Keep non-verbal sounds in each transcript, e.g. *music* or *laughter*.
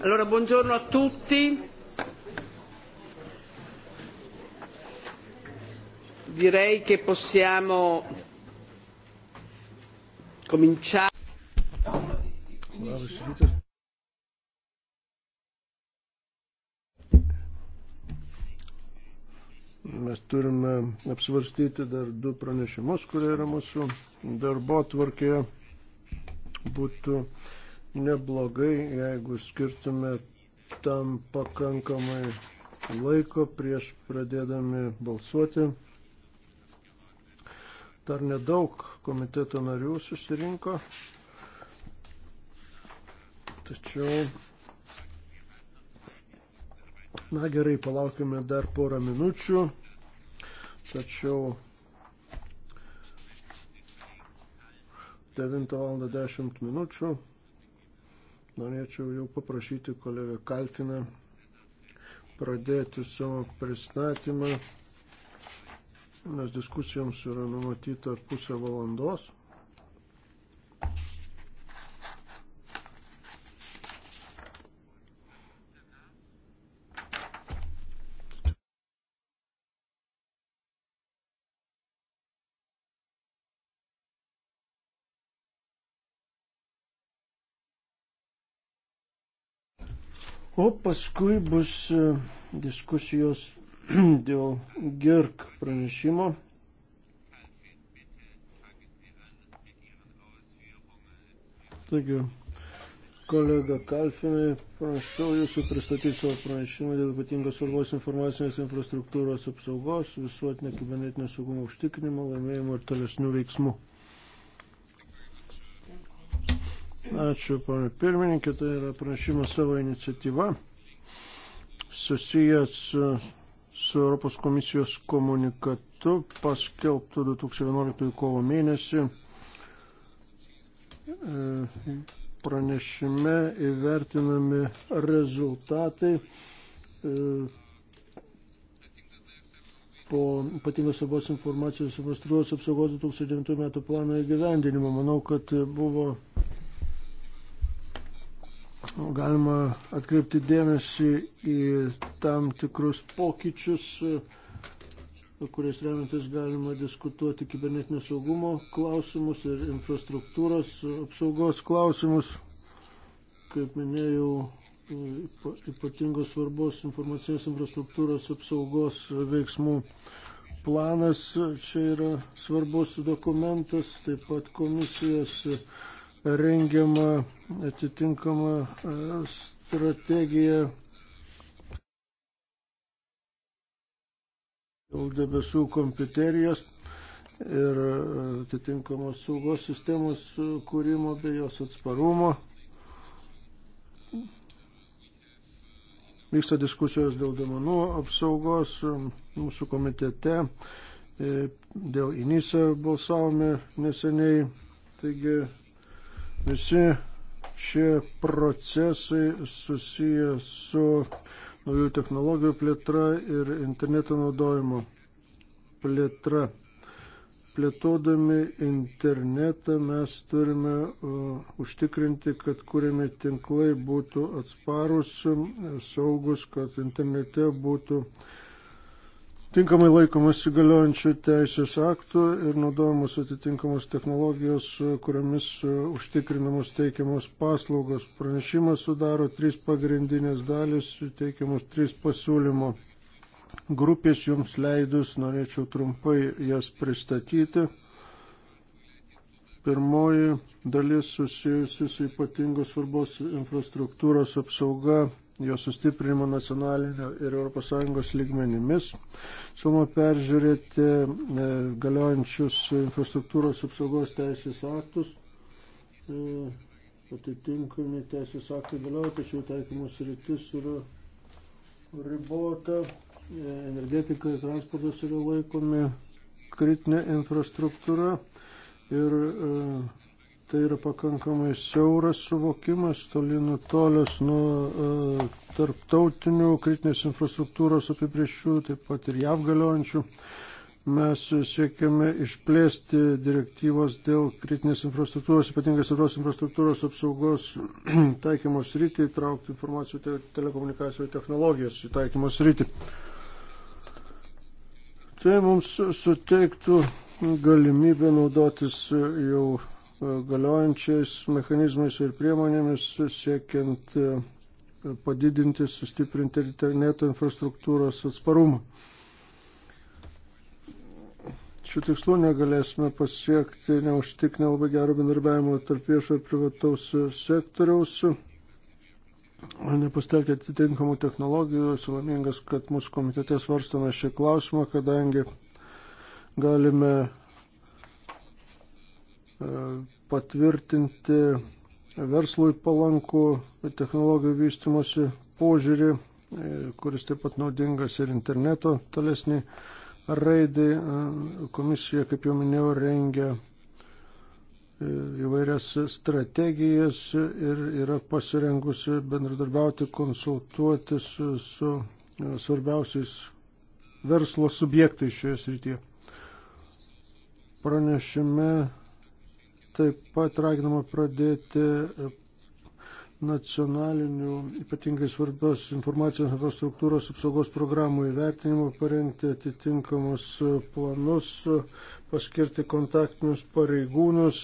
Allora, buongiorno a tutti. Direi che possiamo cominciare. Mes turime apsvarstyti dar du pranešimus, kurie yra mūsų darbo tvarkėje. Būtų uh, neblogai, jeigu skirtume tam pakankamai laiko prieš pradėdami balsuoti. Dar nedaug komiteto narių susirinko, tačiau, na gerai, palaukime dar porą minučių, tačiau 9 val. 10 minučių Norėčiau jau paprašyti kolegą Kalfiną pradėti savo pristatymą, nes diskusijoms yra numatyta pusę valandos. O paskui bus e, diskusijos *clears throat* dėl GIRK pranešimo. Taigi, kolega Kalfinai, prašau jūsų pristatyti savo pranešimą dėl ypatingos svarbos informacinės infrastruktūros apsaugos, visuotinio kibernetinio saugumo užtikrinimo, laimėjimo ir tolesnių veiksmų. Ačiū, ponė pirmininkė, tai yra prašymas savo iniciatyva susijęs su, su Europos komisijos komunikatu paskelbtų 2011 kovo mėnesį. E, pranešime įvertinami rezultatai e, po ypatingos saugos informacijos infrastruktūros apsaugos 2009 metų plano įgyvendinimo. Manau, kad buvo galima atkreipti dėmesį į tam tikrus pokyčius, kuriais remiantis galima diskutuoti kibernetinio saugumo klausimus ir infrastruktūros apsaugos klausimus. Kaip minėjau, ypatingos svarbos informacinės infrastruktūros apsaugos veiksmų planas čia yra svarbus dokumentas, taip pat komisijos rengiama atitinkama e, strategija dėl debesų kompiuterijos ir e, atitinkamos saugos sistemos kūrimo bei jos atsparumo. Vyksta diskusijos dėl duomenų apsaugos e, mūsų komitete. Dėl INISA balsavome neseniai. Taigi Visi šie procesai susiję su naujų technologijų plėtra ir interneto naudojimo plėtra. Plėtodami internetą mes turime uh, užtikrinti, kad kūrėme tinklai būtų atsparus, saugus, kad internete būtų uh, tinkamai laikomas įgaliojančių teisės aktų ir naudojamos atitinkamos technologijos, kuriamis e, užtikrinamos teikiamos paslaugos. Pranešimas sudaro trys pagrindinės dalis, teikiamos trys pasiūlymo grupės jums leidus, norėčiau trumpai jas pristatyti. Pirmoji dalis susijusi su ypatingos svarbos infrastruktūros apsauga jo sustiprinimo nacionalinio ir ES lygmenimis. Sumo peržiūrėti e, galiojančius infrastruktūros apsaugos teisės aktus. E, atitinkami teisės aktai galioja, tačiau taikymus rytis yra ribota. E, energetika ir transportas yra laikomi kritinė infrastruktūra ir e, Tai yra pakankamai siauras suvokimas, toli nutolęs nuo e, tarptautinių kritinės infrastruktūros apibriešių, taip pat ir jav galiojančių. Mes siekiame išplėsti direktyvos dėl kritinės infrastruktūros, ypatingai svarbios infrastruktūros apsaugos *clears throat* taikymos rytį, įtraukti informacijų te telekomunikacijų technologijas į taikymos rytį. Tai mums suteiktų galimybę naudotis jau galiojančiais mechanizmais ir priemonėmis siekiant e, padidinti, sustiprinti interneto infrastruktūros atsparumą. Šių tikslų negalėsime pasiekti, neužtikrinę labai gerą bendarbiavimą tarp viešo ir privataus sektoriaus, nepastelkę atitinkamų technologijų. Esu laimingas, kad mūsų komitete svarstame šį klausimą, kadangi galime E, patvirtinti verslui palankų technologijų vystimosi požiūrį, e, kuris taip pat naudingas ir interneto tolesnį raidai. E, komisija, kaip jau minėjau, rengia įvairias strategijas ir yra pasirengusi bendradarbiauti, konsultuotis su, su svarbiausiais verslo subjektais šioje srityje. Pranešime Taip pat raginama pradėti nacionalinių ypatingai svarbios informacijos infrastruktūros apsaugos programų įvertinimo, parengti atitinkamus planus, paskirti kontaktinius pareigūnus.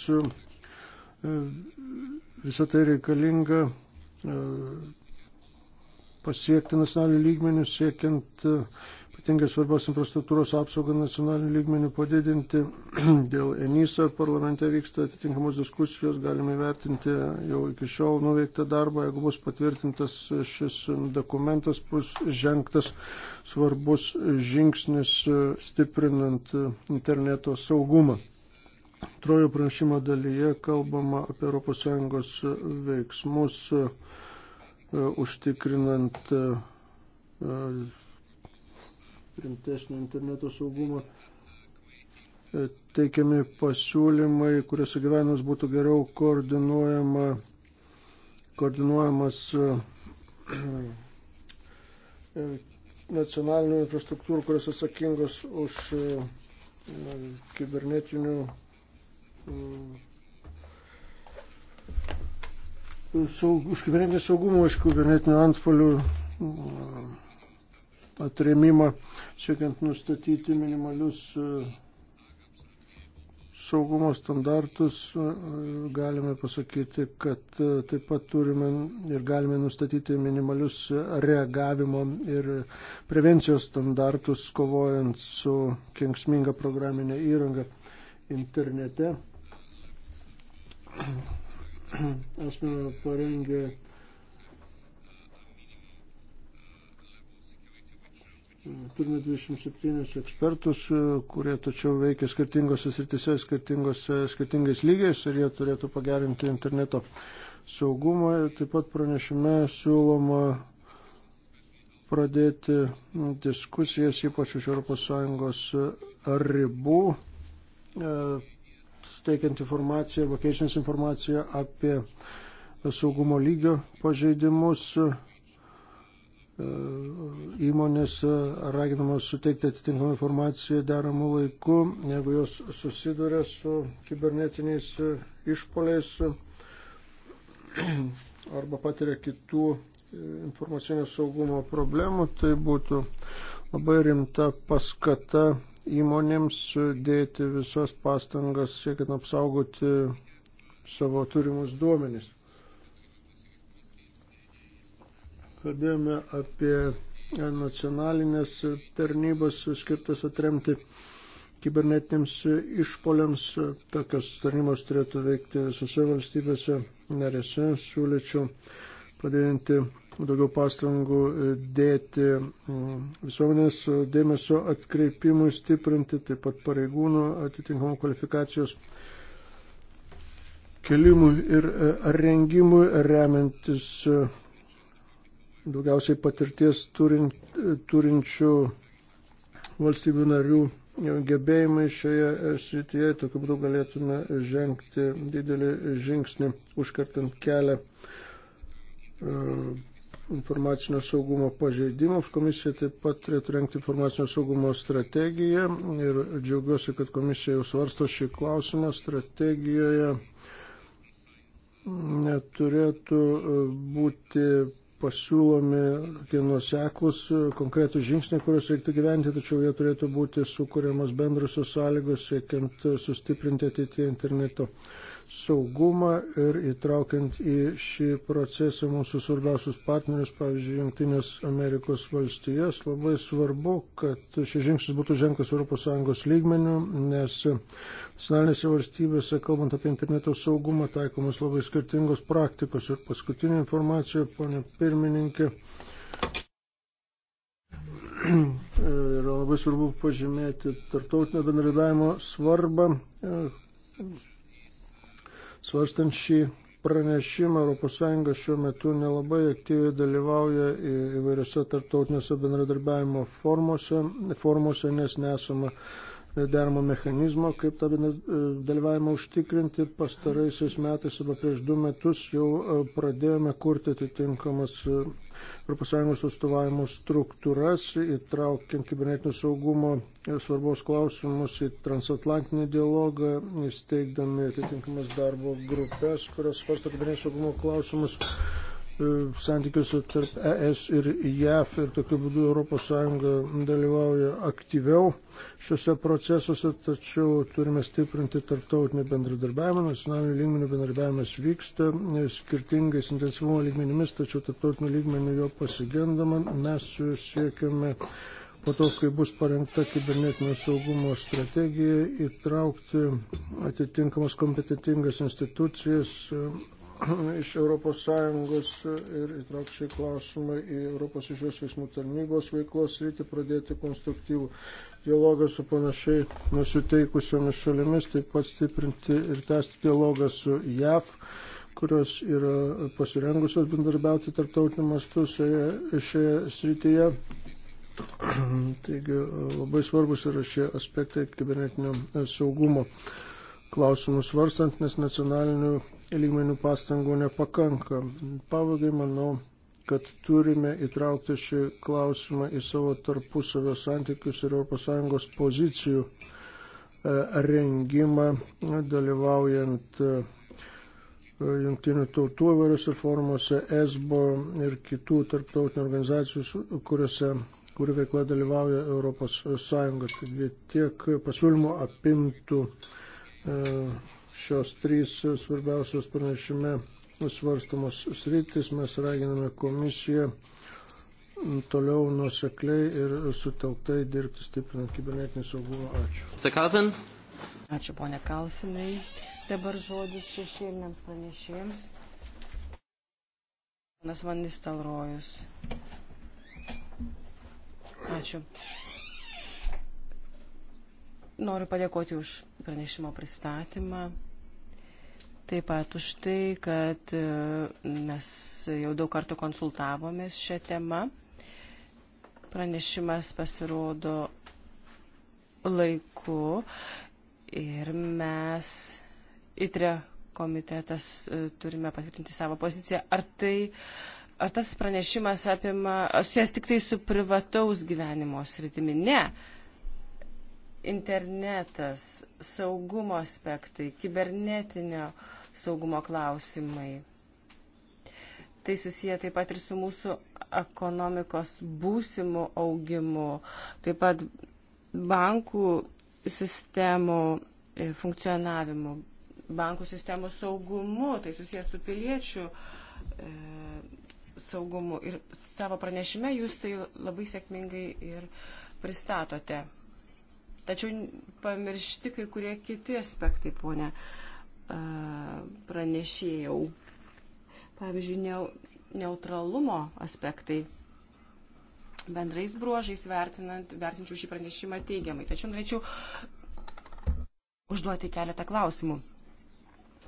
Visą tai reikalinga e, pasiekti nacionalinių lygmenių, siekiant e, ypatingai svarbios infrastruktūros apsaugą nacionalinių lygmenių padidinti. *clears throat* Dėl ENISA parlamente vyksta atitinkamos diskusijos, galime vertinti jau iki šiol nuveiktą darbą. Jeigu bus patvirtintas šis dokumentas, bus žengtas svarbus žingsnis stiprinant interneto saugumą. Trojo pranešimo dalyje kalbama apie ES veiksmus e, užtikrinant e, rimtesnio interneto saugumo. E, teikiami pasiūlymai, kuriuose gyvenimas būtų geriau koordinuojama, koordinuojamas e, e, nacionalinių infrastruktūrų, kurios atsakingos už kibernetinių saug, už kibernetinį saugumą, už kibernetinių antpolių atremimą, siekiant nustatyti minimalius e, saugumo standartus, e, galime pasakyti, kad e, taip pat turime ir galime nustatyti minimalius reagavimo ir prevencijos standartus, kovojant su kenksminga programinė įranga internete. Esame parengę Turime 27 ekspertus, e, kurie tačiau veikia skirtingose sritise, skirtingais lygiais ir jie turėtų pagerinti interneto saugumą. Taip pat pranešime siūloma pradėti diskusijas, ypač už ES ribų, e, steikiant informaciją arba keičiant informaciją apie saugumo lygio pažeidimus E, įmonės e, raginamos suteikti atitinkamą informaciją deramų laiku, jeigu jos susiduria su kibernetiniais e, išpoliais *clears throat* arba patiria kitų informacinio saugumo problemų, tai būtų labai rimta paskata įmonėms dėti visas pastangas, siekiant apsaugoti savo turimus duomenys. kalbėjome apie e, nacionalinės tarnybos skirtas atremti kibernetiniams išpoliams. Tokios tarnybos turėtų veikti visose valstybėse narėse. Siūlyčiau padidinti daugiau pastangų dėti visuomenės dėmesio atkreipimui stiprinti, taip pat pareigūnų atitinkamų kvalifikacijos kelimui ir e, rengimui remiantis daugiausiai patirties turint, turinčių valstybių narių gebėjimai šioje e, srityje, tokiu būdu galėtume žengti didelį žingsnį, užkartant kelią e, informacinio saugumo pažeidimams. Komisija taip pat turėtų renkti informacinio saugumo strategiją ir džiaugiuosi, kad komisija jau svarsto šį klausimą strategijoje. Neturėtų e, būti pasiūlomi nuseklus konkretus žingsniai, kuriuos reiktų gyventi, tačiau jie turėtų būti sukūriamas bendrusios sąlygos, siekiant sustiprinti ateityje interneto saugumą ir įtraukiant į šį procesą mūsų svarbiausius partnerius, pavyzdžiui, Junktinės Amerikos valstijas, labai svarbu, kad šis žingsnis būtų žengtas ES lygmenių, nes nacionalinėse valstybėse, kalbant apie interneto saugumą, taikomas labai skirtingos praktikos. Ir paskutinė informacija, ponė pirmininkė. Yra labai svarbu pažymėti tarptautinio bendradavimo svarbą, Svarstant šį pranešimą, ES šiuo metu nelabai aktyviai dalyvauja įvairiose tarptautinėse bendradarbiavimo formose, formose nes nesama dermo mechanizmo, kaip tą e, dalyvavimą užtikrinti. Pastaraisiais metais arba prieš du metus jau e, pradėjome kurti atitinkamas e, ES atstovavimo struktūras, įtraukiant kibernetinio saugumo svarbos klausimus į transatlantinį dialogą, įsteigdami atitinkamas darbo grupės, kurios svarsto kibernetinio saugumo klausimus. E, santykius tarp ES ir JAF ir tokiu būdu ES dalyvauja aktyviau šiuose procesuose, tačiau turime stiprinti tarptautinį bendradarbiavimą, nacionalinių lygmenių bendradarbiavimas vyksta e, skirtingais intensyvumo lygmenimis, tačiau tarptautinių lygmenių jo pasigendama mes siekiame po to, kai bus parengta kibernetinio saugumo strategija, įtraukti atitinkamas kompetitingas institucijas iš ES ir įtraukti šį klausimą į Europos išvės veiksmų tarnybos veiklos rytį, pradėti konstruktyvų dialogą su panašiai nusiteikusiomis šalimis, taip pat stiprinti ir tęsti dialogą su JAV kurios yra pasirengusios bendarbiauti tarptautiniu mastu šioje srityje. Taigi labai svarbus yra šie aspektai kibernetinio saugumo klausimus svarstant, nes nacionalinių lygmenių pastangų nepakanka. Pabaigai manau, kad turime įtraukti šį klausimą į savo tarpusavio santykius ir ES pozicijų e, rengimą, dalyvaujant e, jungtinių tautų įvairiose formuose, ESBO ir kitų tarptautinių organizacijų, kuriuose kuri veikla dalyvauja ES. Taigi tiek pasiūlymų apimtų. E, šios trys svarbiausios pranešime svarstamos sritis. Mes raginame komisiją toliau nusekliai ir sutelktai dirbti stiprinant kibernetinį saugumą. Ačiū. Ačiū, ponė Kalfinai. Dabar žodis šešėliniams pranešėjams. Panas Vandis Talrojus. Ačiū. Noriu padėkoti už pranešimo pristatymą taip pat už tai, kad e, mes jau daug kartų konsultavomės šią temą. Pranešimas pasirodo laiku ir mes įtre komitetas e, turime patvirtinti savo poziciją. Ar tai ar tas pranešimas apima, susijęs tik tai su privataus gyvenimo sritimi. Ne. Internetas, saugumo aspektai, kibernetinio saugumo klausimai. Tai susiję taip pat ir su mūsų ekonomikos būsimu augimu, taip pat bankų sistemų e, funkcionavimu, bankų sistemų saugumu, tai susijęs su piliečių e, saugumu. Ir savo pranešime jūs tai labai sėkmingai ir pristatote. Tačiau pamiršti kai kurie kiti aspektai, ponė. E, pranešėjau. Pavyzdžiui, neutralumo aspektai bendrais bruožais vertinant, vertinčiau šį pranešimą teigiamai. Tačiau norėčiau užduoti keletą klausimų.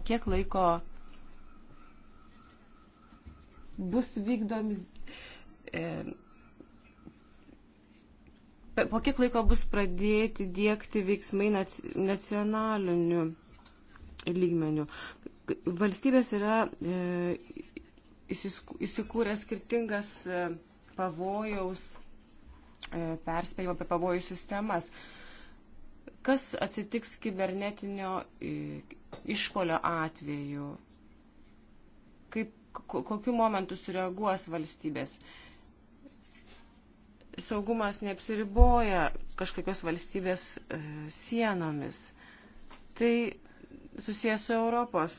Kiek laiko bus vykdomi. E, po kiek laiko bus pradėti dėkti veiksmai nacionaliniu lygmenių. Valstybės yra e, įsikūrę skirtingas e, pavojaus, e, perspėjimo apie pavojų sistemas. Kas atsitiks kibernetinio e, išpolio atveju? Kaip, kokiu momentu sureaguos valstybės? Saugumas neapsiriboja kažkokios valstybės e, sienomis. Tai susijęs su Europos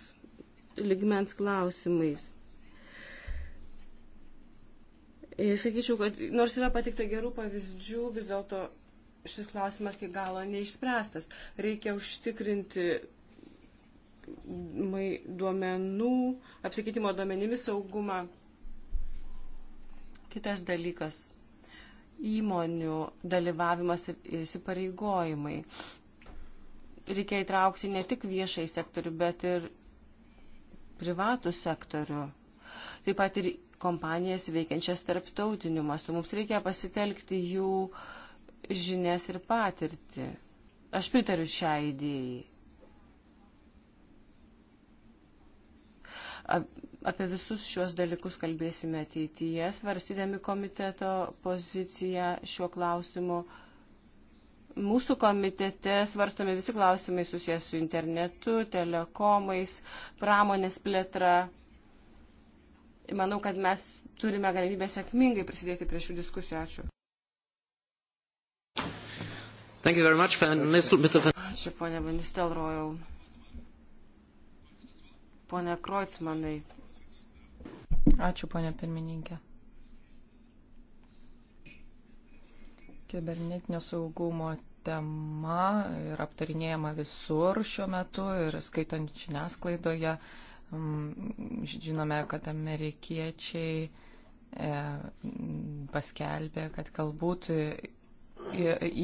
ligmens klausimais. Ir sakyčiau, kad nors yra patikta gerų pavyzdžių, vis dėlto šis klausimas iki galo neišspręstas. Reikia užtikrinti duomenų, apsikeitimo duomenimis saugumą. Kitas dalykas - įmonių dalyvavimas ir įsipareigojimai reikia įtraukti ne tik viešai sektorių, bet ir privatų sektorių. Taip pat ir kompanijas veikiančias tarptautiniu mastu. Mums reikia pasitelkti jų žinias ir patirtį. Aš pritariu šią idėjai. Apie visus šios dalykus kalbėsime ateityje, svarstydami komiteto poziciją šiuo klausimu Mūsų komitete svarstomi visi klausimai susijęs su internetu, telekomais, pramonės plėtra. Manau, kad mes turime galimybę sėkmingai prisidėti prie šių diskusijų. Ačiū. Thank you very much, Mr. Van... Ačiū, ponia Vanistelrojau. Pone Kroicmanai. Ačiū, ponia pirmininkė. Kibernetinio saugumo tema yra aptarinėjama visur šiuo metu ir skaitant žiniasklaidoje. Mm, žinome, kad amerikiečiai e, paskelbė, kad galbūt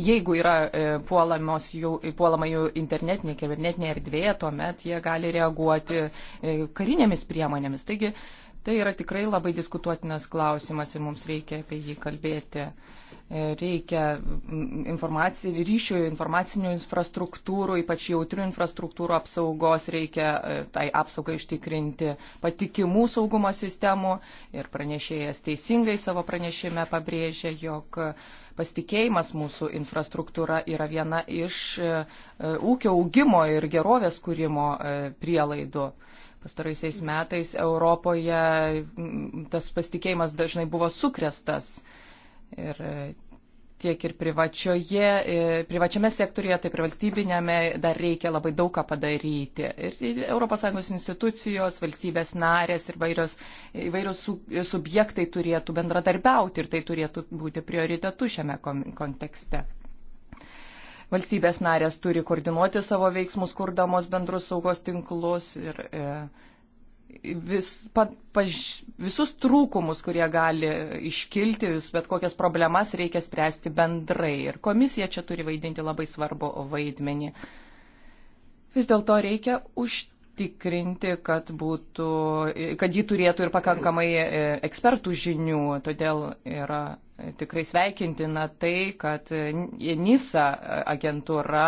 jeigu yra e, puolamos jų, puolama jų internetinė, kibernetinė erdvė, tuomet jie gali reaguoti e, karinėmis priemonėmis. Taigi tai yra tikrai labai diskutuotinas klausimas ir mums reikia apie jį kalbėti reikia informacijų, ryšių, informacinių infrastruktūrų, ypač jautrių infrastruktūrų apsaugos, reikia e, tai apsaugai ištikrinti patikimų saugumo sistemų ir pranešėjas teisingai savo pranešime pabrėžė, jog pasitikėjimas mūsų infrastruktūra yra viena iš e, e, ūkio augimo ir gerovės kūrimo prielaidų pastaraisiais metais Europoje tas pasitikėjimas dažnai buvo sukrestas ir e, tiek ir privačioje, e, privačiame sektorija, taip ir valstybinėme dar reikia labai daug ką padaryti. Ir ES institucijos, valstybės narės ir vairios, įvairios subjektai turėtų bendradarbiauti ir tai turėtų būti prioritetu šiame kontekste. Valstybės narės turi koordinuoti savo veiksmus, kurdamos bendrus saugos tinklus ir e, vis, pa, paž, visus trūkumus, kurie gali iškilti, vis, bet kokias problemas reikia spręsti bendrai. Ir komisija čia turi vaidinti labai svarbu vaidmenį. Vis dėlto reikia užtikrinti, kad, būtų, kad ji turėtų ir pakankamai e, ekspertų žinių. Todėl yra e, tikrai sveikintina tai, kad e, NISA agentūra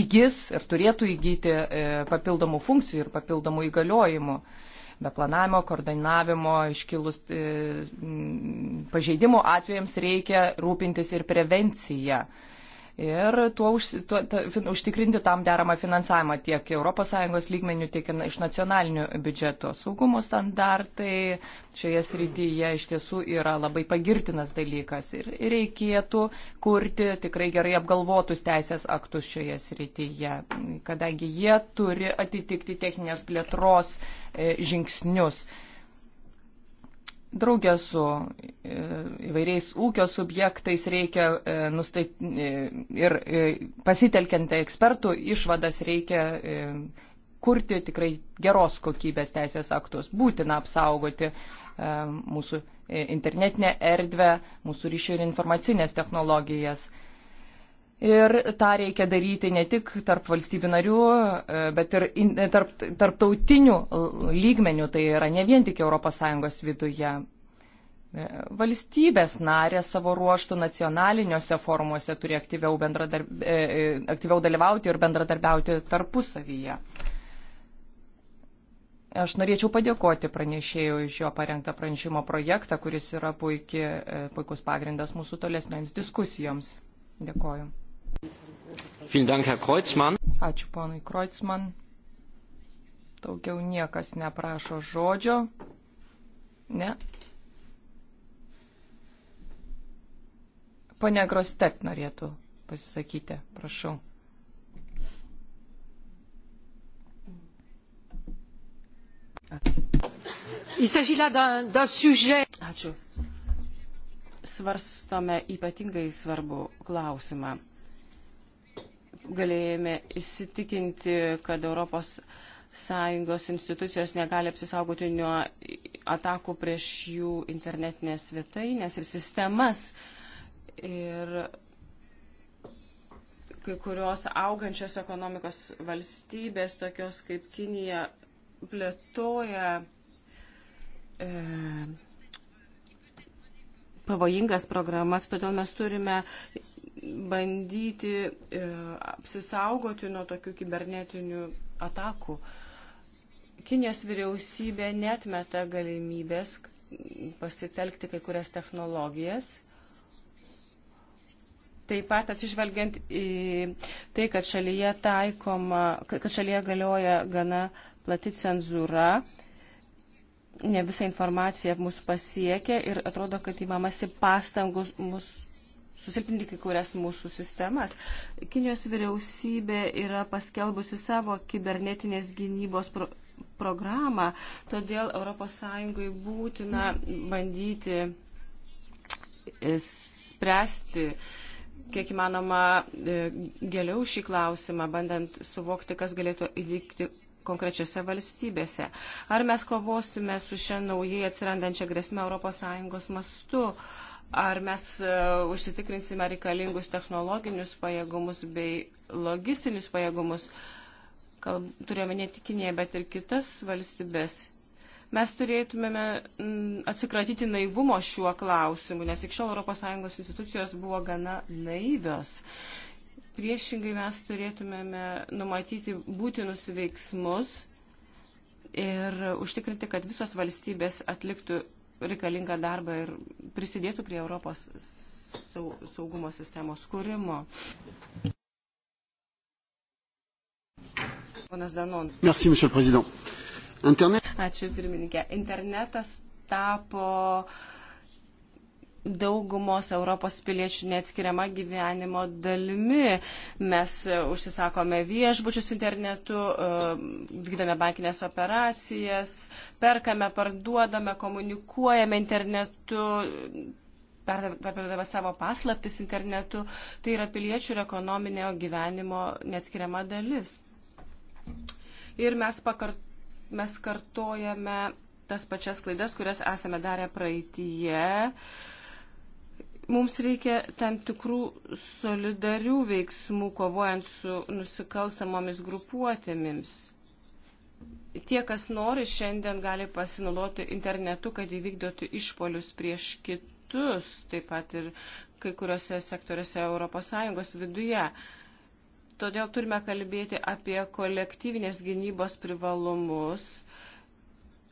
įgis ir turėtų įgyti e, papildomų funkcijų ir papildomų įgaliojimų. Be planavimo, koordinavimo, iškilus e, pažeidimo atvejams reikia rūpintis ir prevencija ir tuo, tuo ta, fin, užtikrinti tam deramą finansavimą tiek ES lygmenių, tiek iš nacionalinių biudžeto. Saugumo standartai šioje srityje iš tiesų yra labai pagirtinas dalykas ir reikėtų kurti tikrai gerai apgalvotus teisės aktus šioje srityje, kadangi jie turi atitikti techninės plėtros e, žingsnius. Draugė su e, įvairiais ūkio subjektais reikia e, nustat... E, ir pasitelkiant ekspertų išvadas reikia kurti tikrai geros kokybės teisės aktus. Būtina apsaugoti mūsų internetinę erdvę, mūsų ryšių ir informacinės technologijas. Ir tą reikia daryti ne tik tarp valstybių narių, e, bet ir e, tarp, tarptautinių lygmenių, tai yra ne vien tik ES viduje. E, valstybės narė savo ruoštų nacionaliniuose formuose turi aktyviau, aktyviau dalyvauti ir bendradarbiauti tarpusavyje. Aš norėčiau padėkoti pranešėjui iš jo parengtą pranešimo projektą, kuris yra puikia, puikus pagrindas mūsų tolesnėms diskusijoms. Dėkoju. Ačiū ponui Kreutzmann. Daugiau niekas neprašo žodžio. Ne. Pane Grostek norėtų pasisakyti, prašau. Ačiū. Svarstome ypatingai svarbų klausimą galėjome įsitikinti, kad Europos Sąjungos institucijos negali apsisaugoti nuo atakų prieš jų internetinės svetainės ir sistemas. Ir kai kurios augančios ekonomikos valstybės, tokios kaip Kinija, plėtoja e, pavojingas programas, todėl mes turime bandyti e, apsisaugoti nuo tokių kibernetinių atakų. Kinijos vyriausybė netmeta galimybės pasitelkti kai kurias technologijas. Taip pat atsižvelgiant į tai, kad šalyje taikoma, kad šalyje galioja gana plati cenzūra, ne visa informacija mūsų pasiekia ir atrodo, kad įmamasi pastangus mūsų susilpninti kai kurias mūsų sistemas. Kinijos vyriausybė yra paskelbusi savo kibernetinės gynybos pro programą, todėl ES būtina bandyti e, spręsti kiek įmanoma e, geriau šį klausimą, bandant suvokti, kas galėtų įvykti konkrečiose valstybėse. Ar mes kovosime su šia naujai atsirandančia grėsme ES mastu? Uh, ar mes e, užsitikrinsime reikalingus technologinius pajėgumus bei logistinius pajėgumus, Kalb, turėjome ne tik Kiniją, bet ir kitas valstybės. Mes turėtumėme atsikratyti naivumo šiuo klausimu, nes iki šiol ES institucijos buvo gana naivios. Priešingai mes turėtumėme numatyti būtinus veiksmus ir užtikrinti, kad visos valstybės atliktų reikalingą darbą ir prisidėtų prie Europos saugumo sistemos kūrimo. Ponas Danon. Merci, monsieur le président. Internet... Ačiū, pirmininkė. Internetas tapo uh, daugumos Europos piliečių neatskiriama gyvenimo dalimi. Mes e, užsisakome viešbučius internetu, e, vykdome bankinės operacijas, perkame, parduodame, komunikuojame internetu, perduodame savo paslaptis internetu. Tai yra piliečių ir ekonominio gyvenimo neatskiriama dalis. Ir mes, pakart, mes kartojame tas pačias klaidas, kurias esame darę praeitįje. Uh, Mums reikia tam tikrų solidarių veiksmų kovojant su nusikalstamomis grupuotėmis. Tie, kas nori, šiandien gali pasinaudoti internetu, kad įvykdytų išpolius prieš kitus, taip pat ir kai kuriuose sektoriuose ES viduje. Todėl turime kalbėti apie kolektyvinės gynybos privalumus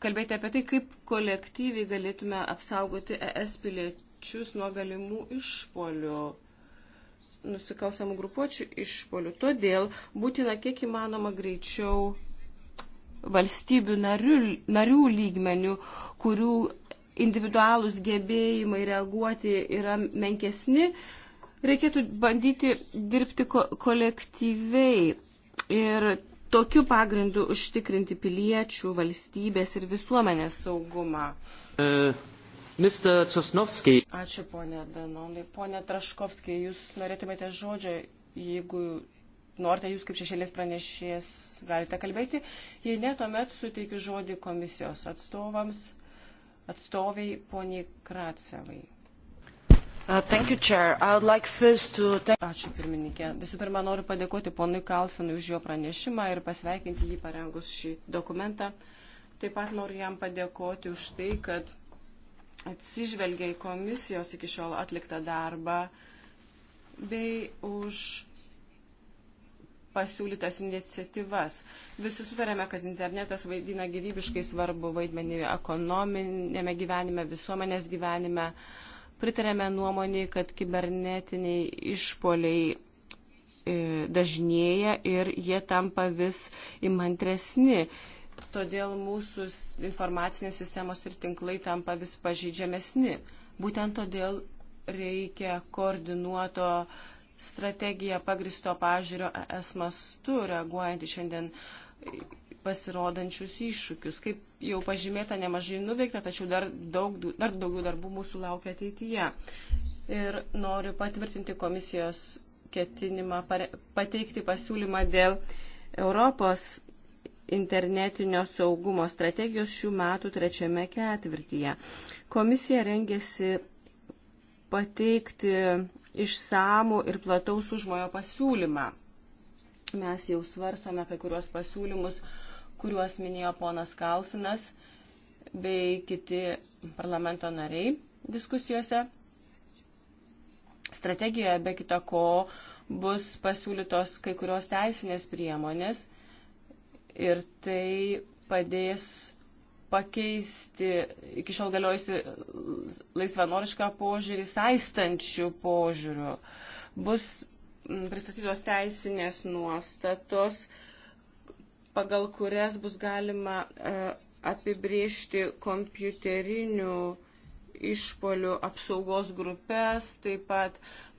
kalbėti apie tai, kaip kolektyviai galėtume apsaugoti ES pilietį piliečius nuo galimų išpolių nusikalstamų grupuočių išpolių. Todėl būtina kiek įmanoma greičiau valstybių narių, narių lygmenių, kurių individualūs gebėjimai reaguoti yra menkesni, reikėtų bandyti dirbti ko kolektyviai ir tokiu pagrindu užtikrinti piliečių, valstybės ir visuomenės saugumą. Uh. E Mr. Čosnovski. Ačiū, ponė Danonai. Pone Traškovski, jūs norėtumėte žodžio, jeigu norite, jūs kaip šešėlės pranešėjas galite kalbėti. Jei ne, tuomet suteikiu žodį komisijos atstovams, atstoviai poniai Kratsevai. Uh, you, like to... Ačiū pirmininkė. Visų pirma, noriu padėkoti ponui Kalfinui už jo pranešimą ir pasveikinti jį parengus šį dokumentą. Taip pat noriu jam padėkoti už tai, kad atsižvelgia į komisijos iki šiol atliktą darbą bei už pasiūlytas iniciatyvas. Visi sutarėme, kad internetas vaidina gyvybiškai svarbu vaidmenį ekonominėme gyvenime, visuomenės gyvenime. Pritarėme nuomonį, kad kibernetiniai išpoliai e, dažnėja ir jie tampa vis įmantresni todėl mūsų informacinės sistemos ir tinklai tampa vis pažydžiamesni. Būtent todėl reikia koordinuoto strategiją pagristo pažiūrio ES mastu, reaguojant į šiandien pasirodančius iššūkius. Kaip jau pažymėta, nemažai nuveikta, tačiau dar, daug, dar daugiau darbų mūsų laukia ateityje. Ir noriu patvirtinti komisijos ketinimą pateikti pasiūlymą dėl Europos internetinio saugumo strategijos šių metų trečiame ketvirtyje. Komisija rengėsi pateikti išsamų ir plataus užmojo pasiūlymą. Mes jau svarstome kai kuriuos pasiūlymus, kuriuos minėjo ponas Kalfinas bei kiti parlamento nariai diskusijose. Strategijoje be kita ko bus pasiūlytos kai kurios teisinės priemonės ir tai padės pakeisti iki šiol galiojusi laisvanorišką požiūrį saistančių požiūrių. Bus mm, pristatytos teisinės nuostatos, pagal kurias bus galima e, apibriežti kompiuterinių išpolių apsaugos grupės, taip pat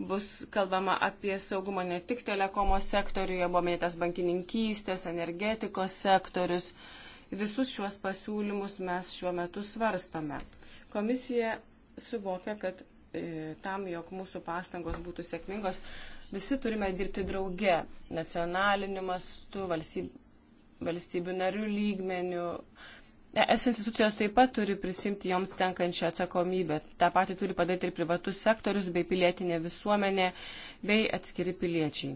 bus kalbama apie saugumą ne tik telekomo sektoriuje, buvo minėtas bankininkystės, energetikos sektorius. Visus šiuos pasiūlymus mes šiuo metu svarstome. Komisija suvokia, kad e, tam, jog mūsų pastangos būtų sėkmingos, visi turime dirbti drauge nacionaliniu mastu, valstyb, valstybių narių lygmenių, Es institucijos taip pat turi prisimti joms tenkančią atsakomybę. Ta pati turi padaryti ir privatus sektorius, bei pilietinė visuomenė, bei atskiri piliečiai.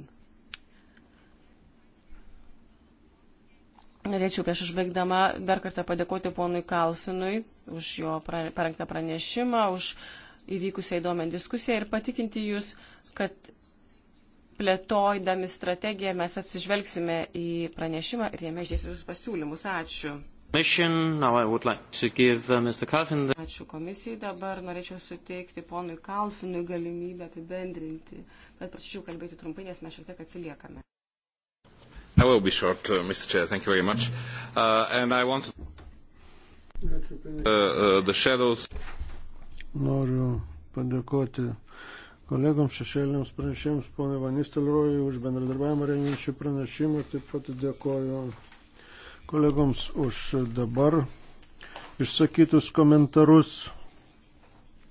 Norėčiau prieš užbaigdama dar kartą padėkoti ponui Kalfinui už jo parengtą pranešimą, už įvykusią įdomią diskusiją ir patikinti jūs, kad plėtojdami strategiją mes atsižvelgsime į pranešimą ir jame išdėsius pasiūlymus. Ačiū. Uh, Ačiū komisijai, dabar norėčiau suteikti ponui Kalfinui galimybę apibendrinti, bet prašyčiau kalbėti trumpai, nes mes šiek tiek atsiliekame. Short, uh, uh, want... uh, uh Noriu padėkoti kolegoms šešėliniams pranešėjams, ponai Vanistelrojui, už bendradarbiavimą rengiant šį pranešimą, taip pat dėkoju kolegoms už dabar išsakytus komentarus.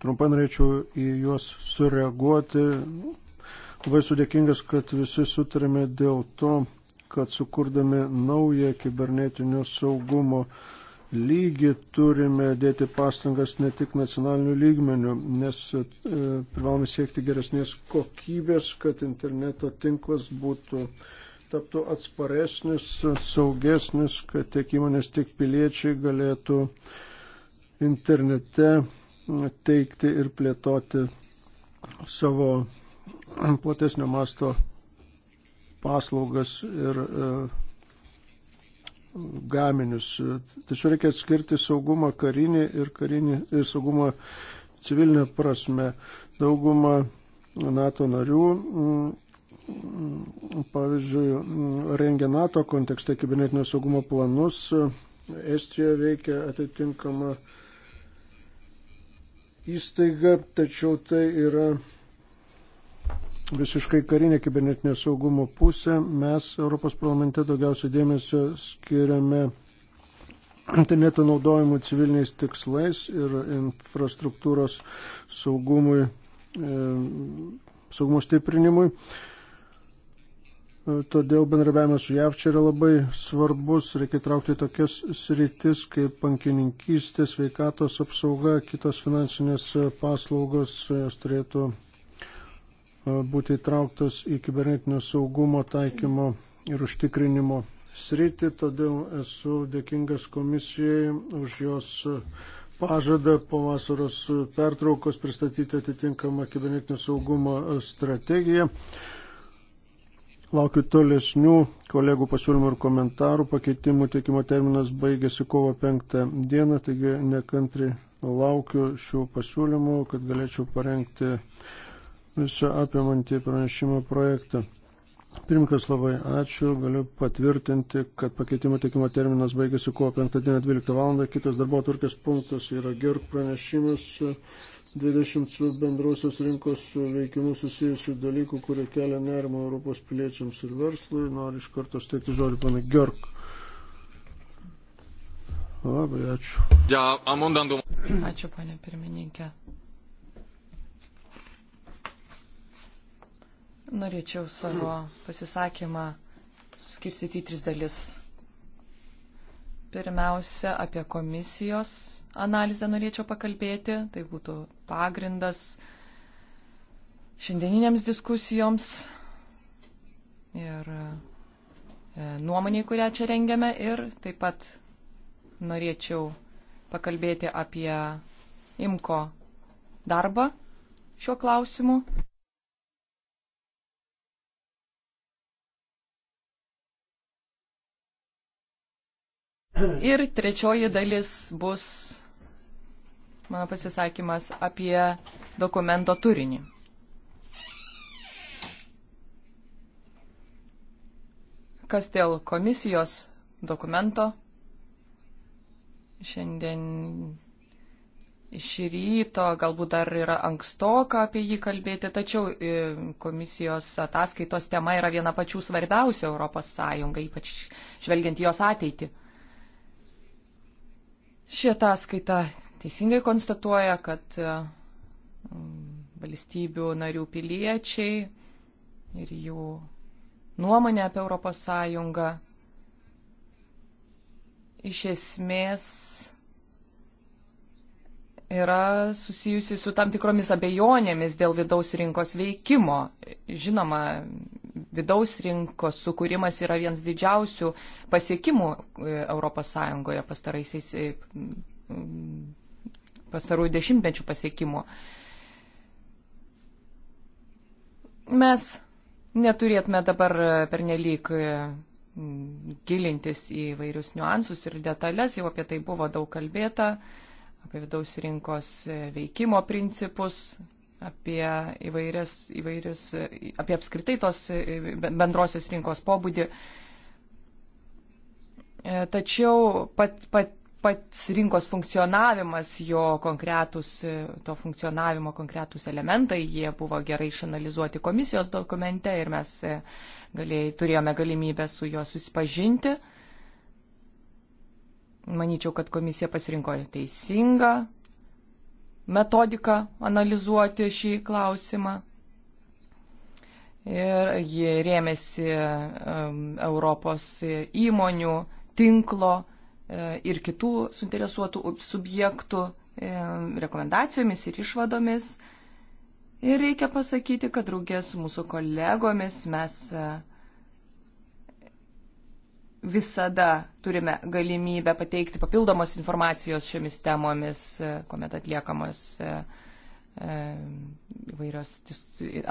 Trumpai norėčiau į juos sureaguoti. Labai sudėkingas, kad visi sutarėme dėl to, kad sukurdami naują kibernetinio saugumo lygį turime dėti pastangas ne tik nacionalinių lygmenių, nes e, privalome siekti geresnės kokybės, kad interneto tinklas būtų e, taptų atsparesnis, saugesnis, kad tiek įmonės, tiek piliečiai galėtų internete teikti ir plėtoti savo platesnio masto paslaugas ir e, gaminius. Tačiau reikia atskirti saugumą karinį ir karinį ir saugumą civilinę prasme. Dauguma NATO narių Mm, pavyzdžiui, mm, rengia NATO kontekste kibernetinio saugumo planus. Estijoje veikia atitinkama įstaiga, tačiau tai yra visiškai karinė kibernetinio saugumo pusė. Mes Europos parlamente daugiausiai dėmesio skiriame interneto naudojimu civiliniais tikslais ir infrastruktūros saugumui, saugumo stiprinimui. E, Todėl bendrabiavimas su JAV čia yra labai svarbus, reikia traukti tokias sritis kaip bankininkystė, sveikatos apsauga, kitos finansinės paslaugos, jos turėtų būti įtrauktos į kibernetinio saugumo taikymo ir užtikrinimo sritį. Todėl esu dėkingas komisijai už jos pažadą po vasaros pertraukos pristatyti atitinkamą kibernetinio saugumo strategiją. Laukiu tolesnių kolegų pasiūlymų ir komentarų. Pakeitimų teikimo terminas baigėsi kovo 5 dieną, taigi nekantri laukiu šių pasiūlymų, kad galėčiau parengti visą apimantį pranešimo projektą. Pirmkas labai ačiū, galiu patvirtinti, kad pakeitimo teikimo terminas baigėsi kovo 5 dieną 12 val. Kitas darbo turkės punktas yra GIRK pranešimas. 20 su bendrosios rinkos veikimu susijusių dalykų, kurie kelia nerimą Europos piliečiams ir verslui. Noriu iš karto steikti žodį pana Gjork. Labai ačiū. Ačiū, panė pirmininkė. Norėčiau savo pasisakymą suskirstyti į tris dalis. Pirmiausia, apie komisijos analizę norėčiau pakalbėti, tai būtų pagrindas šiandieninėms diskusijoms ir e, nuomoniai, kurią čia rengiame. Ir taip pat norėčiau pakalbėti apie IMKO darbą šiuo klausimu. Ir trečioji dalis bus mano pasisakymas apie dokumento turinį. Kas dėl komisijos dokumento šiandien iš ryto, galbūt dar yra ankstoka apie jį kalbėti, tačiau e, komisijos ataskaitos tema yra viena pačių svarbiausių Europos Sąjungai, ypač žvelgiant jos ateitį. Ši ataskaita teisingai konstatuoja, kad e, valstybių narių piliečiai ir jų nuomonė apie Europos Sąjungą iš esmės yra susijusi su tam tikromis abejonėmis dėl vidaus rinkos veikimo. Žinoma, vidaus rinkos sukūrimas yra vienas didžiausių pasiekimų ES pastaraisiais e, pastarųjų dešimtmečių pasiekimų. Mes neturėtume dabar e, pernelyg e, gilintis į vairius niuansus ir detalės, jau apie tai buvo daug kalbėta, apie vidaus rinkos e, veikimo principus, apie įvairias, įvairias, apie apskritai tos bendrosios rinkos pobūdį. Tačiau pat, pat, pats rinkos funkcionavimas, jo konkretus, to funkcionavimo konkretus elementai, jie buvo gerai išanalizuoti komisijos dokumente ir mes e, galėjai, turėjome galimybę su juo susipažinti. Maničiau, kad komisija pasirinko teisingą metodiką analizuoti šį klausimą. Ir ji rėmėsi um, Europos įmonių tinklo E, ir kitų suinteresuotų subjektų e, rekomendacijomis ir išvadomis. Ir reikia pasakyti, kad draugė su mūsų kolegomis mes e, visada turime galimybę pateikti papildomos informacijos šiomis temomis, kuomet atliekamos uh, E, įvairios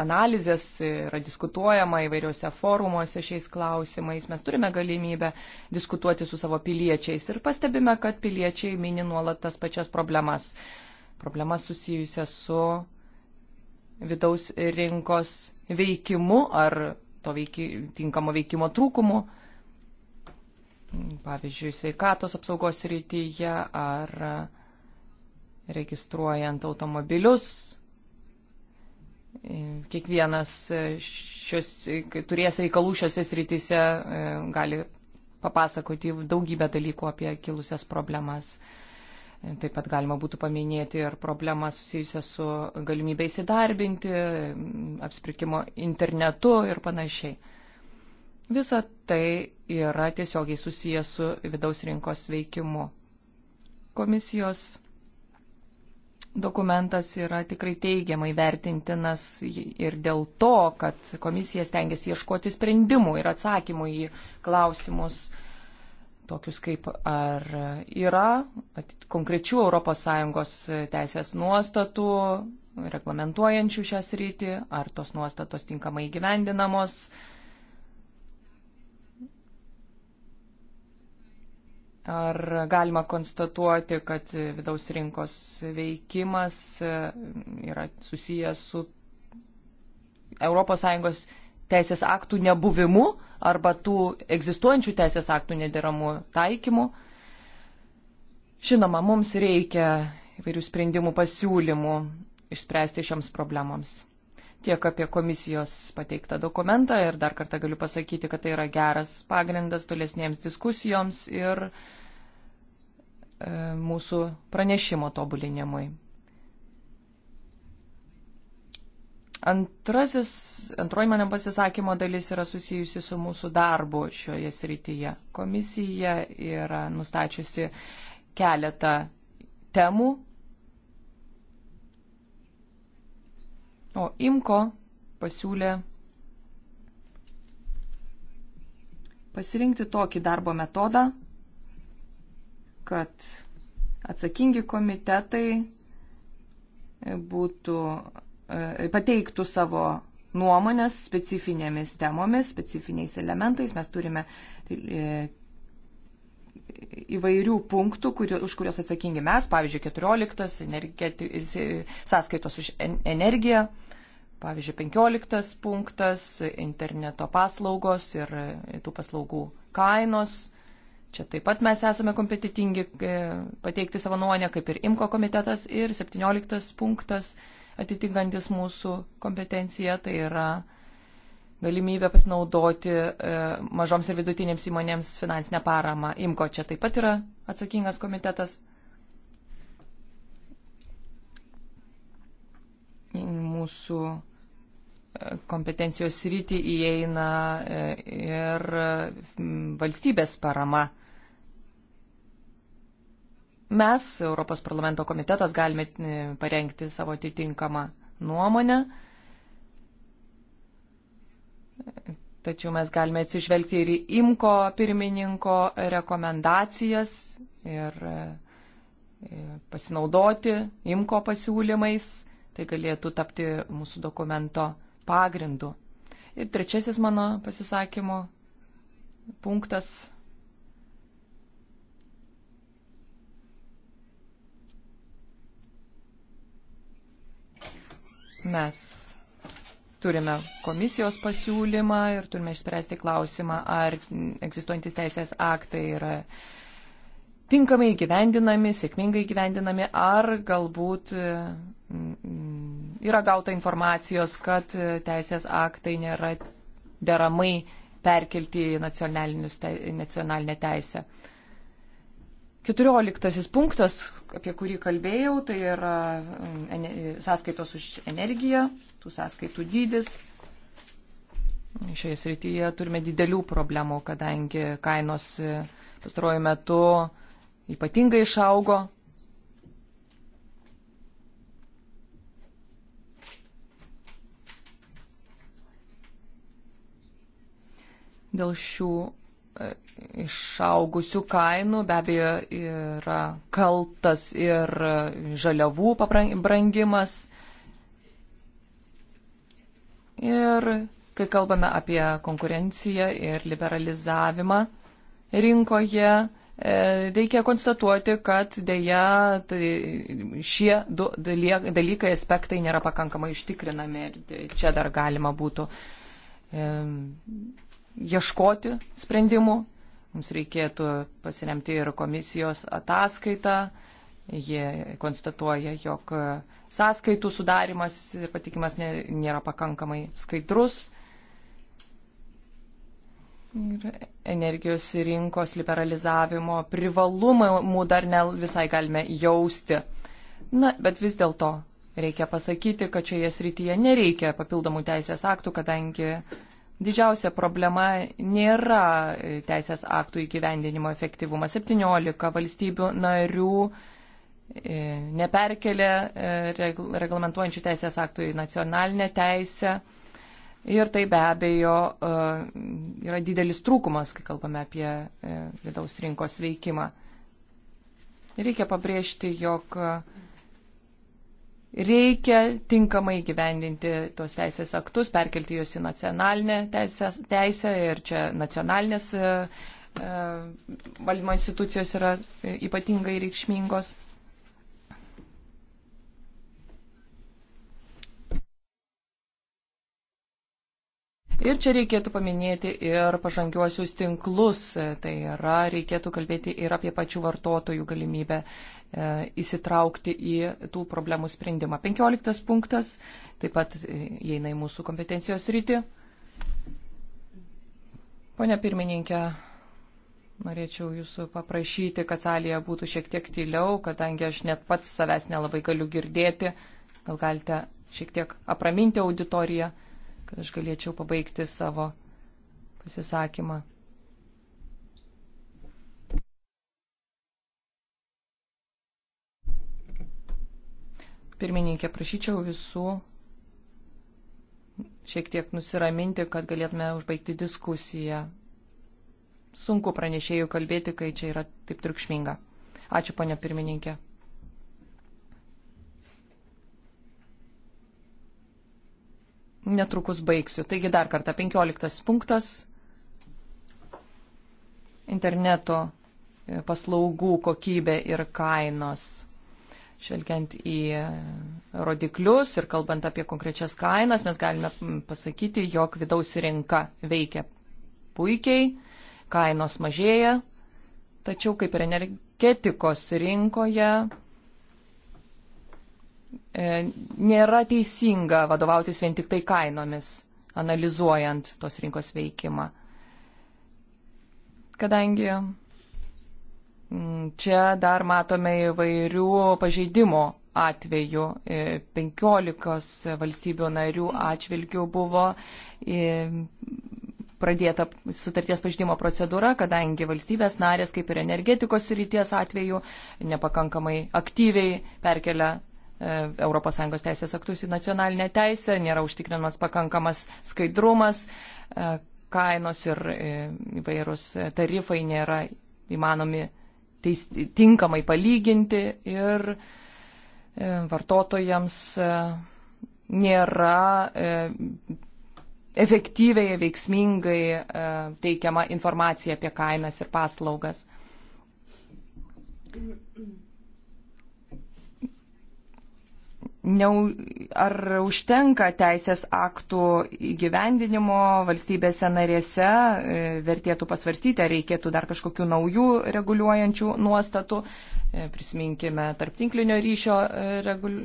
analizės, yra diskutuojama įvairiuose forumuose šiais klausimais. Mes turime galimybę diskutuoti su savo piliečiais ir pastebime, kad piliečiai mini nuolat tas pačias problemas. Problemas susijusias su vidaus rinkos veikimu ar to veiki, tinkamo veikimo trūkumu. Pavyzdžiui, sveikatos apsaugos rytyje ar registruojant automobilius. Kiekvienas e, šios, e, turės reikalų šiose srityse e, gali papasakoti daugybę dalykų apie kilusias problemas. Taip pat galima būtų paminėti ir problemą susijusią su galimybė įsidarbinti, apsipirkimo internetu ir panašiai. Visa tai yra tiesiogiai susijęs su vidaus rinkos veikimu. Komisijos dokumentas yra tikrai teigiamai vertintinas ir dėl to, kad komisija stengiasi ieškoti sprendimų ir atsakymų į klausimus, tokius kaip ar yra konkrečių ES teisės nuostatų reglamentuojančių šią sritį, ar tos nuostatos tinkamai gyvendinamos, Ar galima konstatuoti, kad vidaus rinkos veikimas e, yra susijęs su ES teisės aktų nebuvimu arba tų egzistuojančių teisės aktų nederamu taikymu? Žinoma, mums reikia įvairių sprendimų pasiūlymų išspręsti šioms problemams tiek apie komisijos pateiktą dokumentą ir dar kartą galiu pasakyti, kad tai yra geras pagrindas tolesnėms diskusijoms ir e, mūsų pranešimo tobulinimui. Antrasis, antroji mano pasisakymo dalis yra susijusi su mūsų darbu šioje srityje. Komisija yra nustačiusi keletą temų, O Imko pasiūlė pasirinkti tokį darbo metodą, kad atsakingi komitetai būtų, e, pateiktų savo nuomonės specifinėmis temomis, specifiniais elementais. Mes turime e, įvairių punktų, kurio, už kuriuos atsakingi mes, pavyzdžiui, 14 sąskaitos už energiją, pavyzdžiui, 15 punktas interneto paslaugos ir tų paslaugų kainos. Čia taip pat mes esame kompetitingi e, pateikti savo nuonę, kaip ir IMKO komitetas ir 17 punktas atitinkantis mūsų kompetenciją, tai yra galimybę pasinaudoti e, mažoms ir vidutinėms įmonėms finansinę paramą. Imko čia taip pat yra atsakingas komitetas. Mūsų e, kompetencijos rytį įeina e, ir valstybės parama. Mes, Europos parlamento komitetas, galime parengti savo atitinkamą nuomonę Tačiau mes galime atsižvelgti ir į IMKO pirmininko rekomendacijas ir e, pasinaudoti IMKO pasiūlymais. Tai galėtų tapti mūsų dokumento pagrindu. Ir trečiasis mano pasisakymo punktas. Mes Turime komisijos pasiūlymą ir turime išspręsti klausimą, ar egzistuojantis teisės aktai yra tinkamai įgyvendinami, sėkmingai įgyvendinami, ar galbūt mm, mm, yra gauta informacijos, kad teisės aktai nėra deramai perkelti į nacionalinę teisę. Keturioliktasis punktas, apie kurį kalbėjau, tai yra um, sąskaitos už energiją, tų sąskaitų dydis. Šioje srityje turime didelių problemų, kadangi kainos e, pastaruoju metu ypatingai išaugo. Dėl šių išaugusių kainų be abejo yra kaltas ir žaliavų pabrangimas. Ir kai kalbame apie konkurenciją ir liberalizavimą rinkoje, e, reikia konstatuoti, kad dėja tai šie du dalykai, aspektai nėra pakankamai ištikrinami ir čia dar galima būtų ieškoti sprendimų. Mums reikėtų pasiremti ir komisijos ataskaitą. Jie konstatuoja, jog sąskaitų sudarimas ir patikimas nėra pakankamai skaidrus. Ir energijos rinkos liberalizavimo privalumų dar ne visai galime jausti. Na, bet vis dėlto reikia pasakyti, kad šioje srityje nereikia papildomų teisės aktų, kadangi Didžiausia problema nėra teisės aktų įgyvendinimo efektyvumas. 17 valstybių narių e, neperkelė e, reglamentuojančių teisės aktų į nacionalinę teisę. Ir tai be abejo e, yra didelis trūkumas, kai kalbame apie vidaus rinkos veikimą. Reikia pabrėžti, jog reikia tinkamai gyvendinti tos teisės aktus, perkelti juos į nacionalinę teisę, teisę ir čia nacionalinės e, e valdymo institucijos yra e, ypatingai reikšmingos. Ir čia reikėtų paminėti ir pažangiuosius tinklus, tai yra reikėtų kalbėti ir apie pačių vartotojų galimybę E, įsitraukti į tų problemų sprendimą. Penkioliktas punktas taip pat e, įeina į mūsų kompetencijos rytį. Pone pirmininkė, norėčiau jūsų paprašyti, kad salėje būtų šiek tiek tyliau, kadangi aš net pats savęs nelabai galiu girdėti. Gal galite šiek tiek apraminti auditoriją, kad aš galėčiau pabaigti savo pasisakymą. Pirmininkė, prašyčiau visų šiek tiek nusiraminti, kad galėtume užbaigti diskusiją. Sunku pranešėjų kalbėti, kai čia yra taip triukšminga. Ačiū, ponia pirmininkė. netrukus baigsiu. Taigi dar kartą 15 punktas interneto e, paslaugų kokybė ir kainos. Žvelgiant į rodiklius ir kalbant apie konkrečias kainas, mes galime pasakyti, jog vidaus rinka veikia puikiai, kainos mažėja, tačiau kaip ir energetikos rinkoje e, nėra teisinga vadovautis vien tik tai kainomis, analizuojant tos rinkos veikimą. Kadangi Mm, čia dar matome įvairių pažeidimo atveju. 15 e, valstybių narių atžvilgių buvo e, pradėta sutarties pažydimo procedūra, kadangi valstybės narės, kaip ir energetikos ryties atveju, nepakankamai aktyviai perkelia e, ES teisės aktus į nacionalinę teisę, nėra užtikrinamas pakankamas skaidrumas, kainos ir įvairūs tarifai nėra įmanomi teis, tinkamai palyginti ir e, vartotojams e, nėra e, efektyviai, veiksmingai teikiama informacija apie kainas ir paslaugas. ne, ar užtenka teisės aktų įgyvendinimo valstybėse narėse, e, vertėtų pasvarstyti, ar reikėtų dar kažkokių naujų reguliuojančių nuostatų. E, prisiminkime tarptinklinio ryšio e, regul...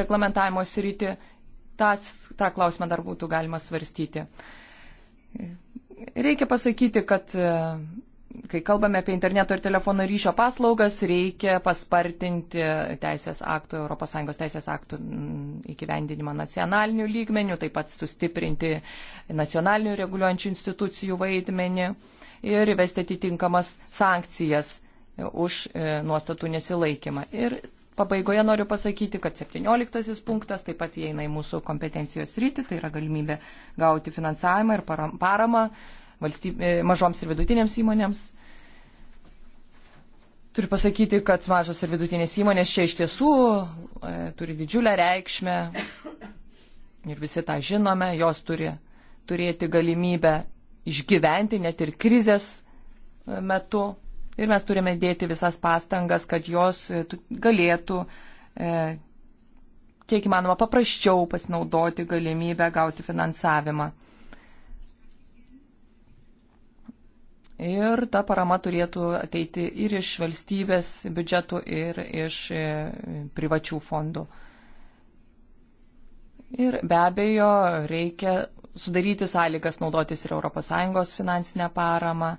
reglamentavimo sritį. Tas, tą klausimą dar būtų galima svarstyti. Reikia pasakyti, kad kai kalbame apie interneto ir telefono ryšio paslaugas, reikia paspartinti teisės aktų, ES teisės aktų mm, įgyvendinimą nacionalinių lygmenių, taip pat sustiprinti nacionalinių reguliuojančių institucijų vaidmenį ir įvesti atitinkamas sankcijas už e, nuostatų nesilaikymą. Ir pabaigoje noriu pasakyti, kad 17 punktas taip pat įeina į mūsų kompetencijos rytį, tai yra galimybė gauti finansavimą ir paramą valstyb... E, mažoms ir vidutinėms įmonėms. Turiu pasakyti, kad mažos ir vidutinės įmonės čia iš tiesų e, turi didžiulę reikšmę ir visi tą žinome, jos turi turėti galimybę išgyventi net ir krizės e, metu. Ir mes turime dėti visas pastangas, kad jos e, galėtų e, kiek įmanoma paprasčiau pasinaudoti galimybę gauti finansavimą. Ir ta parama turėtų ateiti ir iš valstybės biudžetų, ir iš e, privačių fondų. Ir be abejo, reikia sudaryti sąlygas naudotis ir ES finansinę paramą.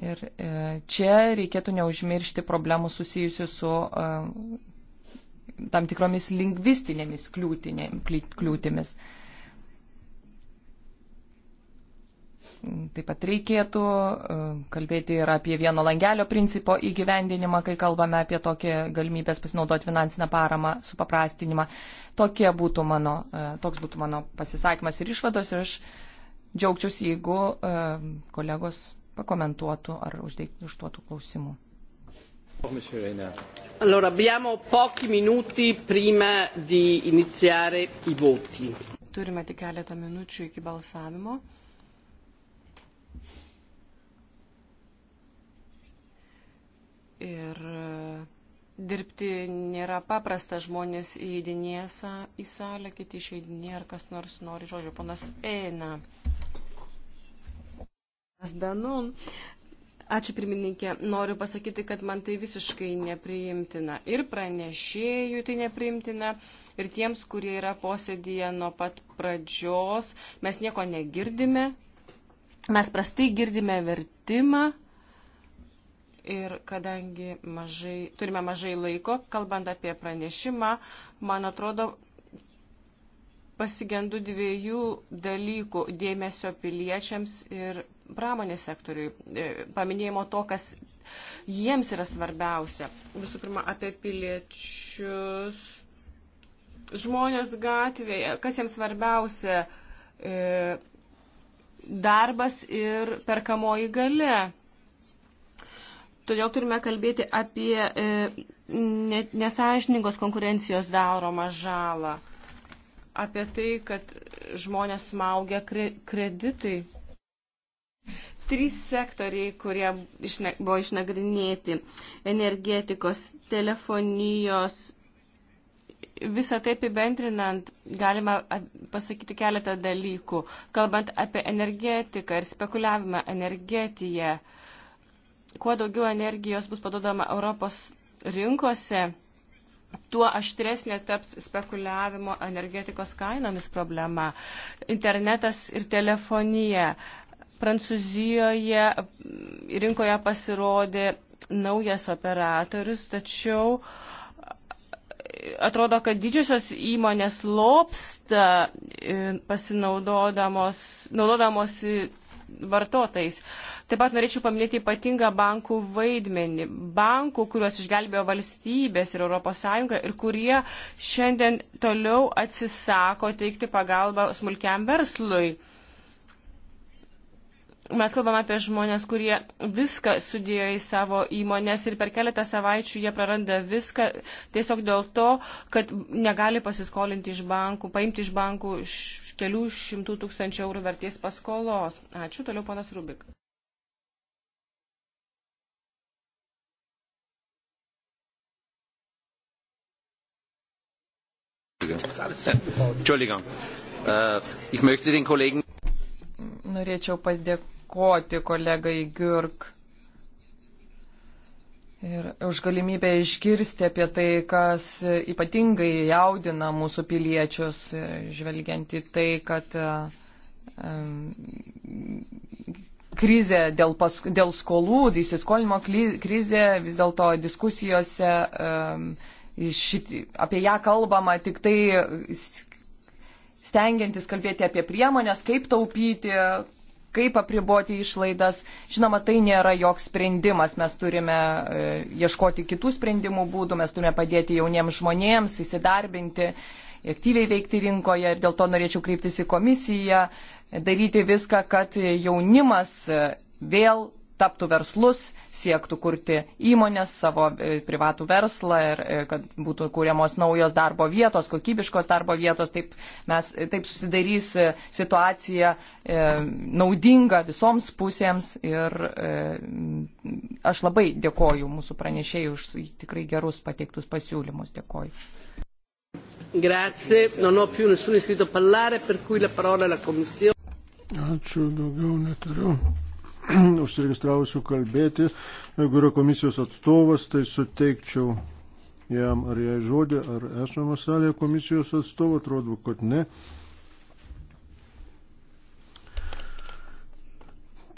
Ir e, čia reikėtų neužmiršti problemų susijusių su e, tam tikromis lingvistinėmis kliūtinė, kliūtimis. kliūtimis Taip pat reikėtų e, kalbėti ir apie vieno langelio principo įgyvendinimą, kai kalbame apie tokią galimybės pasinaudoti finansinę paramą, supaprastinimą. Tokie būtų mano, e, toks būtų mano pasisakymas ir išvados ir aš džiaugčiausi, jeigu e, kolegos pakomentuotų ar užduotų klausimų. Allora, abbiamo pochi minuti prima di iniziare i voti. Turime tik keletą minučių iki balsavimo. Ir e, dirbti nėra paprasta, žmonės įeidinėja į salę, kiti išeidinėja ar kas nors nori žodžio. Ponas Eina. Danun. Ačiū pirmininkė. Noriu pasakyti, kad man tai visiškai nepriimtina. Ir pranešėjų tai nepriimtina, ir tiems, kurie yra posėdėje nuo pat pradžios. Mes nieko negirdime. Mes prastai girdime vertimą ir kadangi mažai, turime mažai laiko, kalbant apie pranešimą, man atrodo, pasigendu dviejų dalykų - dėmesio piliečiams ir pramonės sektoriui, e, paminėjimo to, kas jiems yra svarbiausia. Visų pirma, apie piliečius, žmonės gatvėje, kas jiems svarbiausia. E, darbas ir perkamoji gale Todėl turime kalbėti apie e, nesąžiningos konkurencijos daromą žalą, apie tai, kad žmonės smaugia kreditai. Trys sektoriai, kurie išne, buvo išnagrinėti - energetikos, telefonijos. Visą tai apibendrinant, galima pasakyti keletą dalykų. Kalbant apie energetiką ir spekuliavimą energetiją, uh, kuo daugiau energijos bus padodama Europos rinkose, tuo aštresnė taps spekuliavimo energetikos kainomis problema. Internetas ir telefonija. Prancūzijoje rinkoje pasirodė naujas operatorius, tačiau atrodo, kad didžiosios įmonės lopsta e, pasinaudodamos vartotojais. Taip pat norėčiau paminėti ypatingą bankų vaidmenį. Bankų, kuriuos išgelbėjo valstybės ir ES ir kurie šiandien toliau atsisako teikti pagalbą smulkiam verslui. Mes kalbame apie žmonės, kurie viską sudėjo į savo įmonės ir per keletą savaičių jie praranda viską tiesiog dėl to, kad negali pasiskolinti iš bankų, paimti iš bankų kelių šimtų tūkstančių eurų vertės paskolos. Ačiū, toliau ponas Rubik. Entschuldigung. Äh, ich möchte den Kollegen. Norėčiau padėkoti padėkoti kolegai Gürk. Ir už galimybę išgirsti apie tai, kas ypatingai jaudina mūsų piliečius, žvelgiant į tai, kad krizė dėl, pas, dėl skolų, įsiskolinimo krizė vis dėlto diskusijose, šit, apie ją kalbama tik tai stengiantis kalbėti apie priemonės, kaip taupyti, kaip apriboti išlaidas. Žinoma, tai nėra joks sprendimas. Mes turime e, ieškoti kitų sprendimų būdų, mes turime padėti jauniems žmonėms įsidarbinti, aktyviai veikti rinkoje ir dėl to norėčiau kreiptis į komisiją, daryti viską, kad jaunimas e, vėl taptų verslus, siektų kurti įmonės, savo e, privatų verslą ir e, kad būtų kūriamos naujos darbo vietos, kokybiškos darbo vietos, taip, mes, e, taip susidarys situacija naudinga visoms pusėms ir aš labai dėkoju mūsų pranešėjai už tikrai gerus pateiktus pasiūlymus. Dėkoju. Grazie, non ho più nessuno iscritto a parlare, per cui la parola alla Commissione. Ačiū, daugiau neturiu. *clears throat* užsiregistravusių kalbėti. Jeigu yra komisijos atstovas, tai suteikčiau jam ar jai žodį, ar esame salėje komisijos atstovų, atrodo, kad ne.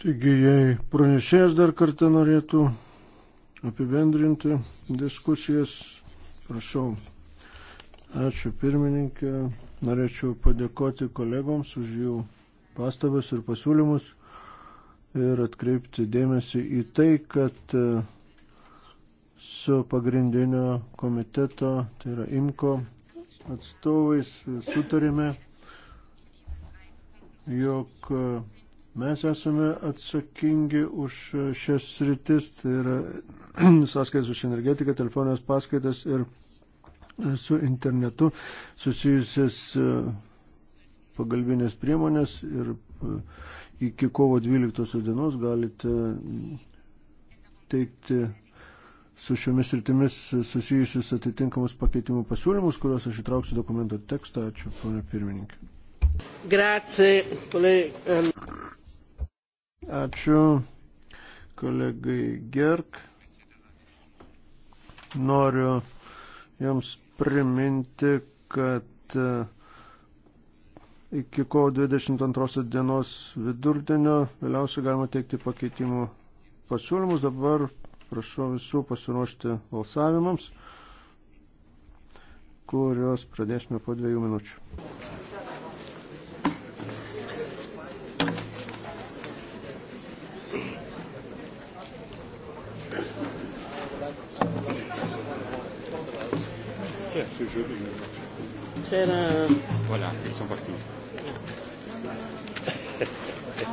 Taigi, jei pranešėjas dar kartą norėtų apibendrinti diskusijas, prašau. Ačiū pirmininkė, norėčiau padėkoti kolegoms už jų pastabas ir pasiūlymus ir atkreipti dėmesį į tai, kad e, su pagrindinio komiteto, tai yra IMKO atstovais, e, sutarėme, jog e, mes esame atsakingi už šias sritis, tai yra *clears throat* sąskaitas už energetiką, telefonės paskaitas ir su internetu susijusias pagalbinės priemonės ir uh, iki kovo 12 dienos galite teikti su šiomis rytimis susijusius atitinkamus pakeitimų pasiūlymus, kuriuos aš įtrauksiu dokumento tekstą. Ačiū, ponė pirmininkė. Grazie, Ačiū kolegai Gerk. Noriu Jums priminti, kad uh, iki kovo 22 dienos vidurdienio. Vėliausiai galima teikti pakeitimų pasiūlymus. Dabar prašau visų pasiruošti balsavimams, kuriuos pradėsime po dviejų minučių. Faire un... Voilà, ils sont partis.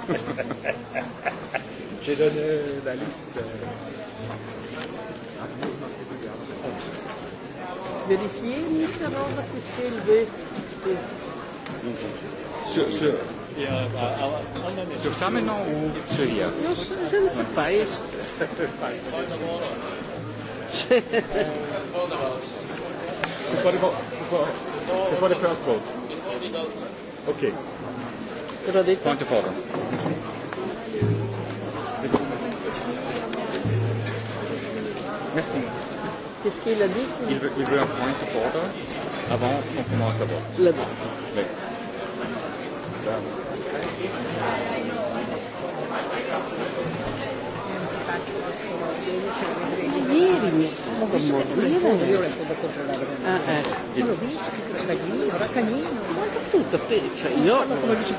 *laughs* J'ai donné la liste. Vérifier, nicht avant, was das Spiel will. Sur, sur, sur ça maintenant ou sur hier non, Je ne sais pas. *laughs* before, the, before, before the first vote. Okay. Era detto. Quanto foto? Merci. Qu'est-ce qu'il a dit il veut, il veut un point de foto avant qu'on commence la vote. La vote. Oui. Bravo. Ieri mi sono Ma tutto, cioè io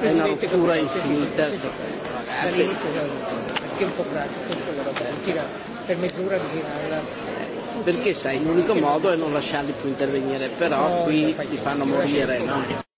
è una rottura infinita. Dall'inizio perché è un po' pratico questo loro gira per mezz'ora girarla. Perché sai, l'unico modo è non lasciarli più intervenire, però no, qui ti fanno morire, no?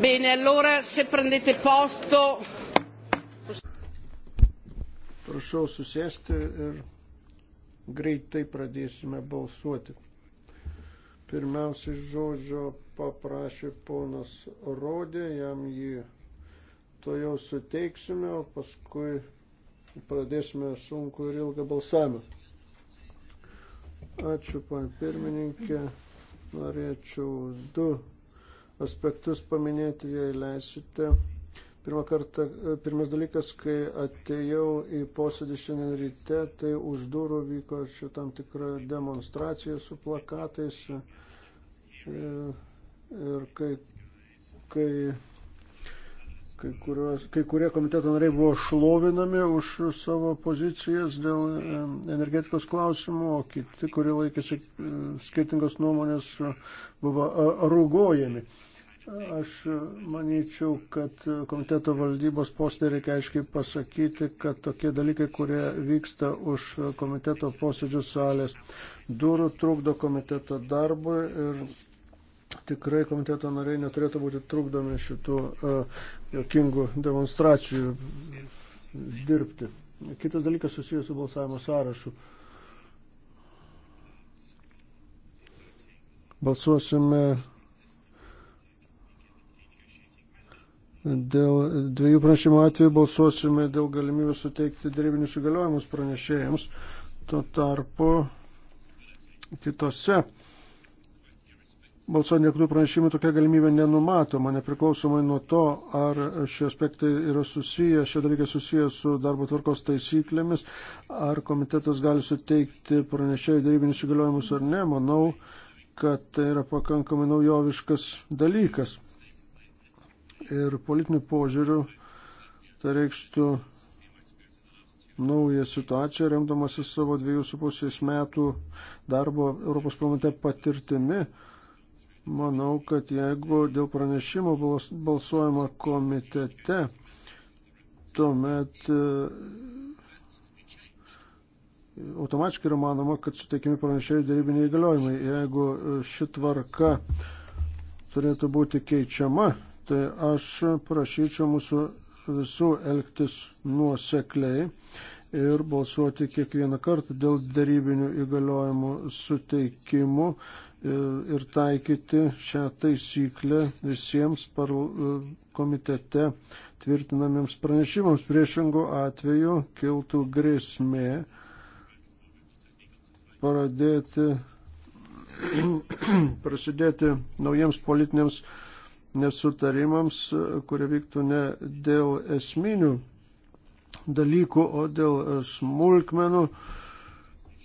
Bene, allora se prendete posto. Prašau susėsti ir greitai pradėsime balsuoti. Pirmiausiai žodžio paprašė ponas Rodė, jam jį to jau suteiksime, o paskui pradėsime sunku ir ilgą balsavimą. Ačiū, pan pirmininkė. Norėčiau du aspektus paminėti, jei leisite. Pirmą kartą, pirmas dalykas, kai atėjau į posėdį šiandien ryte, tai už durų vyko čia tam tikra demonstracija su plakatais. Ir, ir kai, kai Kai, kurios, kai kurie komiteto nariai buvo šlovinami už savo pozicijas dėl energetikos klausimų, o kiti, kurie laikėsi e, skirtingos nuomonės, e, buvo e, rūgojami. Aš manyčiau, kad komiteto valdybos postė reikia aiškiai pasakyti, kad tokie dalykai, kurie vyksta už komiteto posėdžių salės durų, trukdo komiteto darbui ir tikrai komiteto nariai neturėtų būti trukdomi šitų uh, jokingų demonstracijų dirbti. Kitas dalykas susijęs su balsavimo sąrašu. Balsuosime dėl dviejų pranešimų atveju, balsuosime dėl galimybės suteikti dėrybinius įgaliojimus pranešėjams. Tuo tarpu kitose balsuojant dėl kitų pranešimų tokia galimybė nenumatoma, nepriklausomai nuo to, ar šie aspektai yra susiję, šie dalykai susiję su darbo tvarkos taisyklėmis, ar komitetas gali suteikti pranešėjai darybinius įgaliojimus ar ne. Manau, kad tai yra pakankamai naujoviškas dalykas. Ir politinių požiūrių tai reikštų naują situaciją, remdamasis savo dviejų su pusės metų darbo Europos parlamente patirtimi Manau, kad jeigu dėl pranešimo balsuojama komitete, tuomet e, automatiškai yra manoma, kad suteikiami pranešėjų dėrybiniai įgaliojimai. Jeigu e, ši tvarka turėtų būti keičiama, tai aš prašyčiau mūsų visų elgtis nuosekliai ir balsuoti kiekvieną kartą dėl dėrybinių įgaliojimų suteikimų ir taikyti šią taisyklę visiems e, komitete tvirtinamiems pranešimams. Priešingų atveju kiltų grėsmė pradėti, *clears throat* prasidėti naujiems politiniams nesutarimams, kurie vyktų ne dėl esminių dalykų, o dėl smulkmenų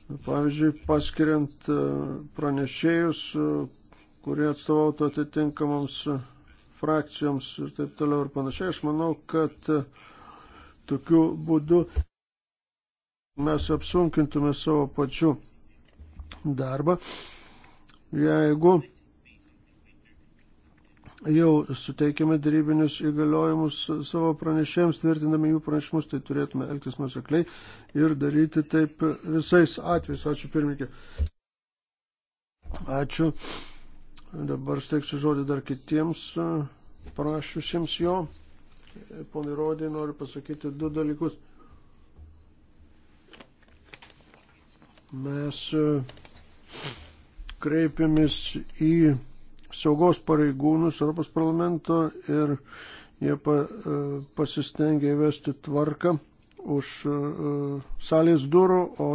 Pavyzdžiui, paskiriant e, pranešėjus, e, kurie atstovautų atitinkamams e, frakcijoms ir taip toliau ir panašiai, aš manau, kad tokiu būdu mes apsunkintume savo pačių darbą. Jeigu jau suteikėme darybinius įgaliojimus savo pranešėjams, tvirtindami jų pranešimus, tai turėtume elgtis nusekliai ir daryti taip visais atvejais. Ačiū pirmininkė. Ačiū. Dabar steiksiu žodį dar kitiems prašiusiems jo. Ponai Rodė, noriu pasakyti du dalykus. Mes kreipėmės į apsaugos pareigūnus Europos parlamento ir jie pa, e, pasistengė įvesti tvarką už e, salės durų, o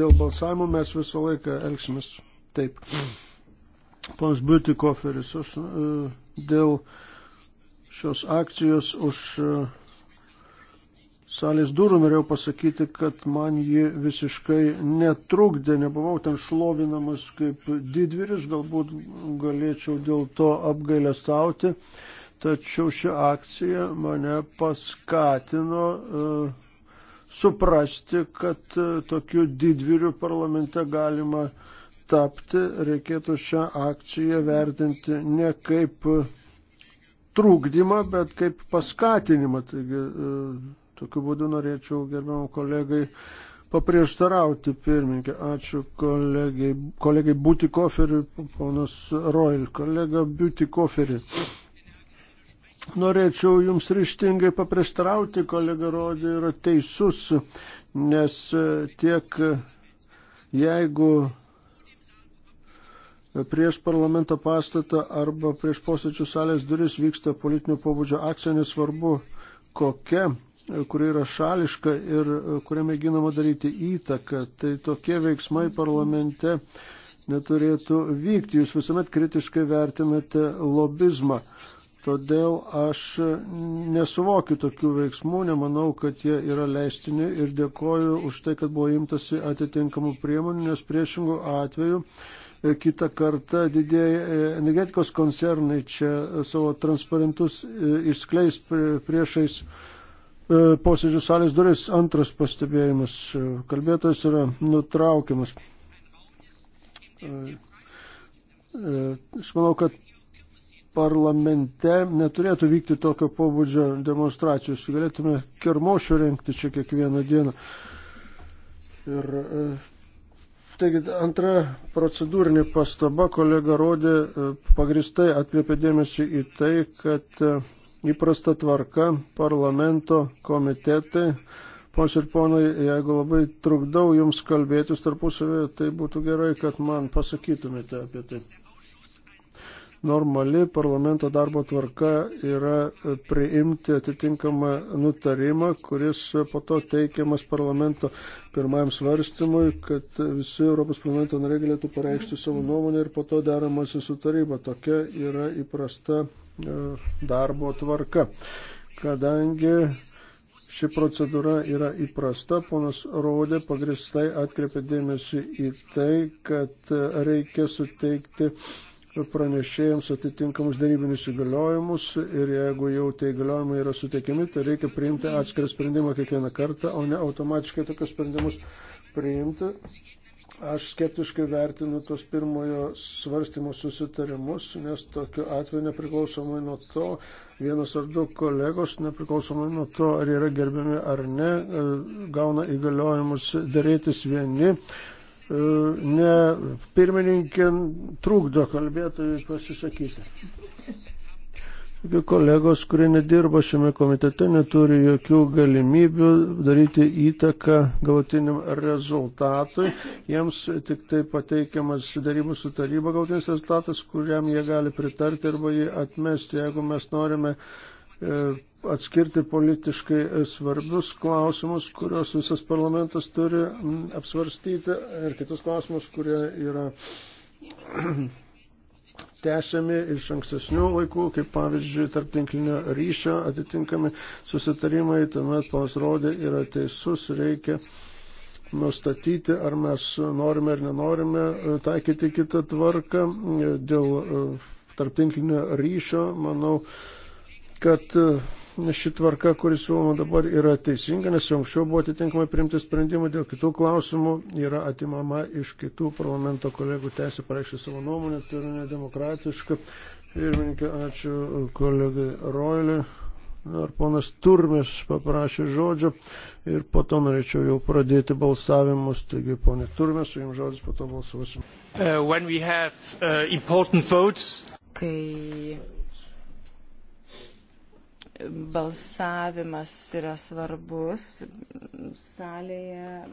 dėl balsavimo mes visą laiką elgsimės taip. Pons Biutikoferis, aš e, dėl šios akcijos už salės durų norėjau pasakyti, kad man ji visiškai netrukdė, nebuvau ten šlovinamas kaip didvyris, galbūt galėčiau dėl to apgailestauti, tačiau ši akcija mane paskatino uh, suprasti, kad uh, tokiu didvyriu parlamente galima tapti, reikėtų šią akciją vertinti ne kaip e, trukdymą, bet kaip paskatinimą. Taigi, uh, Tokiu būdu norėčiau gerbiamam kolegai paprieštarauti pirmininkę. Ačiū kolegai, kolegai Būti Koferiui, ponas Roil, kolega Būti Koferiui. Norėčiau jums ryštingai paprieštarauti, kolega Rodė yra teisus, nes tiek jeigu prieš parlamento pastatą arba prieš posėdžių salės duris vyksta politinio pobūdžio akcija, nesvarbu kokia, kuri yra šališka ir e, kuriame ginama daryti įtaką. Tai tokie veiksmai parlamente neturėtų vykti. Jūs visuomet kritiškai vertinate lobizmą. Todėl aš nesuvokiu tokių veiksmų, nemanau, kad jie yra leistini ir dėkoju už tai, kad buvo imtasi atitinkamų priemonių, nes priešingų atveju e, kitą kartą didėjai e, energetikos koncernai čia savo transparentus išskleis priešais. Prie E, posėdžių salės duris. Antras pastebėjimas. E, kalbėtojas yra nutraukiamas. E, aš manau, kad parlamente neturėtų vykti tokio pobūdžio demonstracijos. Galėtume kermošių renkti čia kiekvieną dieną. Ir Taigi antra procedūrinė pastaba, kolega Rodė pagristai atkreipė dėmesį į tai, kad įprasta tvarka parlamento komitetai. Pons ir ponai, jeigu labai trukdau jums kalbėtis tarpusavėje, tai būtų gerai, kad man pasakytumėte apie tai normali parlamento darbo tvarka yra priimti atitinkamą nutarimą, kuris po to teikiamas parlamento pirmajam svarstymui, kad visi Europos parlamento nariai galėtų pareikšti savo nuomonę ir po to deramasi su taryba. Tokia yra įprasta e, darbo tvarka. Kadangi ši procedūra yra įprasta, ponas Rodė pagristai atkreipė dėmesį į tai, kad reikia suteikti pranešėjams atitinkamus darybinius įgaliojimus ir jeigu jau tie įgaliojimai yra suteikiami, tai reikia priimti atskirą sprendimą kiekvieną kartą, o ne automatiškai tokius sprendimus priimti. Aš skeptiškai vertinu tos pirmojo svarstymo susitarimus, nes tokiu atveju nepriklausomai nuo to, vienas ar du kolegos, nepriklausomai nuo to, ar yra gerbiami ar ne, e, gauna įgaliojimus dėrėtis vieni E, ne pirmininkė trukdo kalbėtojui pasisakyti. Kolegos, kurie nedirba šiame komitete, neturi jokių galimybių daryti įtaką galutiniam rezultatui. Jiems tik tai pateikiamas darybų su taryba galutinis rezultatas, kuriam jie gali pritarti arba jį atmesti. Jeigu mes norime e, atskirti politiškai svarbius klausimus, kuriuos visas parlamentas turi apsvarstyti ir kitus klausimus, kurie yra *clears throat* tęsiami iš ankstesnių laikų, kaip pavyzdžiui, tarp tinklinio ryšio atitinkami susitarimai, tuomet ponas Rodė yra teisus, reikia nustatyti, ar mes norime ar nenorime e, taikyti kitą tvarką e, dėl e, tarp tinklinio ryšio, manau, kad ši tvarka, kuris siūloma dabar, yra teisinga, nes jau anksčiau buvo atitinkamai priimti sprendimai dėl kitų klausimų, yra atimama iš kitų parlamento kolegų teisė pareikšti savo nuomonę, tai yra nedemokratiška. Pirmininkė, ačiū kolegai Roilė. Ar ponas Turmis paprašė žodžio ir po to norėčiau jau pradėti balsavimus. Taigi, ponė Turmis, su jums žodis, po to balsuosim. Uh, have, uh, votes... Kai balsavimas yra svarbus. Salėje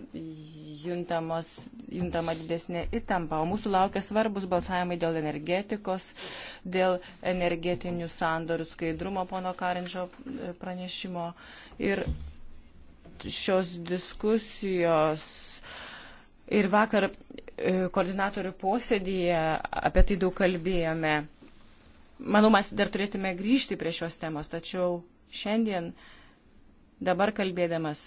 juntama didesnė įtampa, o mūsų laukia svarbus balsavimai dėl energetikos, dėl energetinių sandorių skaidrumo pono Karinčio e, pranešimo. Ir šios diskusijos ir vakar e, koordinatorių posėdėje apie tai daug kalbėjome manau, mes dar turėtume grįžti prie šios temos, tačiau šiandien dabar kalbėdamas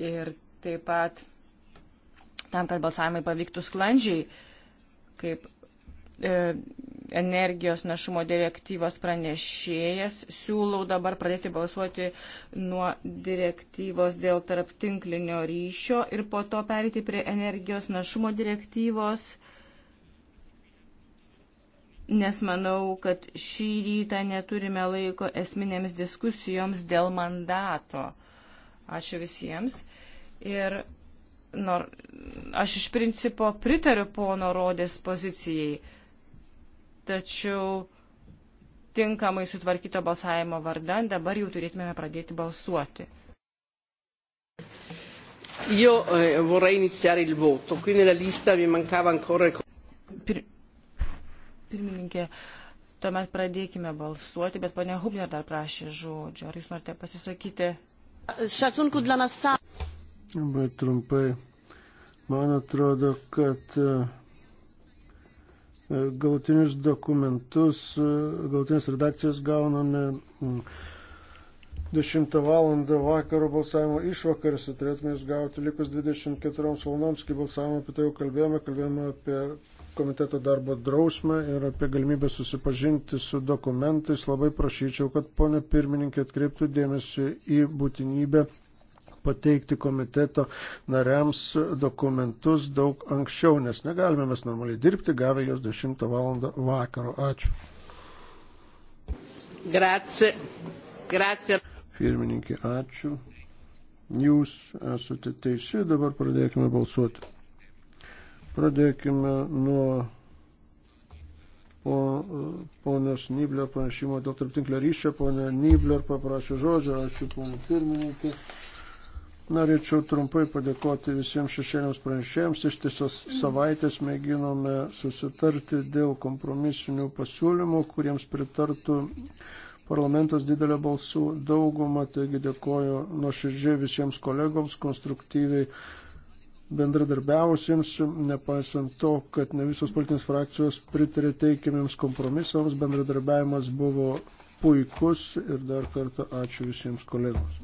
ir taip pat tam, kad balsavimai pavyktų sklandžiai, kaip E, energijos našumo direktyvos pranešėjas. Siūlau dabar pradėti balsuoti nuo direktyvos dėl tarptinklinio ryšio ir po to perėti prie energijos našumo direktyvos, nes manau, kad šį rytą neturime laiko esminėms diskusijoms dėl mandato. Ačiū visiems. Ir nor, aš iš principo pritariu pono Rodės pozicijai tačiau tinkamai sutvarkyto balsavimo vardan dabar jau turėtume pradėti balsuoti. Io eh, vorrei iniziare il voto, qui nella lista mi mancava ancora il... Pir... Pirmininkė, tuomet pradėkime balsuoti, bet ponia Hubner dar prašė žodžio. Ar jūs norite pasisakyti? Šatsunku dla nas. Labai trumpai. Man atrodo, kad uh, E, galtinius dokumentus, e, galtinės redakcijas gauname 10 mm, val. vakaro balsavimo išvakarėse, turėtume jūs gauti likus 24 valandoms, kai balsavimo apie tai jau kalbėjome, kalbėjome apie komiteto darbo drausmę ir apie galimybę susipažinti su dokumentais. Labai prašyčiau, kad ponė pirmininkė atkreiptų dėmesį į būtinybę pateikti komiteto nariams dokumentus daug anksčiau, nes negalime mes normaliai dirbti, gavę jos 10 val. vakaro. Ačiū. Grazie. Grazie. Pirmininkė, ačiū. Jūs esate teisi, dabar pradėkime balsuoti. Pradėkime nuo po, ponios Nibler pranešimo dėl tarptinklio ryšio. Pone Nibler paprašė žodžio, ačiū ponė pirmininkė. Norėčiau trumpai padėkoti visiems šešėliams pranešėjams. Iš tiesos savaitės mėginome susitarti dėl kompromisinių pasiūlymų, kuriems pritartų parlamentas didelę balsų daugumą. Taigi dėkoju nuoširdžiai visiems kolegoms, konstruktyviai bendradarbiavusiems, nepaisant to, kad ne visos politinės frakcijos pritarė teikiamiems kompromisams, bendradarbiavimas buvo puikus ir dar kartą ačiū visiems kolegoms.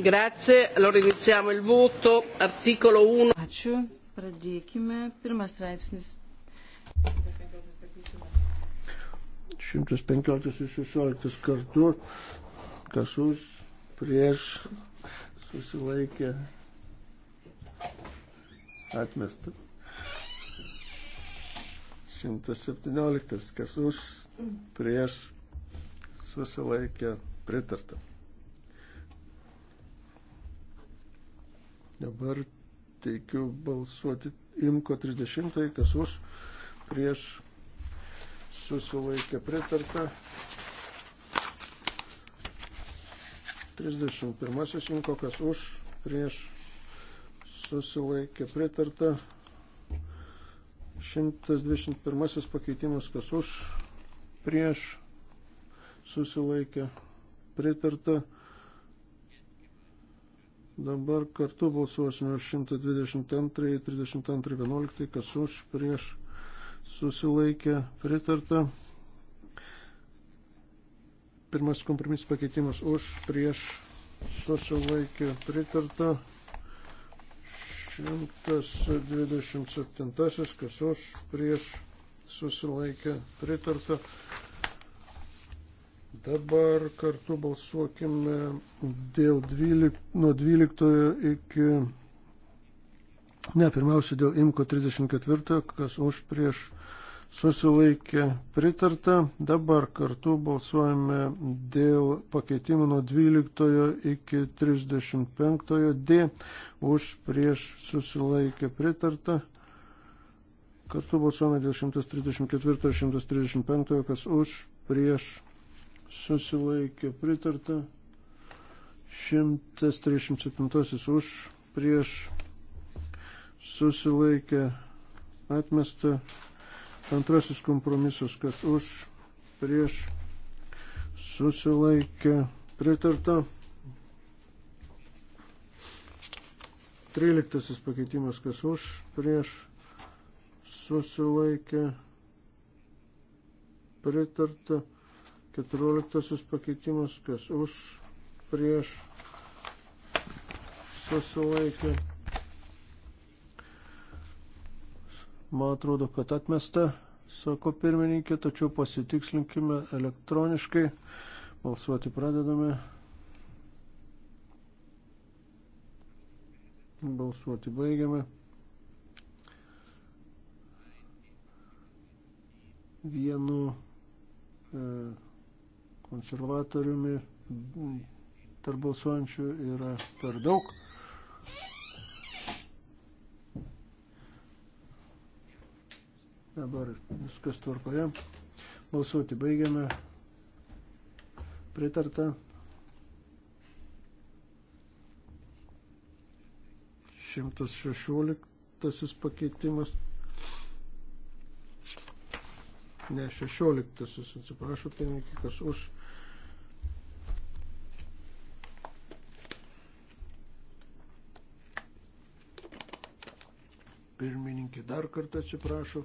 Grazie, allora iniziamo il voto, articolo 1. Ačiū, pradėkime. Pirmas straipsnis. 115 ir 16 kartu, kas už, prieš, susilaikė, atmesta. 117, kas už, prieš, susilaikė, pritarta. Dabar teikiu balsuoti Imko 30, kas už, prieš susilaikė pritarta. 31 Imko, kas už, prieš susilaikė pritarta. 121 pakeitimas, kas už, prieš susilaikė pritarta. Dabar kartu balsuosime už 122, 32, 11, kas už, prieš, susilaikė, pritarta. Pirmas kompromisas pakeitimas už, prieš, susilaikė, pritarta. 127, kas už, prieš, susilaikė, pritarta. Dabar kartu balsuokime dėl 12, nuo 12 iki. Ne, pirmiausia, dėl Imko 34, kas už prieš susilaikė pritarta. Dabar kartu balsuojame dėl pakeitimų nuo 12 iki 35 D. Už prieš susilaikė pritarta. Kartu balsuojame dėl 134 ir 135, kas už prieš susilaikė pritarta. 137 už, prieš susilaikė atmesta. Antrasis kompromisas, kad už, prieš susilaikė pritarta. 13 pakeitimas, kas už, prieš susilaikė pritarta. Keturioliktasis pakeitimas, kas už, prieš, susilaikė. Man atrodo, kad atmesta, sako pirmininkė, tačiau pasitikslinkime elektroniškai. Balsuoti pradedame. Balsuoti baigiame. Vienu e, konservatoriumi tarp balsuojančių yra per daug. Dabar viskas tvarkoje. Balsuoti baigiame. Pritarta. Šimtas šešioliktasis pakeitimas. Ne, šešioliktasis, atsiprašau, pirmininkai, kas už Pirmininkė dar kartą atsiprašo.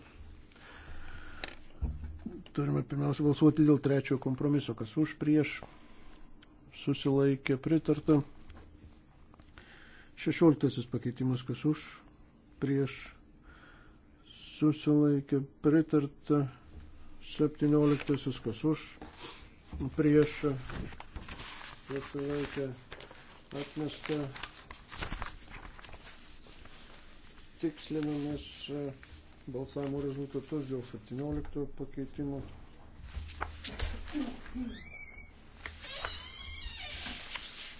Turime pirmiausia balsuoti dėl trečiojo kompromiso, kas už prieš susilaikė pritarta. Šešioliktasis pakeitimas, kas už prieš susilaikė pritarta. Septynioliktasis, kas už prieš susilaikė atmesta. tikslinamis e, balsavimo rezultatus dėl 17 pakeitimų.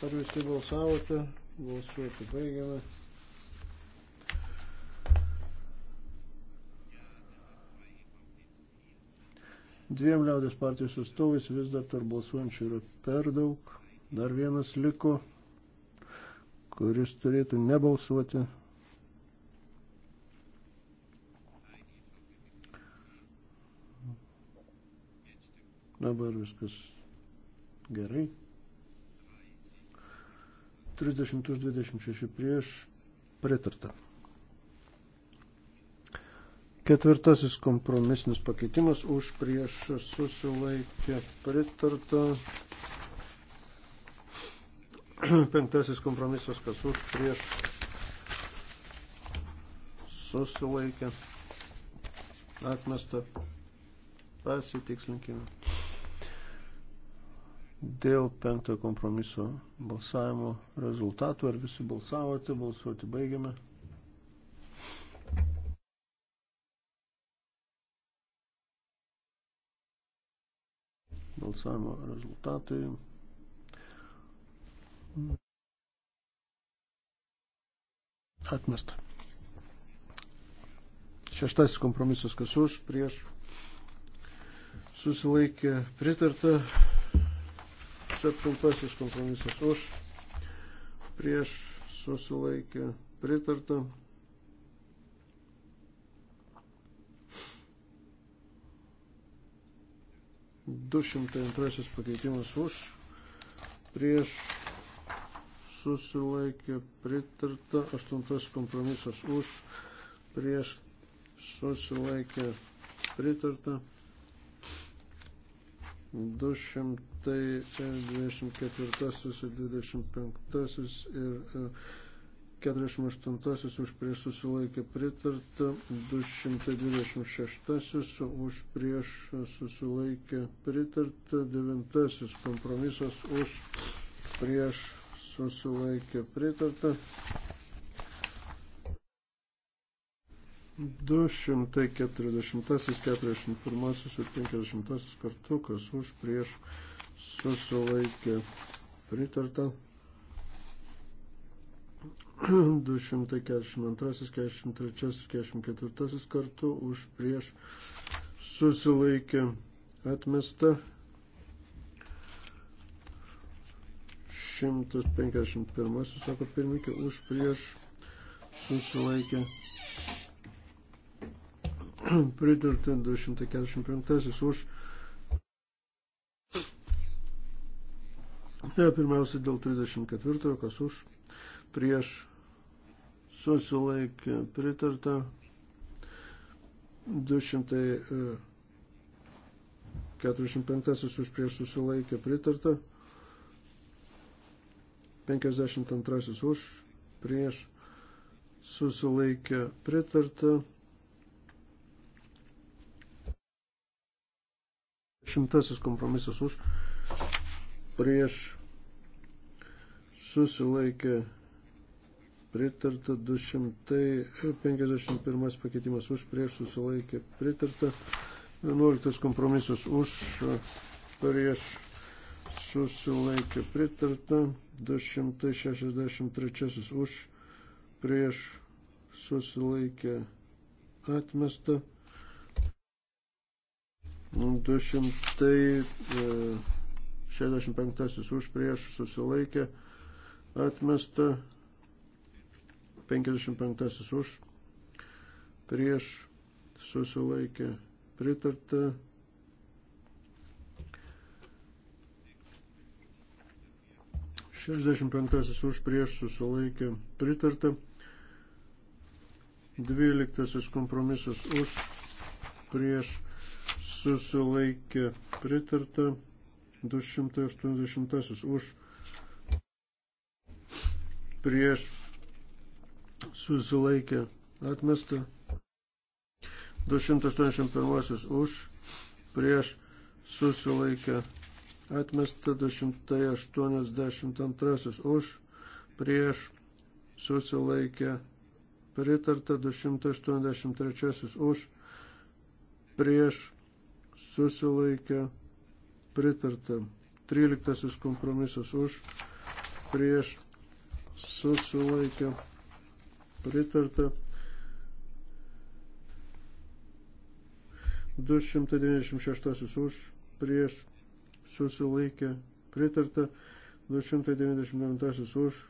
Ar visi balsavote? Balsuoti baigiame. Dviem liaudės partijos atstovais vis dar tarp balsuojančių yra per daug. Dar vienas liko, kuris turėtų nebalsuoti. Dabar viskas gerai. 30 už 26 prieš pritarta. Ketvirtasis kompromisinis pakeitimas už prieš susilaikė pritarta. Penktasis kompromisas, kas už prieš susilaikė atmesta. Pasitikslinkime dėl penktojo kompromiso balsavimo rezultatų. Ar visi balsavote? Balsuoti baigiame. Balsavimo rezultatai. Atmesta. Šeštasis kompromisas kas už, prieš. Susilaikė pritarta. Septintasis kompromisas už, prieš susilaikė pritarta. Du šimtai antrasis pakeitimas už, prieš susilaikė pritarta. Aštuntasis kompromisas už, prieš susilaikė pritarta. 224 ir 25 ir 48 e, už prieš susilaikė pritarta, 226 už prieš susilaikė pritarta, 9 kompromisas už prieš susilaikė pritarta. 240, 41 ir 50 kartu, kas už prieš susilaikė pritarta. 242, 43 ir 44 kartu už prieš susilaikė atmesta. 151, sako pirmininkė, už prieš susilaikė atmesta *clears throat* pritarta 245 už. Ne, tai pirmiausia dėl 34, kas už. Prieš susilaikė pritarta 245 už prieš susilaikė pritarta. 52 už prieš susilaikė pritarta. Šimtasis kompromisas už prieš susilaikė pritarta 251 pakeitimas už prieš susilaikė pritarta 11 kompromisas už prieš susilaikė pritarta 263 už prieš susilaikė atmesta 265 e, už prieš susilaikė atmesta, 55 už prieš susilaikė pritarta. Šešdešimt penktasis už prieš susilaikė pritarta. Dvyliktasis kompromisas už prieš susilaikė susilaikė pritarta 280 už prieš susilaikė atmesta 281 už prieš susilaikė atmesta 282 už prieš susilaikė pritarta 283 už prieš susilaikė pritarta. 13 kompromisas už, prieš susilaikė pritarta. 296 už, prieš susilaikė pritarta. 299 už,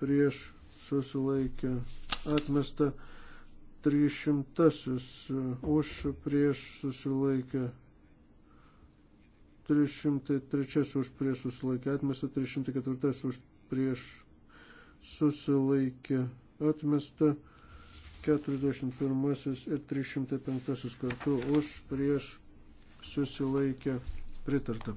prieš susilaikė atmesta. 300 e, už prieš susilaikę. 303 už prieš susilaikę atmesta, 304 už prieš susilaikę atmesta, 41 ir 305 kartu už prieš susilaikę pritartą.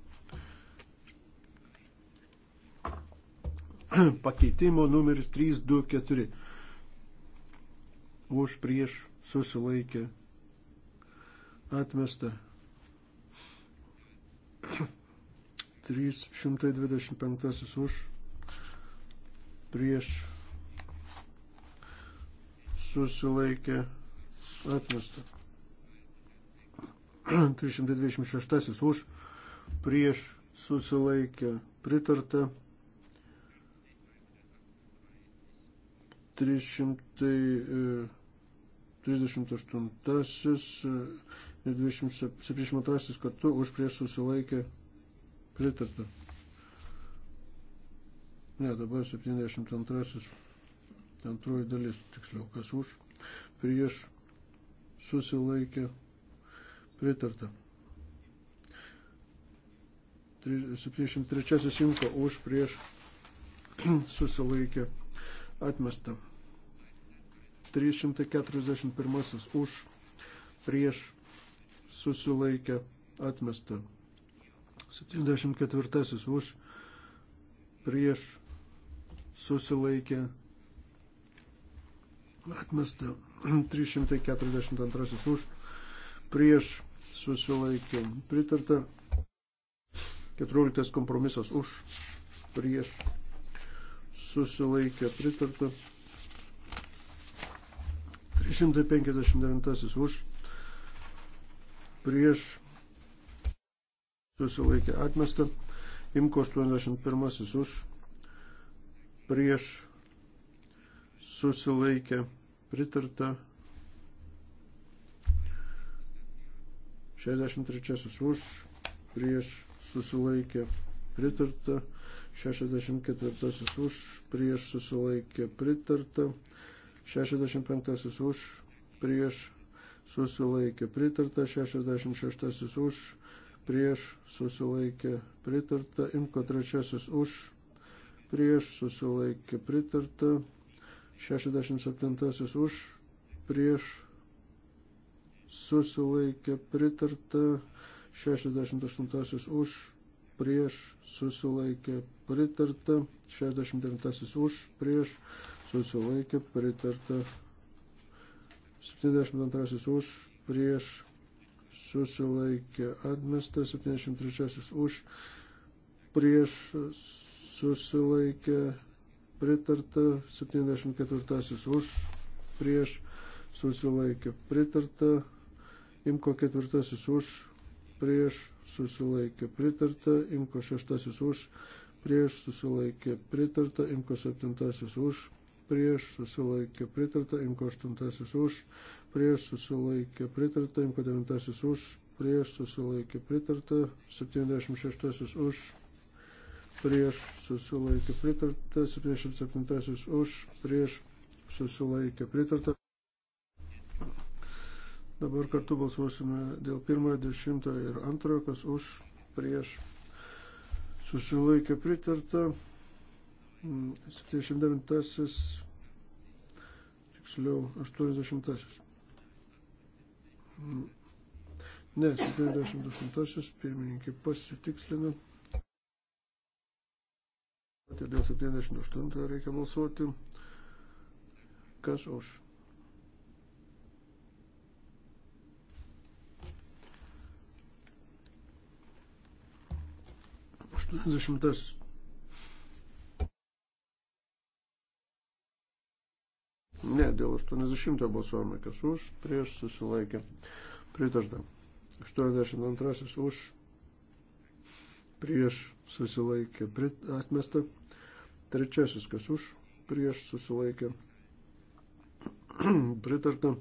*clears throat* pakeitimo numeris 324. Už prieš susilaikė atmesta 325 *clears throat* už prieš susilaikė atmesta 326 *clears throat* už prieš susilaikė pritarta 338 ir 272 kartu už prieš susilaikė pritarta. Ne, dabar 72 antroji dalis, tiksliau, kas už prieš susilaikė pritarta. 73 imko už prieš *clears throat* susilaikė atmestą. 341 už prieš susilaikę atmestą. 74 už prieš susilaikę atmestą. 342 už prieš susilaikę pritarta. 14 kompromisas už prieš susilaikę pritarta. 159 už prieš susilaikė atmestą. Imko 81 už prieš susilaikė pritarta. 63 už prieš susilaikė pritarta. 64 už prieš susilaikė pritarta. 65 už, prieš susilaikė pritarta, 66 už, prieš susilaikė pritarta, imko trečiasis už, prieš susilaikė pritarta, 67 už, prieš susilaikė pritarta, 68 už, prieš susilaikė pritarta, 69 už, prieš susilaikė pritarta 72 už prieš susilaikė atmestas 73 už prieš susilaikė pritarta 74 už prieš susilaikė pritarta imko ketvirtasis už prieš susilaikė pritarta imko šeštasis už prieš susilaikė pritarta imko septintasis už prieš susilaikė pritarta, imko 8 už, prieš susilaikė pritarta, imko 9 už, prieš susilaikė pritarta, 76 už, prieš susilaikė pritarta, 77 už, prieš susilaikė pritarta. Dabar kartu balsuosime dėl pirmojo, dešimtojo ir antrojo, kas už, prieš susilaikė pritarta. 79, mm, tiksliau 80. Mm. Ne, 78 pirmininkai pasitikslina. Tai dėl 78 reikia balsuoti. Kas už? Aštuoniasdešimtasis. Ne, dėl 80 balsuojame, kas už, prieš susilaikė. Pritarta. 82 už, prieš susilaikė. Prit, atmesta. Trečiasis, kas už, prieš susilaikė. *clears throat* Pritarta.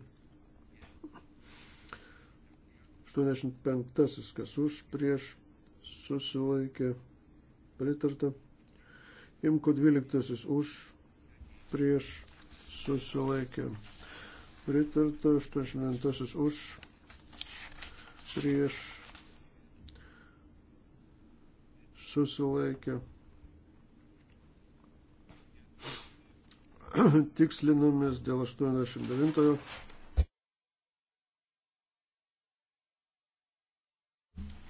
85 kas už, prieš susilaikė. Pritarta. Imko 12 už, prieš susilaikė. Pritarta 89 už, prieš susilaikė. *clears throat* Tikslinomis dėl 89.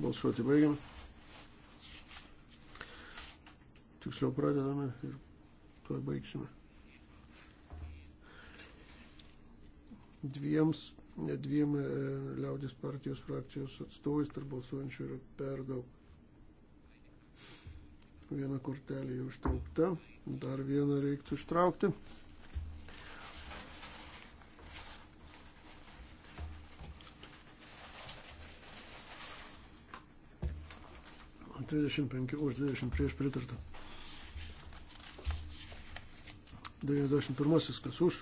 Balsuoti baigiam. Tiksliau pradedame ir tuo baigsime. dviems, ne dviem e, liaudės partijos frakcijos atstovais tarp balsuojančių yra per daug. Viena kortelė jau ištraukta, dar vieną reiktų ištraukti. Trisdešimt penki už dvidešimt prieš pritartą. 91 kas už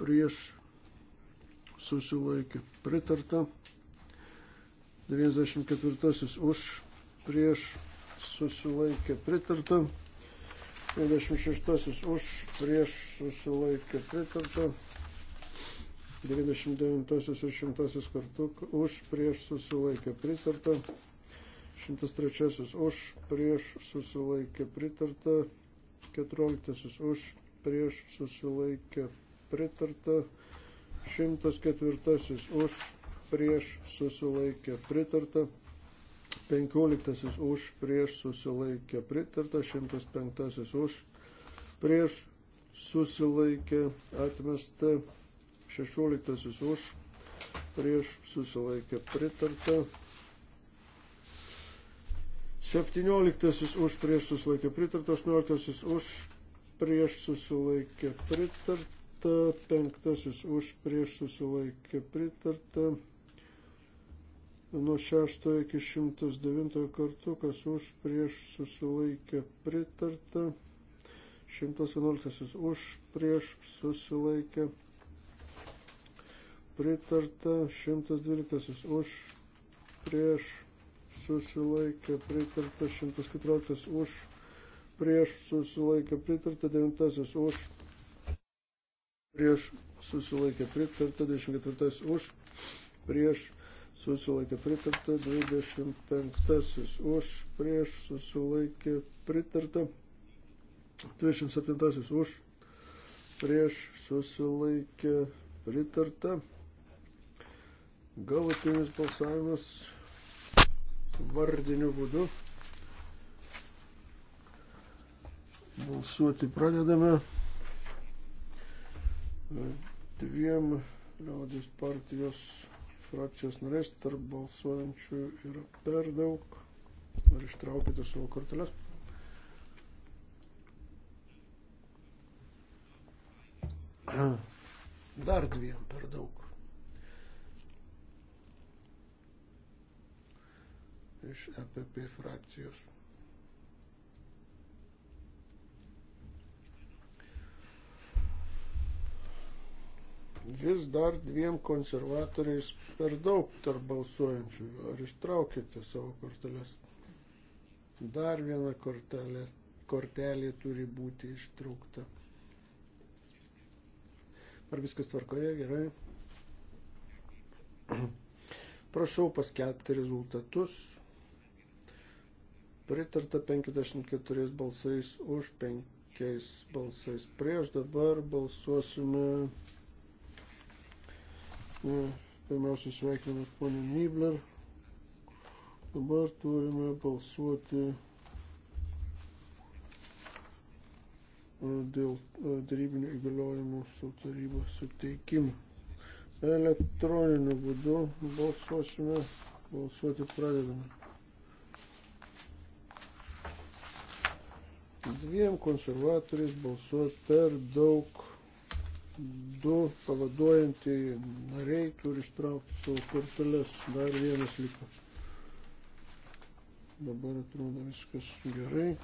prieš susilaikė pritarta. 94 už prieš susilaikė pritarta. 96 už prieš susilaikė pritarta. 99 ir 100 kartu už prieš susilaikė pritarta. 103 už prieš susilaikė pritarta. 14 už prieš susilaikė pritarta pritarta. 104 už, prieš susilaikė pritarta. 15 už, prieš susilaikė pritarta. 105 už, prieš susilaikė atmesta. 16 už, prieš susilaikė pritarta. 17 už prieš susilaikė pritarta, 18 už prieš susilaikė pritarta, pritarta, penktasis už prieš susilaikė pritarta, nuo šešto iki šimtas devintojo kartu, kas už prieš susilaikė pritarta, šimtas vienuoliktasis už prieš susilaikė pritarta, šimtas dvyliktasis už prieš susilaikė pritarta, šimtas keturioliktas už prieš susilaikė pritarta, devintasis už prieš susilaikė pritarta, 24 už, prieš susilaikė pritarta, 25 už, prieš susilaikė pritarta, 27 už, prieš susilaikė pritarta. Galutinis balsavimas vardiniu būdu. Balsuoti pradedame dviem liaudės partijos frakcijos norės tarp balsuojančių yra per daug. Ar ištraukite savo korteles? *clears throat* Dar dviem per daug. Iš EPP frakcijos. vis dar dviem konservatoriais per daug tarp balsuojančių. Ar ištraukite savo korteles? Dar viena kortelė, kortelė turi būti ištraukta. Ar viskas tvarkoje? Gerai. *clears throat* Prašau paskelbti rezultatus. Pritarta 54 balsais už 5 balsais prieš. Dabar balsuosime Pirmiausia, sveikiname ponį Nibler. Dabar turime balsuoti e, dėl e, darybinių įgaliojimų su tarybos suteikimu. Elektroniniu būdu balsuosime, balsuoti pradedame. Dviem konservatoriais balsuoti per daug du pavaduojantieji nariai turi ištraukti savo korteles. Dar vienas liko. Dabar atrodo viskas gerai.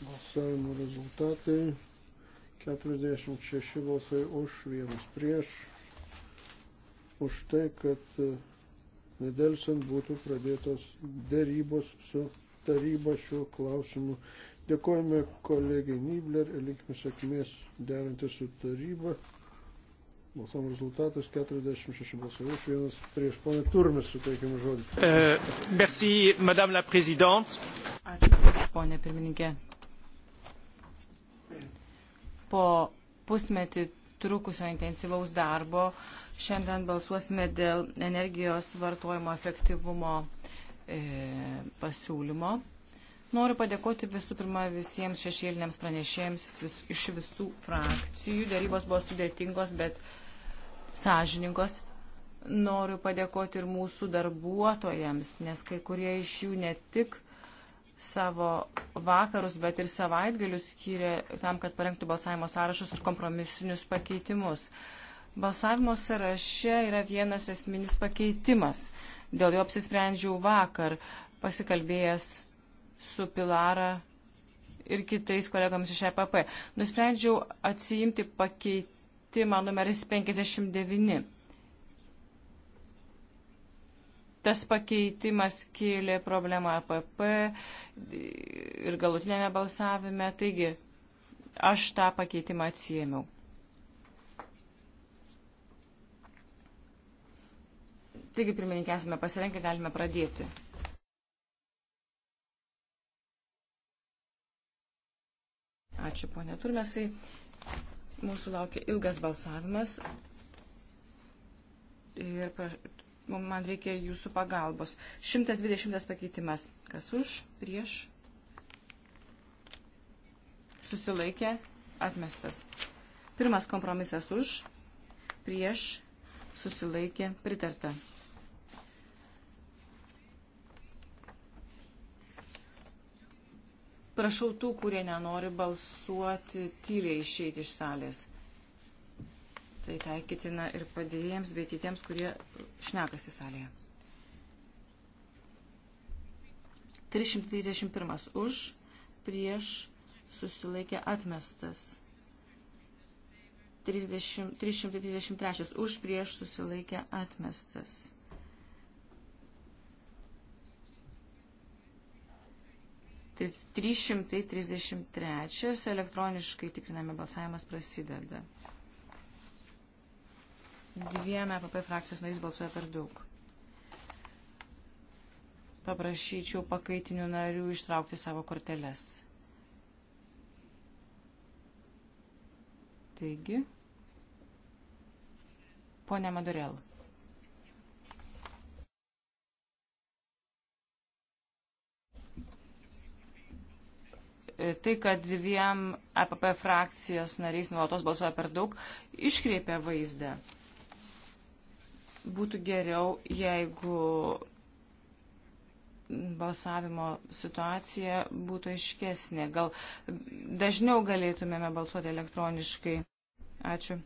Balsavimo rezultatai. 46 balsai už, vienas prieš. Už tai, kad e, nedelsant būtų pradėtos dėrybos su taryba šiuo klausimu Dėkojame kolegiai Nibler ir linkime sėkmės derinti su taryba. Balsavimo rezultatas 46 balsavų už vienas prieš ponę Turmes suteikime žodį. Uh, merci, madame la présidente. Ačiū, ponė pirmininkė. Po pusmetį trukusio intensyvaus darbo šiandien balsuosime dėl energijos vartojimo efektyvumo e, pasiūlymo. Noriu padėkoti visų pirma visiems šešėliniams pranešėjams vis, iš visų frakcijų. Dėrybos buvo sudėtingos, bet sąžiningos. Noriu padėkoti ir mūsų darbuotojams, nes kai kurie iš jų ne tik savo vakarus, bet ir savaitgalius skiria tam, kad parengtų balsavimo sąrašus ir kompromisinius pakeitimus. Balsavimo sąraše yra vienas esminis pakeitimas. Dėl jo apsisprendžiau vakar, pasikalbėjęs su Pilara ir kitais kolegomis iš EPP. Nusprendžiau atsiimti pakeitimą numeris 59. Tas pakeitimas kėlė problemą EPP ir galutinėme balsavime, taigi aš tą pakeitimą atsiėmiau. Taigi, pirmininkė, esame pasirengę, galime pradėti. Ačiū, ponė Turmesai. Mūsų laukia ilgas balsavimas ir man reikia jūsų pagalbos. 120 pakeitimas. Kas už, prieš, susilaikė, atmestas. Pirmas kompromisas už, prieš, susilaikė, pritarta. Prašau tų, kurie nenori balsuoti, tyliai išeiti iš salės. Tai taikytina ir padėjėjams bei kitiems, kurie šnekasi salėje. 331 už, prieš susilaikė atmestas. 30, 333 už, prieš susilaikė atmestas. 333 elektroniškai tikriname balsavimas prasideda. Dviem EPP frakcijos narys balsuoja per daug. Paprašyčiau pakaitinių narių ištraukti savo korteles. Taigi, ponė Madurel. tai, kad dviem APP frakcijos nariais nuolatos balsuoja per daug, iškreipia vaizdą. Būtų geriau, jeigu balsavimo situacija būtų aiškesnė. Gal dažniau galėtumėme balsuoti elektroniškai. Ačiū.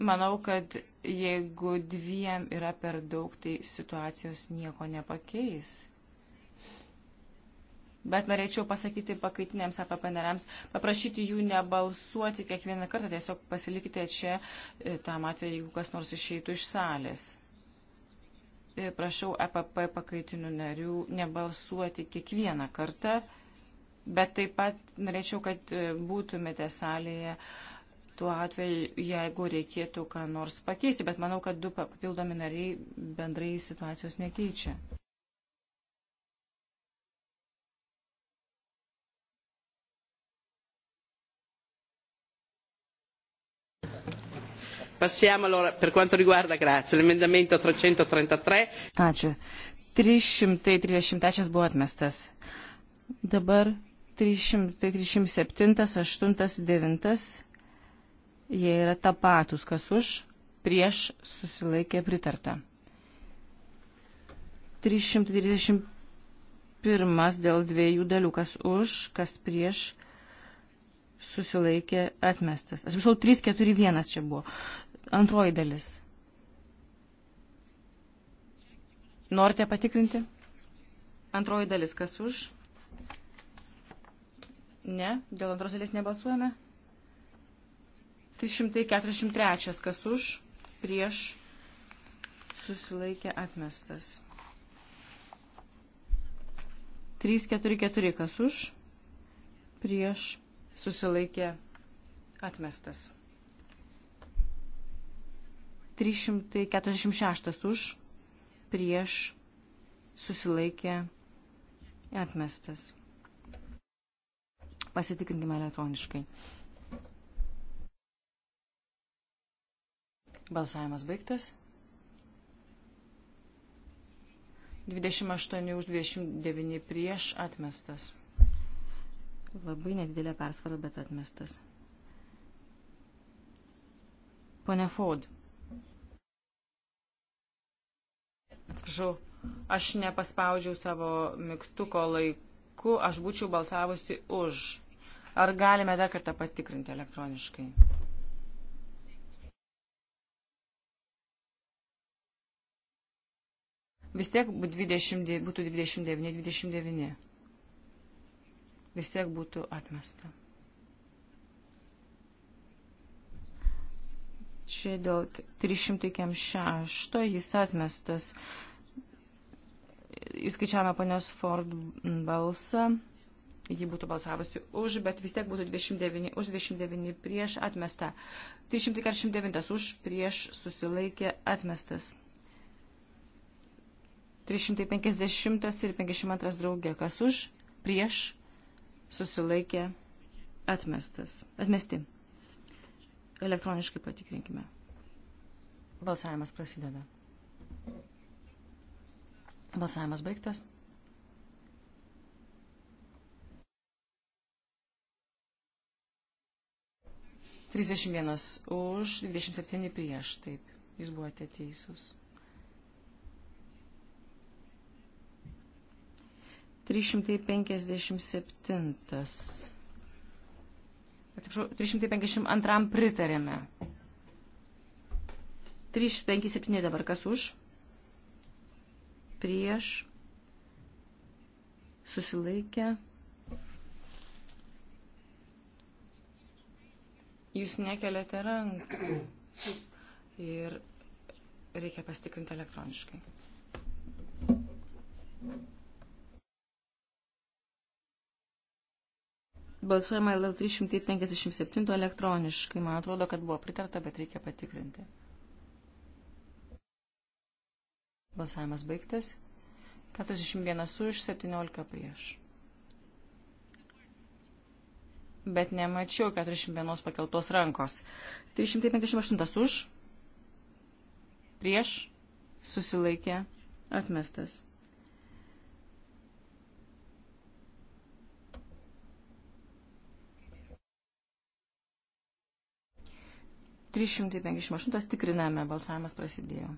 Manau, kad jeigu dviem yra per daug, tai situacijos nieko nepakeis. Bet norėčiau pasakyti pakaitiniams APP nariams, paprašyti jų nebalsuoti kiekvieną kartą, tiesiog pasilikite čia e, tam atveju, jeigu kas nors išeitų iš salės. E, prašau APP pakaitinių narių nebalsuoti kiekvieną kartą, bet taip pat norėčiau, kad e, būtumėte salėje uh, tuo atveju, jeigu reikėtų ką nors pakeisti, bet manau, kad du papildomi nariai bendrai situacijos nekeičia. Passiamo allora per quanto riguarda, grazie, l'emendamento 333. Ačiū. 333 buvo atmestas. Dabar 337, 8, 9 Jie yra tapatus, kas už, prieš susilaikė pritarta. 331 dėl dviejų dalių, kas už, kas prieš susilaikė atmestas. Aš visau, 341 čia buvo. Antroji dalis. Norite patikrinti? Antroji dalis, kas už? Ne, dėl antros dalies nebalsuojame. 343. Kas už, prieš, susilaikė atmestas. 344. Kas už, prieš, susilaikė atmestas. 346 už, prieš, susilaikė atmestas. Pasitikrinkime elektroniškai. Balsavimas baigtas. 28 už 29 prieš atmestas. Labai nedidelė persvara, bet atmestas. Pone Ford. Atsiprašau, aš nepaspaudžiau savo mygtuko laiku, aš būčiau balsavusi už. Ar galime dar kartą patikrinti elektroniškai? vis tiek 20, būtų 29, 29. Vis tiek būtų atmesta. Čia dėl 306 jis atmestas. Įskaičiavome ponios Ford balsą. Ji būtų balsavusi už, bet vis tiek būtų 29, už 29 prieš atmestą. 349 už prieš susilaikė atmestas. 350 ir 52 draugė, kas už, prieš, susilaikė, atmestas, atmesti. Elektroniškai patikrinkime. Balsavimas prasideda. Balsavimas baigtas. Trisdešimt vienas už, dvidešimt septyni prieš, taip, jūs buvote teisūs. 357. Atsiprašau, 352 pritarėme. 357 dabar kas už? Prieš. Susilaikę. Jūs nekeliate rankų. Ir reikia pastikrinti elektroniškai. Thank you. Balsuojama dėl 357 elektroniškai. Man atrodo, kad buvo pritarta, bet reikia patikrinti. Balsavimas baigtas. 41 už, 17 prieš. Bet nemačiau 41 pakeltos rankos. 358 už, prieš, susilaikė, atmestas. 358 tikriname, balsavimas prasidėjo.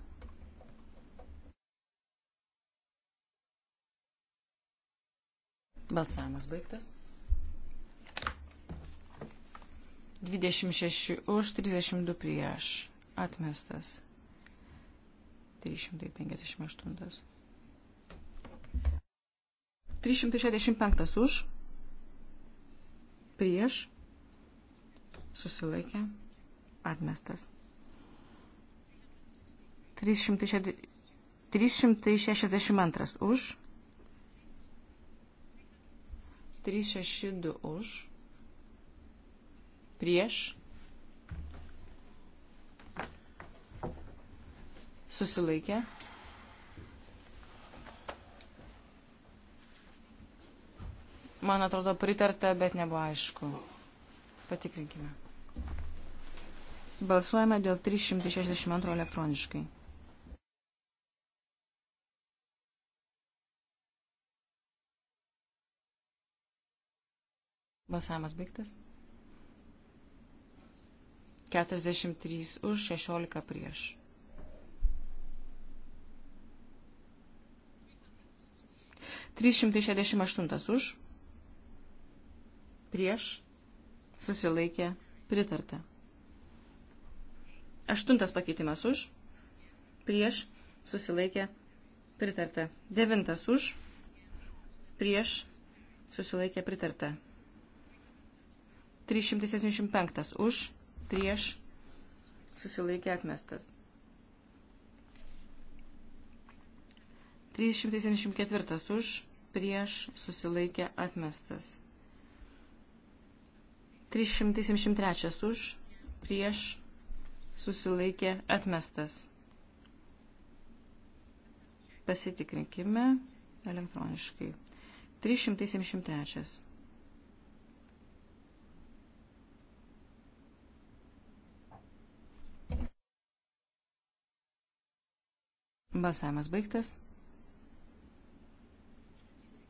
Balsavimas baigtas. 26 už, 32 prieš. Atmestas. 358. 365 už. Prieš. Susilaikė atmestas. 362 už. 362 už. Prieš. Susilaikė. Man atrodo pritarta, bet nebuvo aišku. Patikrinkime. Balsuojame dėl 362 elektroniškai. Balsavimas baigtas. 43 už 16 prieš. 368 už, prieš, susilaikė, pritarta. Aštuntas pakeitimas už, prieš, susilaikė, pritarta. Devintas už, prieš, susilaikė, pritarta. 375 už, prieš, susilaikė, atmestas. 374 už, prieš, susilaikė, atmestas. 373 už, prieš, susilaikė atmestas. Pasitikrinkime elektroniškai. 373. Balsavimas baigtas.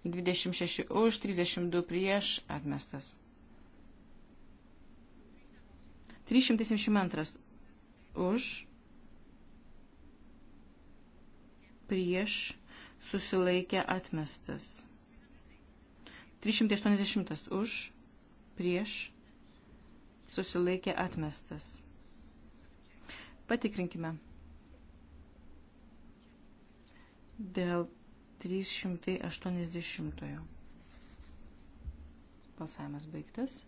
26 už, 32 prieš atmestas. 372 už, prieš, susilaikė atmestas. 380 už, prieš, susilaikė atmestas. Patikrinkime. Dėl 380. Balsavimas baigtas.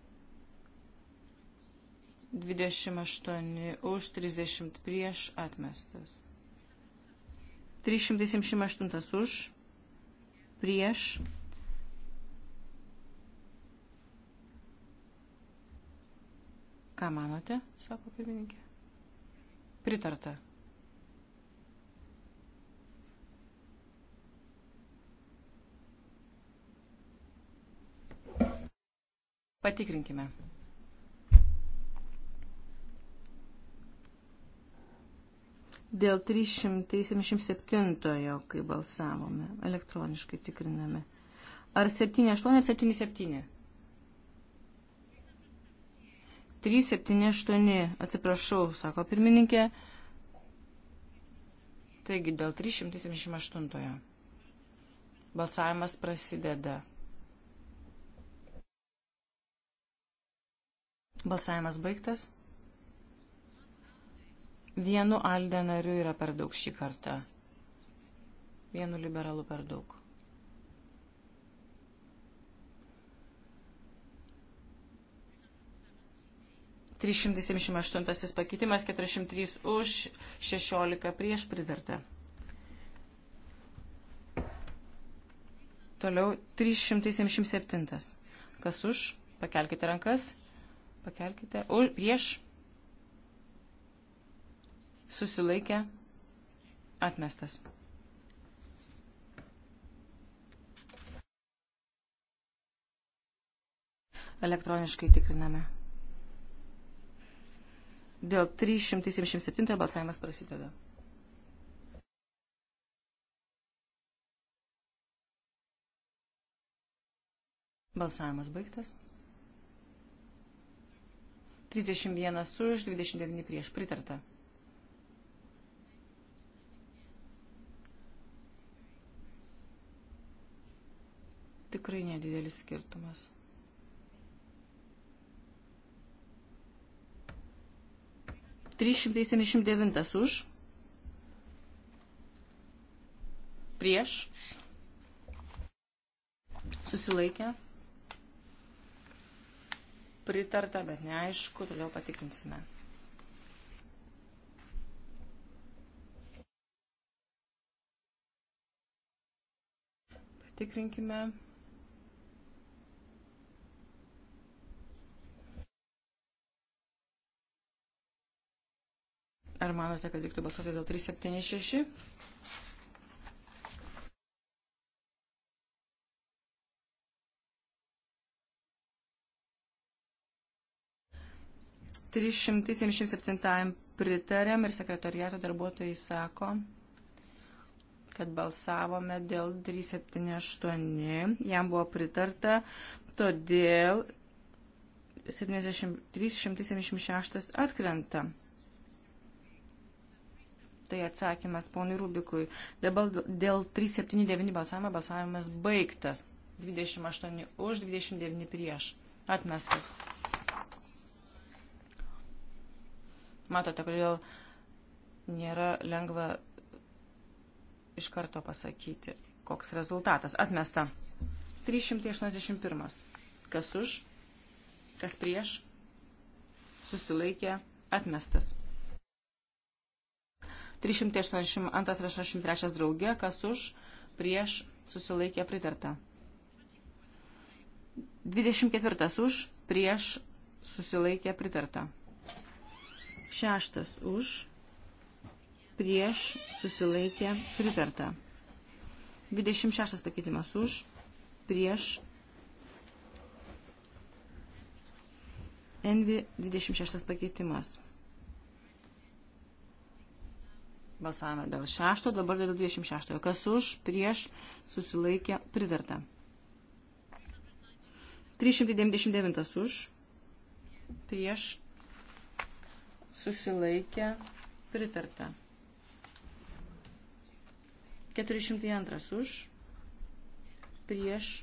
28 už 30 prieš atmestas. 378 už prieš. Ką manote, sako pirmininkė? Pritarta. Patikrinkime. Dėl 377, kai balsavome, elektroniškai tikriname. Ar 78 ar 77? 378, atsiprašau, sako pirmininkė. Taigi dėl 378. Balsavimas prasideda. Balsavimas baigtas. Vienu Alde nariu yra per daug šį kartą. Vienu liberalu per daug. Trys šimtai septyniasdešimt aštuntasis pakeitimas, keturi šimtai už, šešiolika prieš pridarta. Toliau 377. Kas už? Pakelkite rankas. Pakelkite. Už, prieš susilaikė, atmestas. Elektroniškai tikriname. Dėl 377 balsavimas prasideda. Balsavimas baigtas. 31 už, 29 prieš pritarta. tikrai nedidelis skirtumas. Trys šimtai septyniasdešimt devintas už. Prieš. Susilaikę. Pritarta, bet neaišku, toliau patikrinsime. Tikrinkime. Ar manote, kad reiktų balsuoti dėl 376? Trys šimtai septyniasdešimt septintajam pritarėm ir sekretariato darbuotojai sako, kad balsavome dėl 378, jam buvo pritarta, todėl 376 atkrenta. Tai atsakymas ponui Rubikui. Dabar dėl 379 balsavimo balsavimas baigtas. 28 už, 29 prieš. Atmestas. Matote, kodėl nėra lengva iš karto pasakyti, koks rezultatas. Atmesta. 381. Kas už, kas prieš, susilaikė, atmestas. 382-83 draugė, kas už, prieš, susilaikė pritarta. 24 už, prieš, susilaikė pritarta. 6 už, prieš, susilaikė pritarta. 26 pakeitimas už, prieš, Envi 26 pakeitimas. Balsavome dėl šešto, dabar dėl 26. Kas už, prieš, susilaikė, pritarta. 399 už, prieš, susilaikė, pritarta. 402 už, prieš,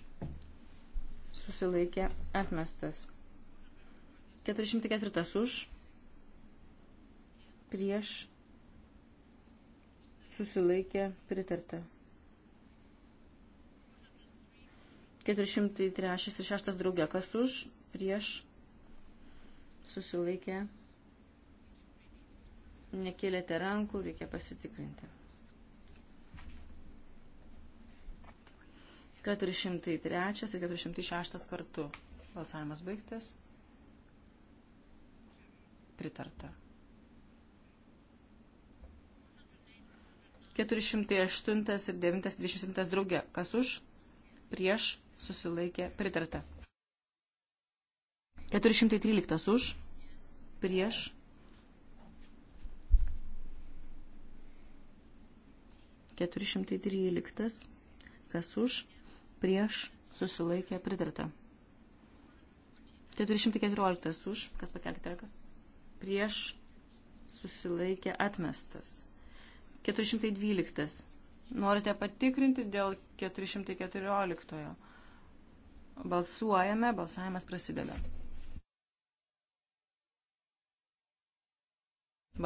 susilaikė, atmestas. 404 už, prieš, susilaikė pritarta. 403 ir 6 draugė, kas už, prieš, susilaikė, nekėlėte rankų, reikia pasitikrinti. 403 ir 406 kartu. Balsavimas baigtas. Pritarta. 408 ir 927 draugė. Kas už? Prieš susilaikė pritarta. 413 už. Prieš. Keturi šimtai tryliktas, kas už, prieš, susilaikė, pritarta. Keturi šimtai keturioliktas už, kas pakelkite, kas, prieš, susilaikė, atmestas. 412. Norite patikrinti dėl 414. Balsuojame, balsavimas prasideda.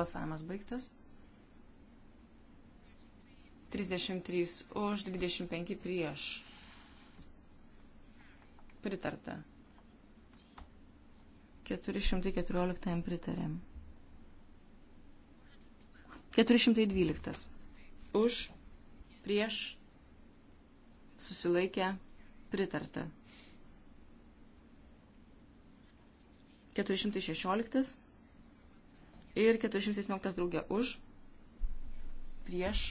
Balsavimas baigtas. 33 už, 25 prieš. Pritarta. 414 pritarėm. 412. Už, prieš, susilaikę, pritarta. 416 ir 417 draugė už, prieš,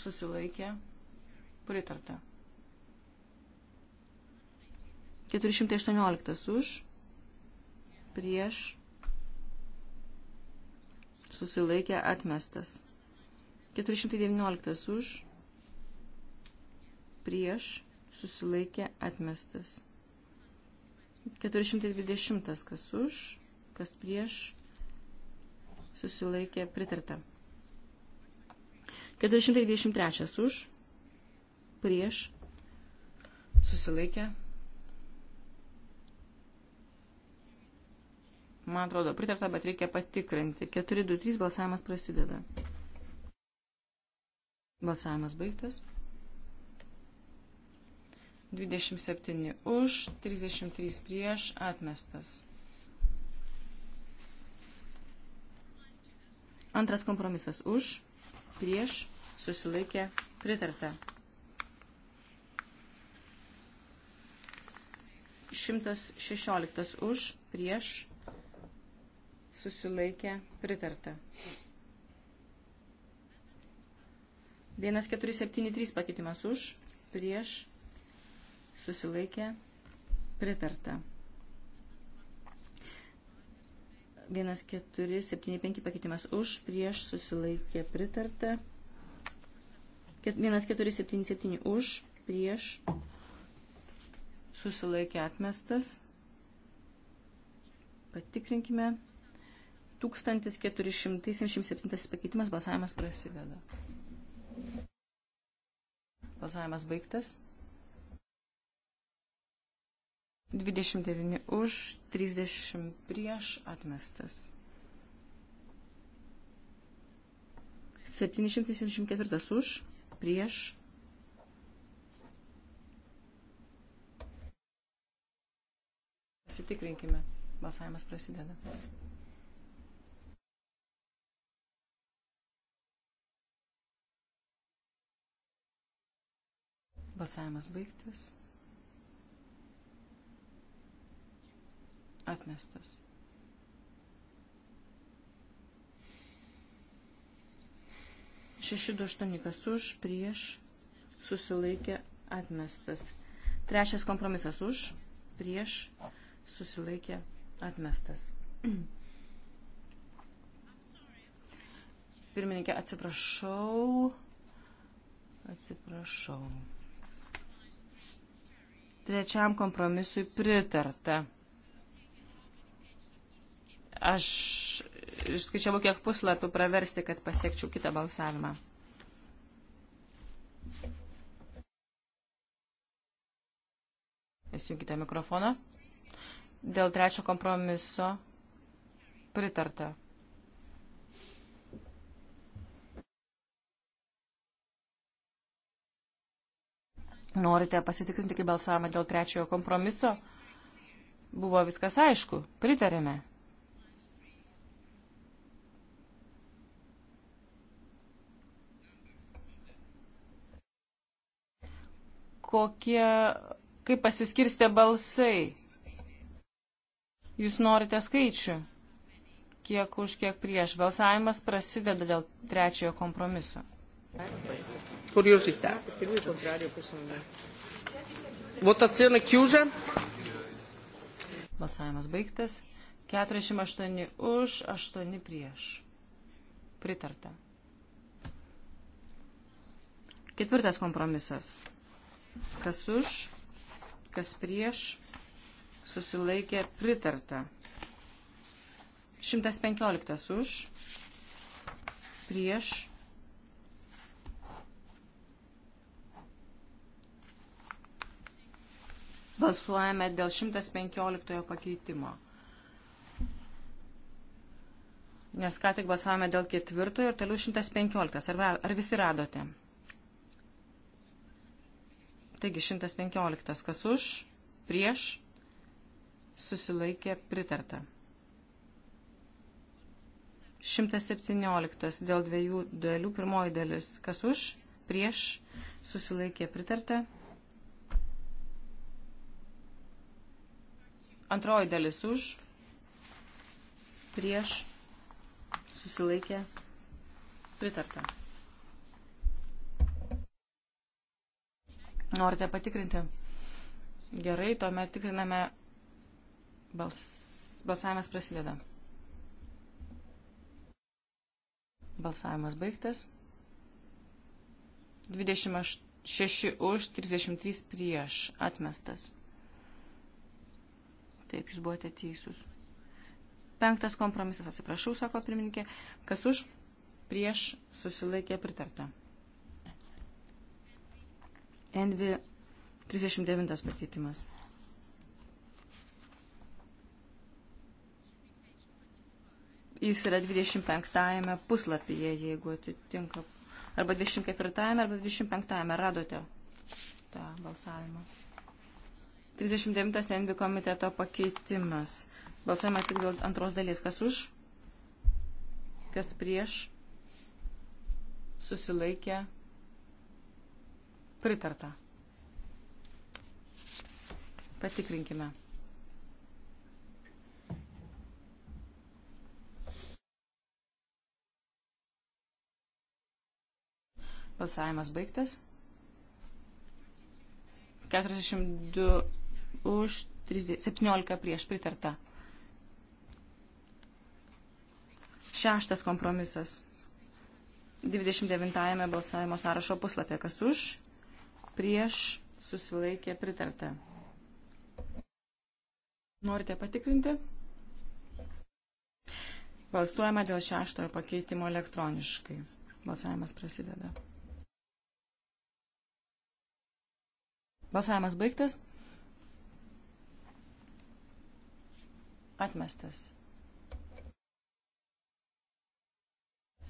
susilaikė, pritarta. 418 už, prieš, susilaikė atmestas. 419 už, prieš, susilaikė atmestas. 420 kas už, kas prieš, susilaikė pritarta. 423 už, prieš, susilaikė atmestas Man atrodo, pritarta, bet reikia patikrinti. 423 balsavimas prasideda. Balsavimas baigtas. 27 už, 33 prieš, atmestas. Antras kompromisas už, prieš, susilaikė, pritarta. 116 už, prieš, susilaikė, pritarta. 1473 pakeitimas už, prieš, susilaikė, pritarta. 1475 pakeitimas už, prieš, susilaikė, pritarta. 1477 už, prieš, susilaikė, atmestas. Patikrinkime. 1477 pakeitimas balsavimas prasideda. Balsavimas baigtas. 29 už, 30 prieš atmestas. 774 už, prieš. Pasitikrinkime. Balsavimas prasideda. Balsavimas baigtas. Atmestas. 628 kas už, prieš, susilaikė, atmestas. Trečias kompromisas už, prieš, susilaikė, atmestas. Pirmininkė, atsiprašau. Atsiprašau. Trečiam kompromisui pritarta. Aš išskaičiavau, kiek puslapių praversti, kad pasiekčiau kitą balsavimą. Įsijunkite mikrofoną. Dėl trečio kompromiso pritarta. Norite pasitikrinti, kaip balsavome dėl trečiojo kompromiso? Buvo viskas aišku, pritarėme. Kokie, kaip pasiskirstė balsai? Jūs norite skaičių? Kiek už, kiek prieš. Balsavimas prasideda dėl trečiojo kompromiso. Thank you curiosità. Votazione chiusa. Balsavimas baigtas. 48 už, 8 prieš. Pritarta. Ketvirtas kompromisas. Kas už, kas prieš, susilaikė pritarta. 115 už, prieš, Balsuojame dėl 115 pakeitimo. Nes ką tik balsavome dėl ketvirtojo ir toliau 115. Ar, ar visi radote? Taigi 115. Kas už? Prieš? Susilaikė pritarta. 117 dėl dviejų dalių pirmoji dalis. Kas už, prieš, susilaikė pritarta. Antroji dalis už, prieš, susilaikė, pritarta. Norite patikrinti? Gerai, tuomet tikriname, bals, balsavimas prasideda. Balsavimas baigtas. 26 už, 33 prieš, atmestas. Taip, jūs buvote teisūs. Penktas kompromisas, atsiprašau, sako pirmininkė, kas už prieš susilaikė pritarta. Envi 39 pakeitimas. Jis yra 25 puslapyje, jeigu atitinka. Arba 24 arba 25 radote tą balsavimą. 39 envi komiteto pakeitimas. Balsuojame tik dėl antros dalies. Kas už? Kas prieš? Susilaikė. Pritarta. Patikrinkime. Balsavimas baigtas. 42 už 17 prieš pritarta. Šeštas kompromisas. 29 balsavimo sąrašo puslapė. Kas už? Prieš susilaikė pritarta. Norite patikrinti? Balsuojama dėl šeštojo pakeitimo elektroniškai. Balsavimas prasideda. Balsavimas baigtas. Atmestas.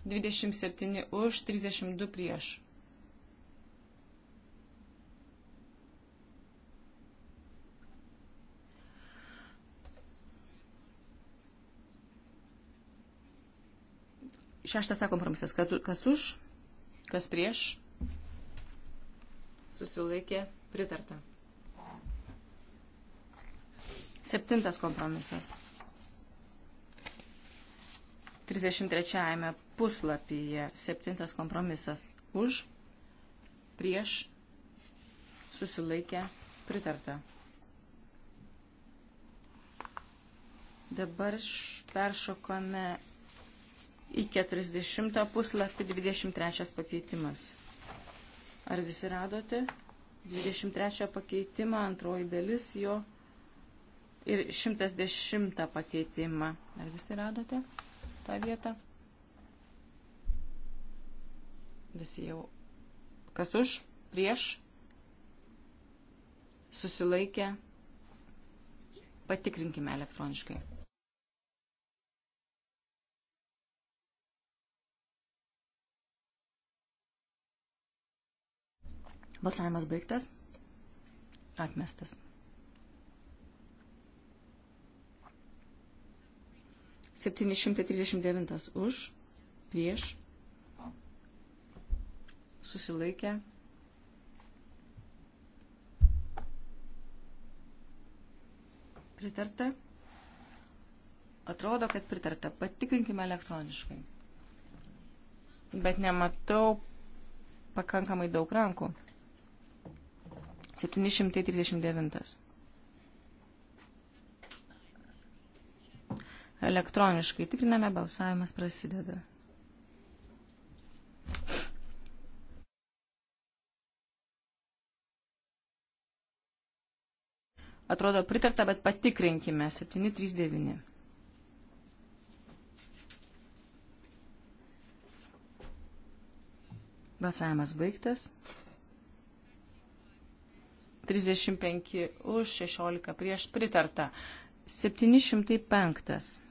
27 už, 32 prieš. Šeštas sako kompromisas, kas už, kas prieš, susilaikė, pritarta. Septintas kompromisas. 33 puslapyje septintas kompromisas už, prieš, susilaikę, pritarta. Dabar peršokome į 40 puslapį 23 pakeitimas. Ar visi radote? 23 pakeitimą antroji dalis jo ir 110 pakeitimą. Ar visi radote tą vietą? Visi jau. Kas už? Prieš? Susilaikę? Patikrinkime elektroniškai. Balsavimas baigtas. Atmestas. 739 už, prieš, susilaikę. Pritarta. Atrodo, kad pritarta. Patikrinkime elektroniškai. Bet nematau pakankamai daug rankų. 739. Elektroniškai tikriname, balsavimas prasideda. Atrodo pritarta, bet patikrinkime. 739. Balsavimas baigtas. 35 už 16 prieš pritarta. 705.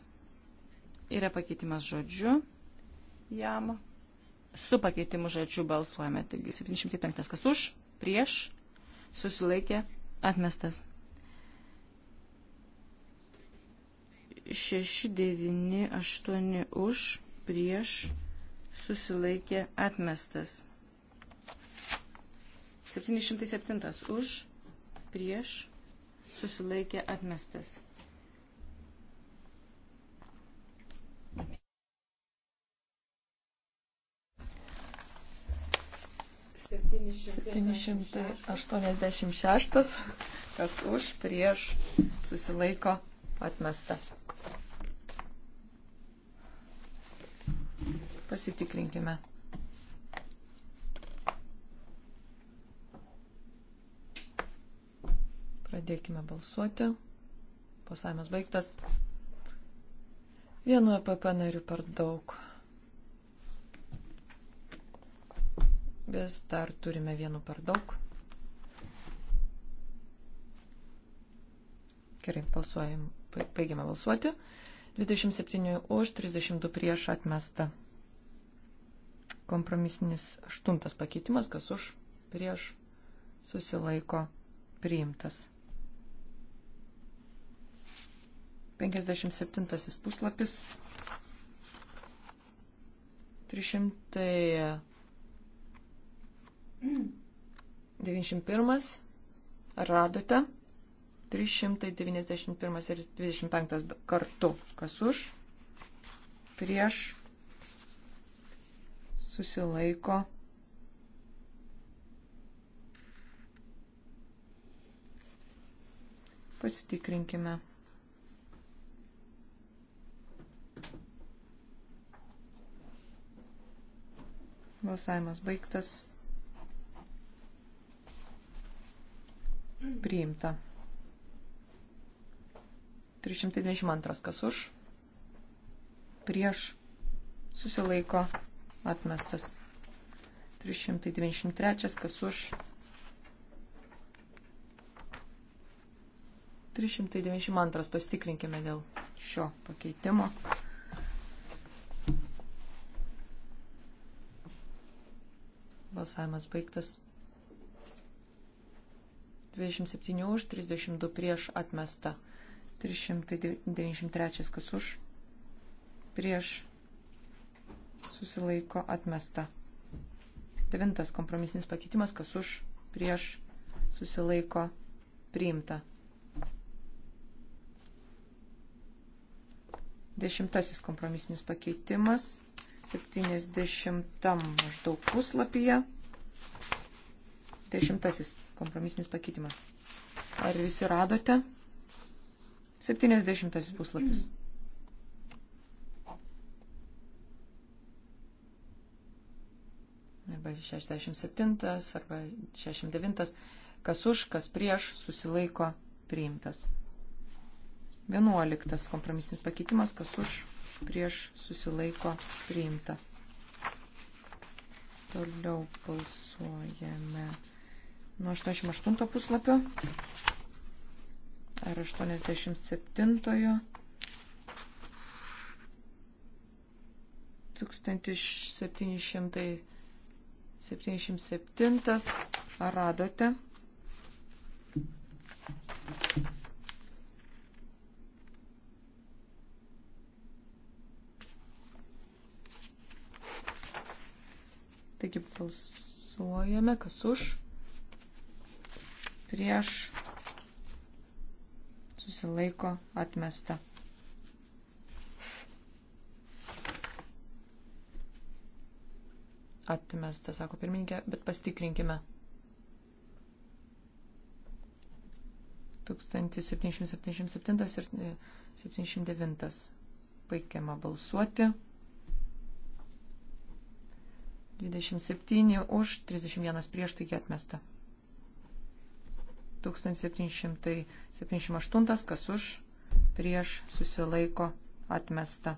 Yra pakeitimas žodžiu jam. Su pakeitimu žodžiu balsuojame. Taigi 705 kas už, prieš, susilaikė, atmestas. 698 už, prieš, susilaikė, atmestas. 707 už, prieš, susilaikė, atmestas. 786, kas už, prieš, susilaiko, atmesta. Pasitikrinkime. Pradėkime balsuoti. Pasavimas baigtas. Vienu EPP nariu per daug. Vis dar turime vienu per daug. Gerai, balsuojam, baigiame balsuoti. 27 už, 32 prieš atmesta. Kompromisinis aštuntas pakeitimas, kas už, prieš, susilaiko, priimtas. 57 puslapis. 300. 91. Ar radote? 391 ir 25 kartu. Kas už? Prieš susilaiko. Pasitikrinkime. Balsavimas baigtas. Priimta. 322 kas už. Prieš. Susilaiko. Atmestas. 393 kas už. 392 pasitikrinkime dėl šio pakeitimo. Balsavimas baigtas. 27 už, 32 prieš atmesta. 393 kas už, prieš susilaiko atmesta. Devintas kompromisinis pakeitimas, kas už, prieš susilaiko priimta. Dešimtasis kompromisinis pakeitimas, 70 maždaug puslapyje. Dešimtasis tai kompromisinis pakeitimas. Ar visi radote? Septyniasdešimtasis puslapis. Arba 67, arba 69. Kas už, kas prieš susilaiko priimtas. 11. Kompromisinis pakeitimas, kas už, prieš susilaiko priimta. Toliau balsuojame nuo 88 puslapio ar 87. 1777 ar radote. Taigi balsuojame, kas už prieš susilaiko atmesta. Atmesta, sako pirmininkė, bet pastikrinkime. 1777 ir 79. E, Paikiama balsuoti. 27 už, 31 prieš, taigi atmesta. 1778, kas už, prieš, susilaiko, atmesta.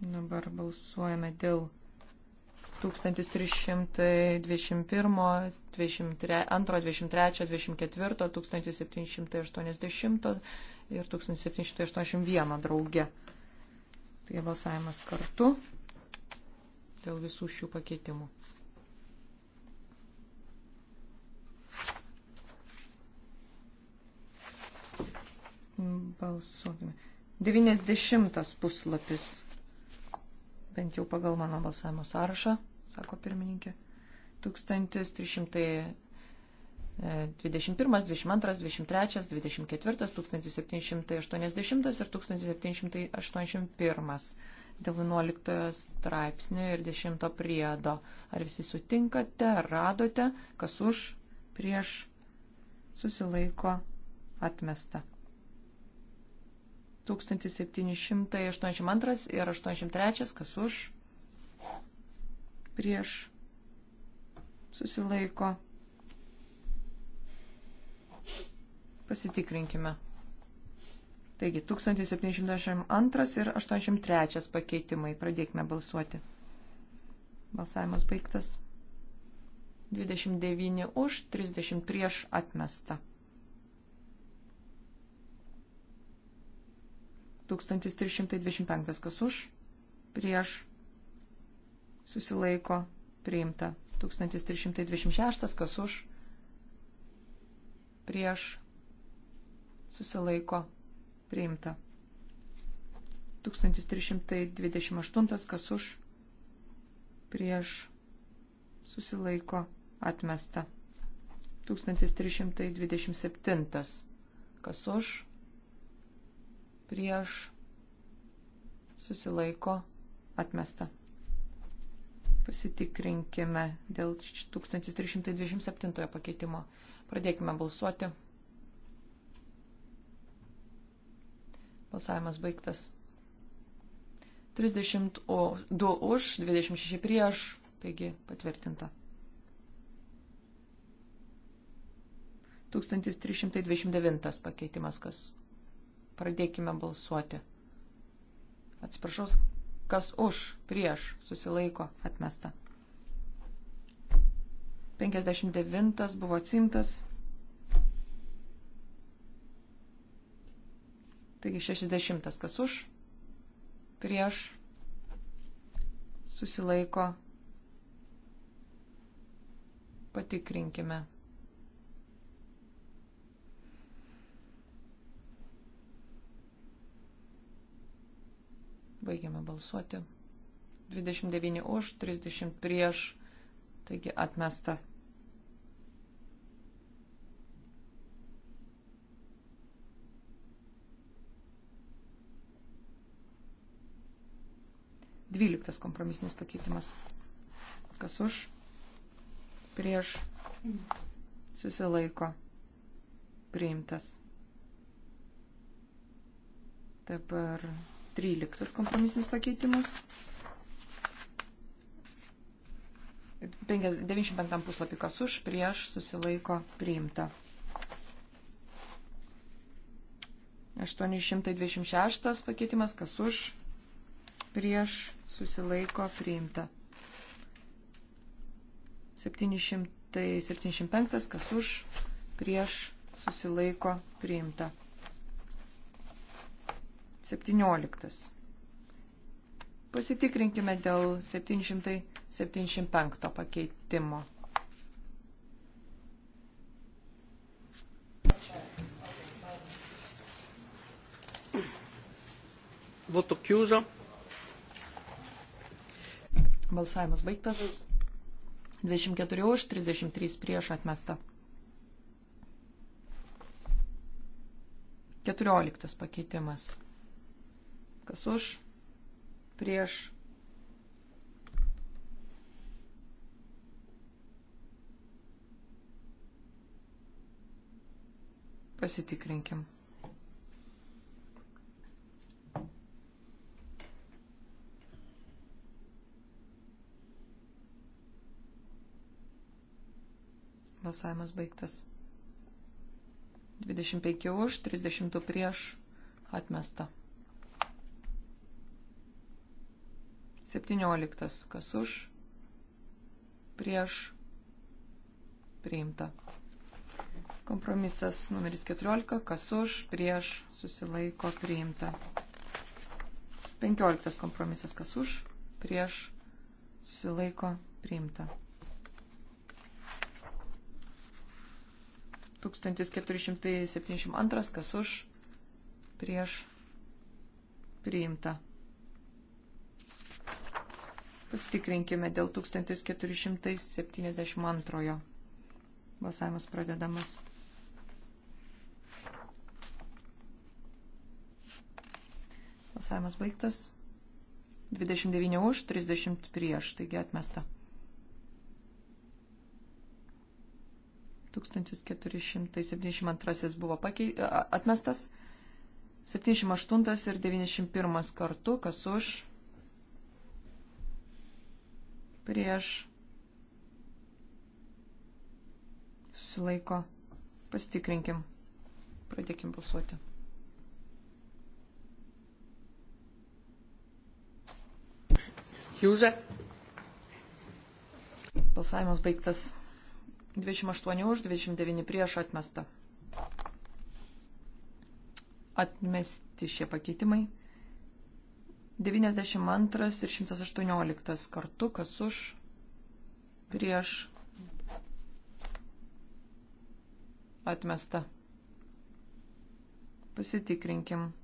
Dabar balsuojame dėl 1321, 22, 23, 24, 1780 ir 1781 drauge. Tai balsavimas kartu dėl visų šių pakeitimų. Balsuokime. 90 puslapis, bent jau pagal mano balsavimo sąrašą, sako pirmininkė. 1321, 22, 23, 24, 1780 ir 1781 dėl 11 straipsnio ir 10 priedo. Ar visi sutinkate, ar radote, kas už, prieš, susilaiko, atmesta. 1782 ir 83, kas už, prieš, susilaiko. Pasitikrinkime. Taigi 1782 ir 83 pakeitimai. Pradėkime balsuoti. Balsavimas baigtas. 29 už, 30 prieš atmesta. 1325 kas už, prieš susilaiko priimta. 1326 kas už, prieš susilaiko priimta Priimta. 1328 kas už prieš susilaiko atmesta. 1327 kas už prieš susilaiko atmesta. Pasitikrinkime dėl 1327 pakeitimo. Pradėkime balsuoti. Balsavimas baigtas. 32 už, 26 prieš, taigi patvirtinta. 1329 pakeitimas kas. Pradėkime balsuoti. Atsiprašau, kas už, prieš, susilaiko, atmesta. 59 buvo atsimtas. Taigi 60. Kas už? Prieš. Susilaiko. Patikrinkime. Baigiame balsuoti. 29 už, 30 prieš. Taigi atmesta. 12 kompromisinis pakeitimas. Kas už? Prieš. Susilaiko. Priimtas. Dabar 13 kompromisinis pakeitimas. 95 puslapį kas už, prieš, susilaiko, priimta. 826 pakeitimas kas už, prieš susilaiko priimta. 775, kas už, prieš susilaiko priimta. 17. Pasitikrinkime dėl 775 pakeitimo. Voto chiuso. Balsavimas baigtas. 24 už, 33 prieš atmesta. 14 pakeitimas. Kas už, prieš. Pasitikrinkim. Balsavimas baigtas. 25 už, 30 prieš atmesta. 17 kas už, prieš priimta. Kompromisas numeris 14, kas už, prieš susilaiko priimta. 15 kompromisas, kas už, prieš susilaiko priimta. 1472, kas už, prieš, priimta. Pasitikrinkime dėl 1472. Balsavimas pradedamas. Balsavimas baigtas. 29 už, 30 prieš, taigi atmesta. 1472 buvo pakei, atmestas, 78 ir 91 kartu, kas už, prieš, susilaiko, pasitikrinkim, pradėkim balsuoti. Jūze. Balsavimas baigtas. 28 už, 29 prieš atmesta. Atmesti šie pakeitimai. 92 ir 118 kartu, kas už, prieš atmesta. Pasitikrinkim.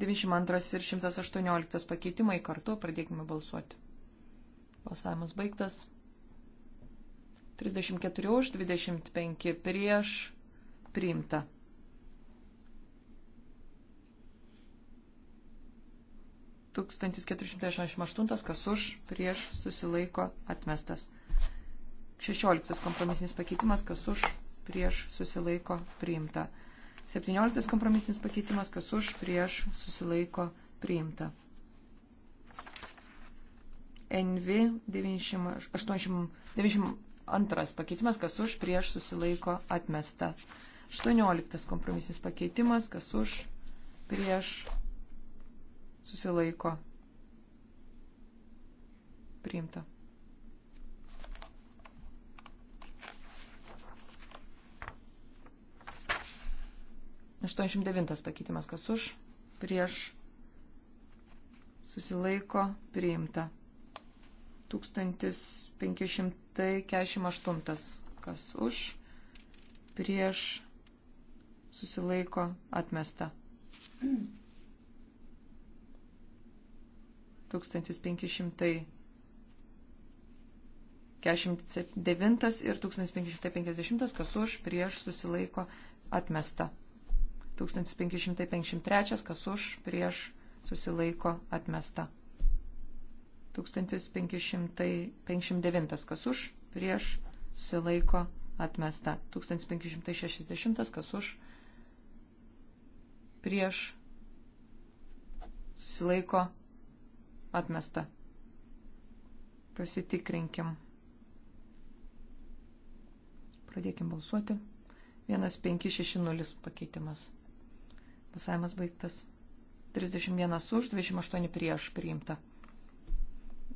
92 ir 118 pakeitimai kartu, pradėkime balsuoti. Balsavimas baigtas. 34 už, 25 prieš, priimta. Tūkstantis kas už, prieš, susilaiko, atmestas. 16 kompromisinis pakeitimas, kas už, prieš, susilaiko, priimta. 17 kompromisinis pakeitimas, kas už, prieš, susilaiko, priimta. NV 92 pakeitimas, kas už, prieš susilaiko atmesta. 18 kompromisinis pakeitimas, kas už, prieš susilaiko priimta. Aštuoniasdešimt devintas pakeitimas, kas už, prieš susilaiko priimta. 1548. Kas už, prieš, susilaiko, atmesta. 1549 ir 1550, kas už, prieš, susilaiko, atmesta. 1553, kas už, prieš, susilaiko, atmesta. 1559 kas už, prieš, susilaiko, atmesta. 1560 kas už, prieš, susilaiko, atmesta. Pasitikrinkim. Pradėkim balsuoti. 1560 pakeitimas. Pasavimas baigtas. 31 už, 28 prieš priimta.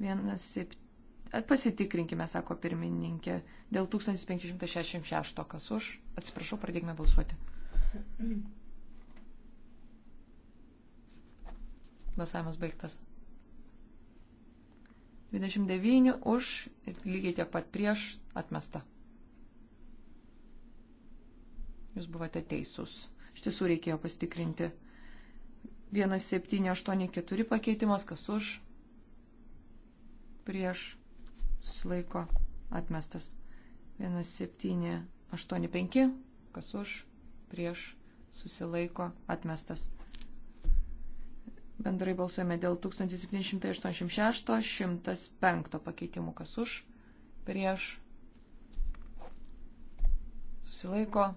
Vienas sept... Pasitikrinkime, sako pirmininkė, dėl 1566, kas už. Atsiprašau, pradėkime balsuoti. Balsavimas baigtas. 29 už ir lygiai tiek pat prieš atmesta. Jūs buvote teisūs. Iš tiesų reikėjo pasitikrinti. 1784 pakeitimas, kas už, prieš susilaiko atmestas. 1785, kas už, prieš susilaiko atmestas. Bendrai balsuojame dėl 1786-105 pakeitimų, kas už, prieš susilaiko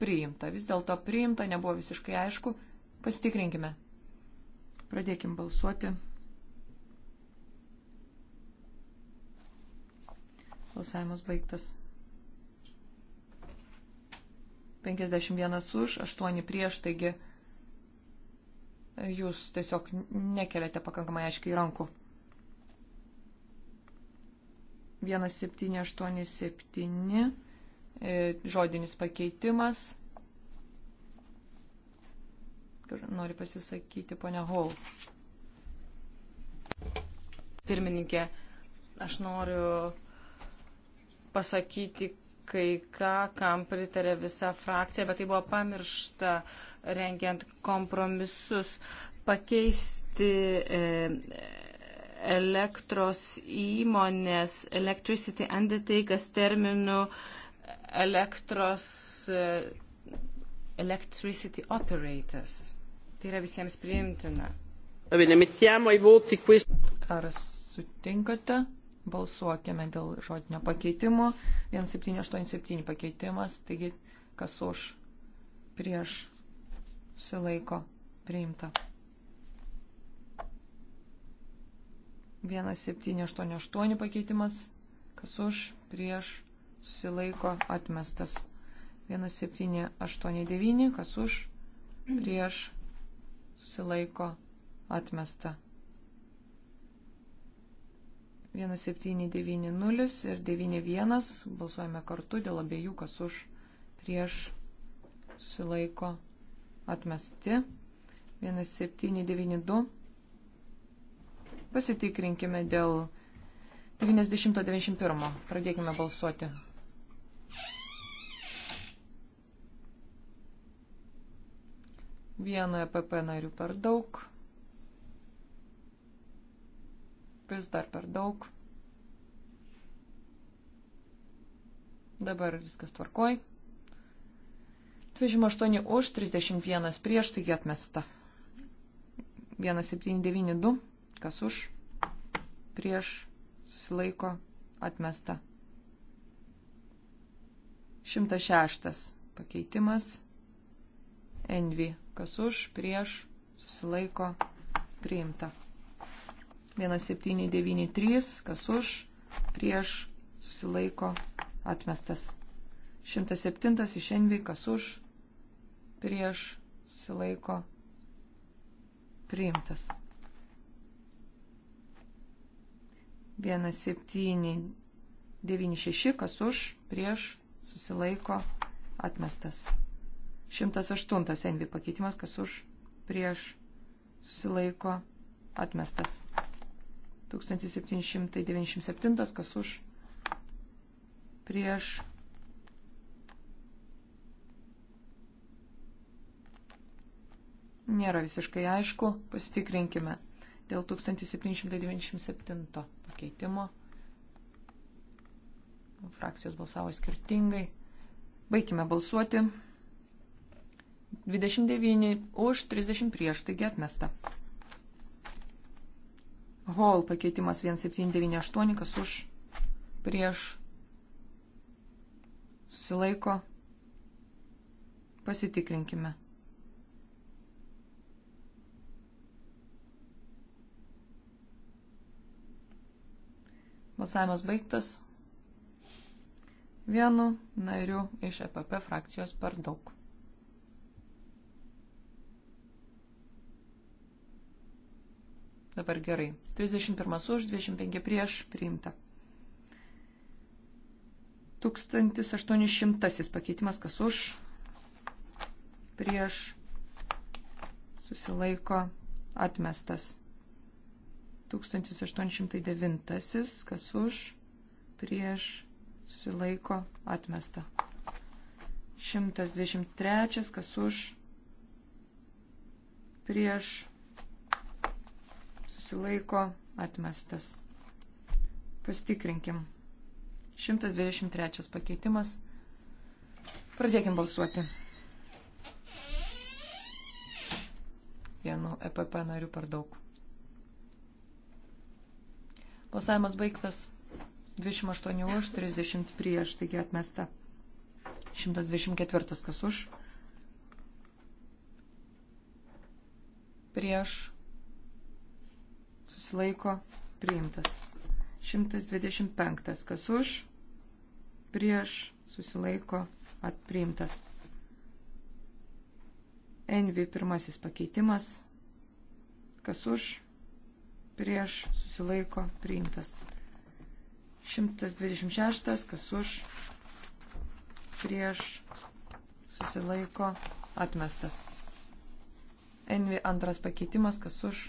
priimta. Vis dėlto priimta, nebuvo visiškai aišku. Pasitikrinkime. Pradėkim balsuoti. Balsavimas baigtas. 51 už, 8 prieš, taigi e, jūs tiesiog nekeliate pakankamai aiškiai rankų. 1787 e, žodinis pakeitimas nori pasisakyti ponia Hall. Pirmininkė, aš noriu pasakyti kai ką, kam pritarė visa frakcija, bet tai buvo pamiršta rengiant kompromisus pakeisti e, elektros įmonės electricity undertakers terminų elektros e, electricity operators. Tai yra visiems priimtina. Ar sutinkate? Balsuokime dėl žodinio pakeitimo. 1787 pakeitimas, taigi kas už prieš sulaiko priimta. 1788 pakeitimas, kas už prieš susilaiko atmestas. 1789, kas už prieš susilaiko atmesta. 1790 ir 91 balsuojame kartu dėl abiejų, kas už prieš susilaiko atmesti. 1792. Pasitikrinkime dėl 90-91. Pradėkime balsuoti. Vieno EPP narių per daug. Vis dar per daug. Dabar viskas tvarkoj. 28 už, 31 prieš, taigi atmesta. 1792, kas už, prieš, susilaiko, atmesta. 106 pakeitimas, envy Kas už, prieš, susilaiko, priimta. 1793, kas už, prieš, susilaiko, atmestas. 107 iš Envy, kas už, prieš, susilaiko, priimtas. 1796, kas už, prieš, susilaiko, atmestas. 108 envi pakeitimas, kas už, prieš, susilaiko, atmestas. 1797, kas už, prieš. Nėra visiškai aišku, pasitikrinkime dėl 1797 pakeitimo. Frakcijos balsavo skirtingai. Baigime balsuoti. 29 už, 30 prieš, taigi atmesta. Hall pakeitimas 1798, kas už, prieš, susilaiko, pasitikrinkime. Balsavimas baigtas. Vienu nariu iš EPP frakcijos per daug. Dabar gerai. 31 už, 25 prieš priimta. 1800 pakeitimas, kas už, prieš, susilaiko, atmestas. 1809, kas už, prieš, susilaiko, atmesta. 123, kas už, prieš, susilaiko atmestas. Pastikrinkim. 123 pakeitimas. Pradėkim balsuoti. Vienu EPP nariu per daug. Balsavimas baigtas 28 už, 30 prieš, taigi atmesta 124 kas už. Prieš susilaiko priimtas. 125. Kas už, prieš, susilaiko atpriimtas. Envi pirmasis pakeitimas. Kas už, prieš, susilaiko priimtas. 126. Kas už, prieš, susilaiko atmestas. Envi antras pakeitimas. Kas už,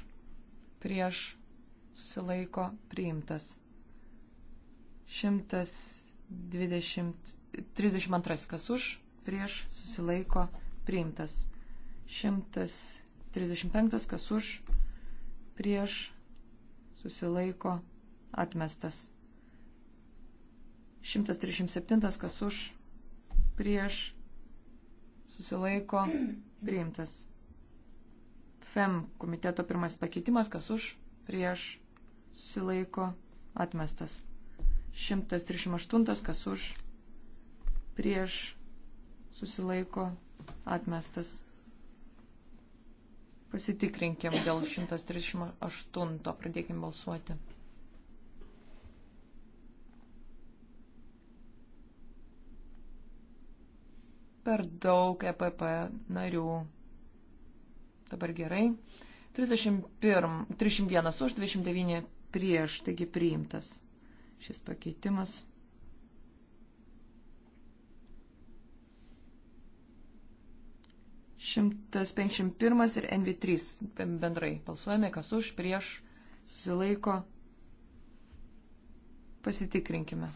prieš susilaiko priimtas. 132 kas už, prieš susilaiko priimtas. 135 kas už, prieš susilaiko atmestas. 137 kas už, prieš susilaiko priimtas. FEM komiteto pirmas pakeitimas, kas už, prieš, susilaiko, atmestas. 138, kas už, prieš, susilaiko, atmestas. Pasitikrinkim dėl 138, pradėkim balsuoti. Per daug EPP narių Dabar gerai. 31, 301 už, 29 prieš, taigi priimtas šis pakeitimas. Šimtas penkšim pirmas ir NV3 bendrai balsuojame, kas už, prieš, susilaiko. Pasitikrinkime.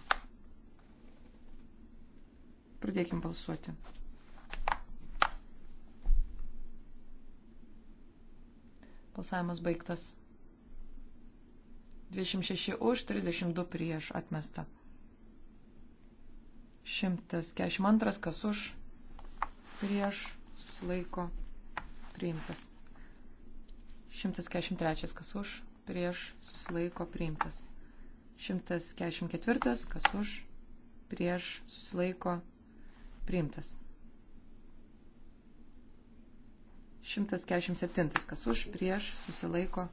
Pradėkim balsuoti. Balsavimas baigtas. 26 už, 32 prieš atmesta. 142 kas už, prieš susilaiko priimtas. 143 kas už, prieš susilaiko priimtas. 144 kas už, prieš susilaiko priimtas. 147. Kas už, prieš, susilaiko.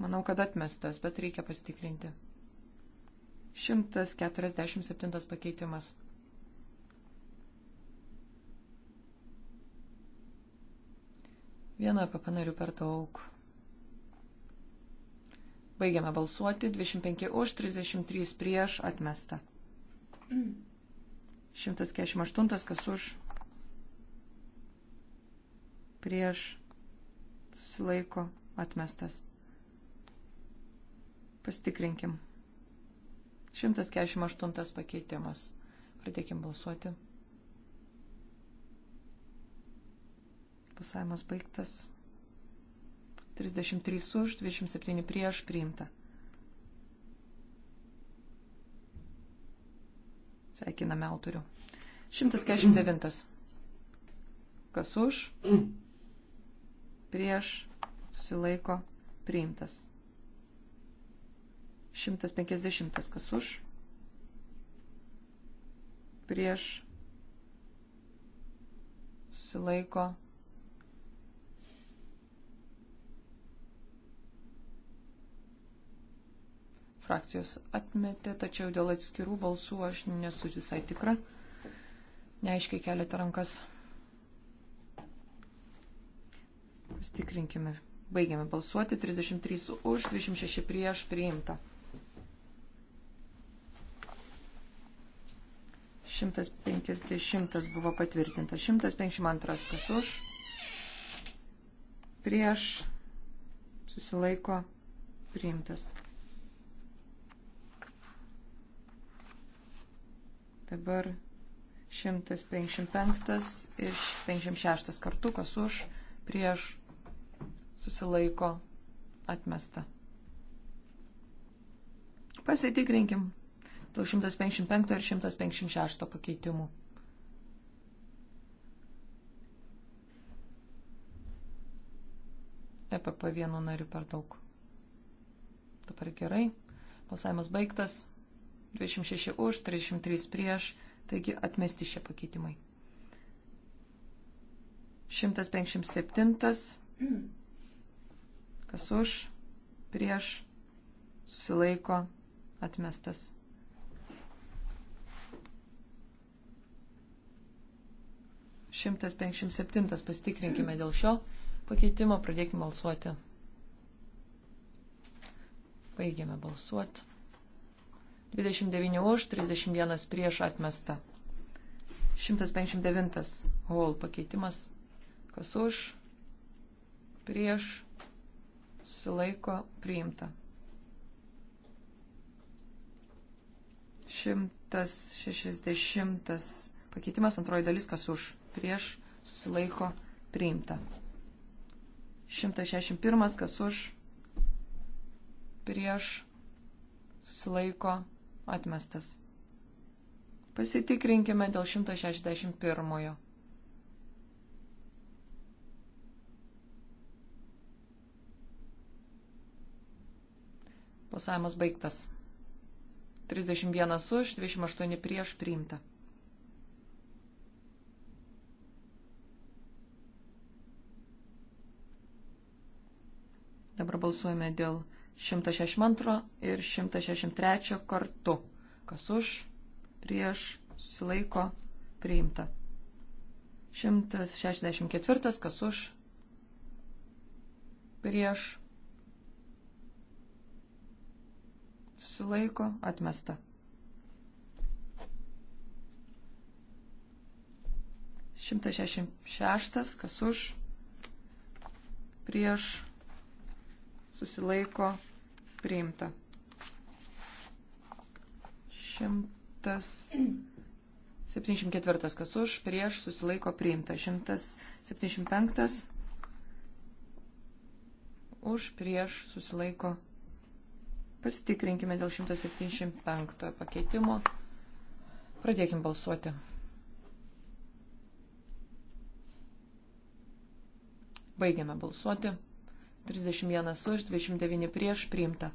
Manau, kad atmestas, bet reikia pasitikrinti. 147 pakeitimas. Vieną e papanarių per daug. Baigiame balsuoti. 25 už, 33 prieš, atmesta. Mm. *clears throat* 148 kas už prieš susilaiko atmestas. Pastikrinkim. 148 pakeitimas. Pradėkim balsuoti. Balsavimas baigtas. 33 už, 27 prieš priimta. Sveikiname autorių. 149. Kas už? Prieš. Susilaiko. Priimtas. 150. Kas už? Prieš. Susilaiko. Priimtas frakcijos atmetė, tačiau dėl atskirų balsų aš nesu visai tikra. Neaiškiai keletą rankas. Stikrinkime. Baigiame balsuoti. 33 už, 26 prieš priimta. 150 buvo patvirtintas. 152 kas už. Prieš susilaiko priimtas. Dabar 155 ir 56 kartu, kas už, prieš, susilaiko, atmesta. Pasitikrinkim dėl 155 ir 156 pakeitimų. EPP vienu nariu per daug. Dabar gerai. Balsavimas baigtas. 26 už, 33 prieš, taigi atmesti šie pakeitimai. 157. Kas už, prieš, susilaiko, atmestas. Šimtas penkšim septintas pasitikrinkime dėl šio pakeitimo, pradėkime balsuoti. Baigiame balsuoti. 29 už, 31 prieš atmesta. 159 hol pakeitimas. Kas už, prieš, sulaiko, priimta. 160 pakeitimas, antroji dalis, kas už, prieš, susilaiko, priimta. 161 kas už, prieš, susilaiko, priimta susilaiko Atmestas. Pasitikrinkime dėl 161. Pasavimas baigtas. 31 už, 28 prieš priimta. Dabar balsuojame dėl 162 ir 163 kartu. Kas už, prieš, susilaiko, priimta. 164 kas už, prieš, susilaiko, atmesta. 166 kas už, prieš, susilaiko, atmesta priimta. 174 kas už, prieš susilaiko priimta. 175 už, prieš susilaiko. Pasitikrinkime dėl 175 pakeitimo. Pradėkim balsuoti. Baigiame balsuoti. 31 už, 29 prieš priimta.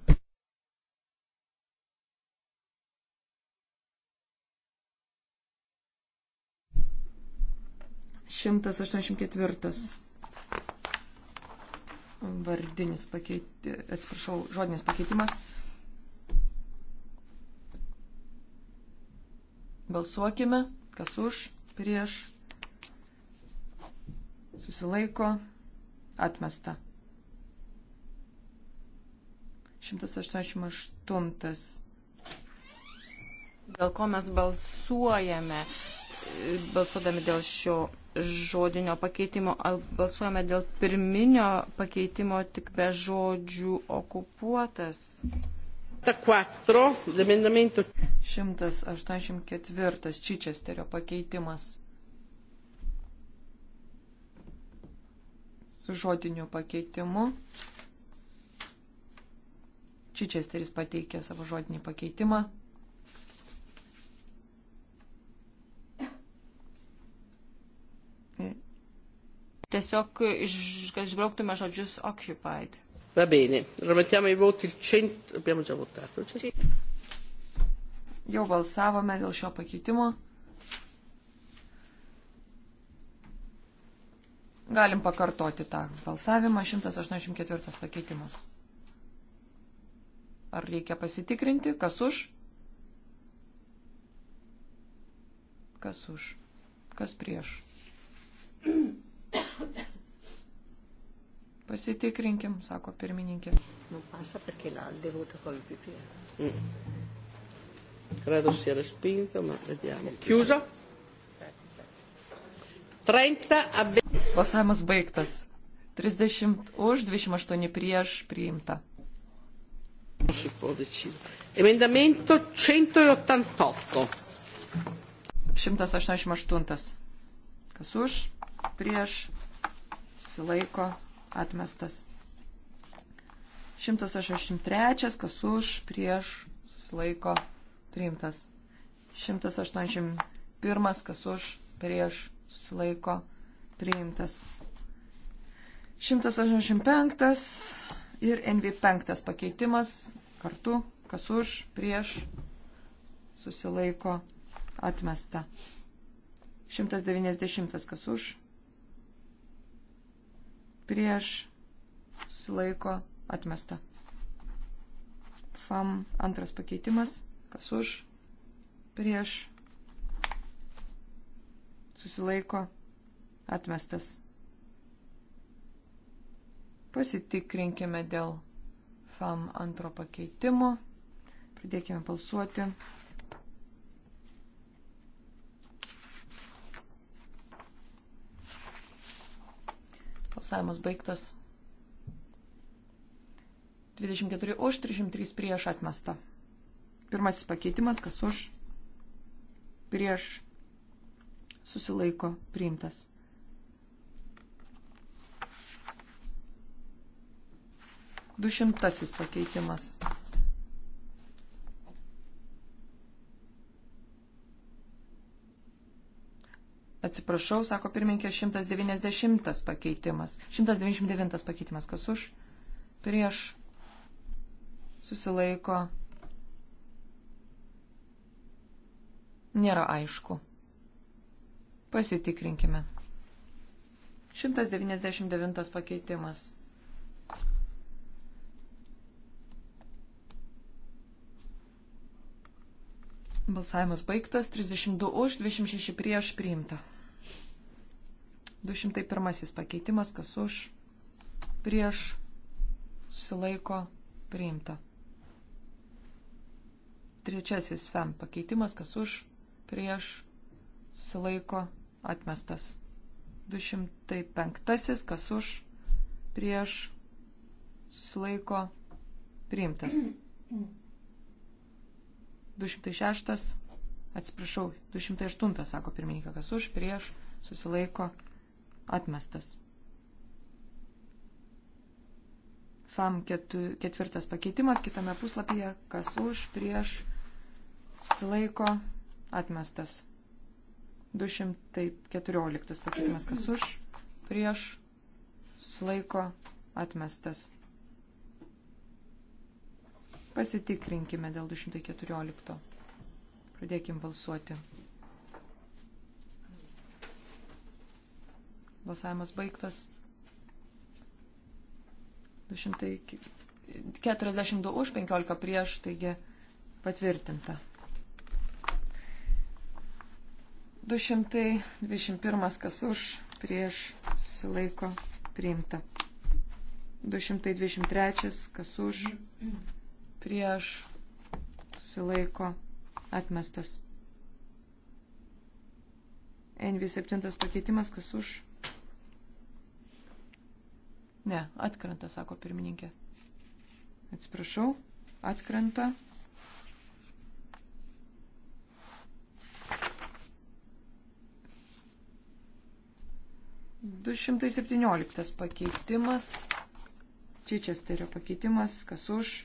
Šimtas aštuoniasdešimt ketvirtas vardinis pakeitimas, atsiprašau, žodinis pakeitimas. Balsuokime, kas už, prieš, susilaiko, atmesta. 188. Dėl ko mes balsuojame, balsuodami dėl šio žodinio pakeitimo, balsuojame dėl pirminio pakeitimo tik be žodžių okupuotas. 184 Čičesterio pakeitimas. Su žodiniu pakeitimu. Čičesteris pateikė savo žodinį pakeitimą. Tiesiog, kad išbrauktume žodžius occupied. Va bene, rimettiamo ai voti il 100, abbiamo già votato. Sì. Jau balsavome dėl šio pakeitimo. Galim pakartoti tą balsavimą. 184 pakeitimas. Ar reikia pasitikrinti, kas už? Kas už? Kas prieš? Pasitikrinkim, sako pirmininkė. Nu, pasa perché l'ha devuto col PP. E. Mm. Credo sia respinto, ma vediamo. Chiuso. 30 a... Balsavimas baigtas. 30 už, 28 prieš priimta. Emendamento 188. 188. Kas už, prieš, susilaiko, atmestas. 183, kas už, prieš, susilaiko, priimtas. 181, kas už, prieš, susilaiko, priimtas. 185 ir NV5 pakeitimas kartu, kas už, prieš, susilaiko, atmesta. 190 kas už, prieš, susilaiko, atmesta. FAM antras pakeitimas, kas už, prieš, susilaiko, atmestas. Pasitikrinkime dėl FAM antro pakeitimo. Pradėkime balsuoti. Balsavimas baigtas. 24 už, 303 prieš atmesta. Pirmasis pakeitimas, kas už, prieš, susilaiko, priimtas. 200 pakeitimas. Atsiprašau, sako pirmininkė, 190 pakeitimas. 199 pakeitimas, kas už? Prieš. Susilaiko. Nėra aišku. Pasitikrinkime. 199 pakeitimas. Balsavimas baigtas. 32 už, 26 prieš priimta. 201 pakeitimas, kas už, prieš, susilaiko, priimta. Trečiasis FEM pakeitimas, kas už, prieš, susilaiko, atmestas. 205, kas už, prieš, susilaiko, priimtas. 206, atsiprašau, 208, sako pirmininkė, kas už, prieš, susilaiko, atmestas. FAM ketvirtas pakeitimas, kitame puslapyje, kas už, prieš, susilaiko, atmestas. 214 pakeitimas, kas už, prieš, susilaiko, atmestas. Pasitikrinkime dėl 214. Pradėkim balsuoti. Balsavimas baigtas. 242 už, 15 prieš, taigi patvirtinta. 221 kas už, prieš, sulaiko, priimta. 223 kas už, prieš susilaiko atmestas. NV7 pakeitimas, kas už? Ne, atkrenta, sako pirmininkė. Atsiprašau, atkrenta. Du šimtai septynioliktas pakeitimas. Čičesterio pakeitimas, kas už?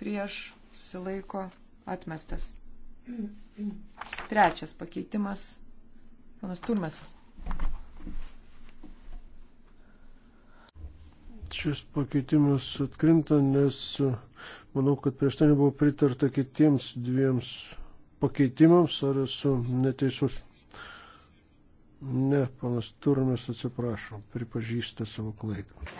prieš susilaiko atmestas. Trečias pakeitimas. Panas Turmesas. Šis pakeitimas atkrinta, nes manau, kad prieš tai nebuvo pritarta kitiems dviems pakeitimams. Ar esu neteisus? Ne, panas Turmes atsiprašo, pripažįsta savo klaidą.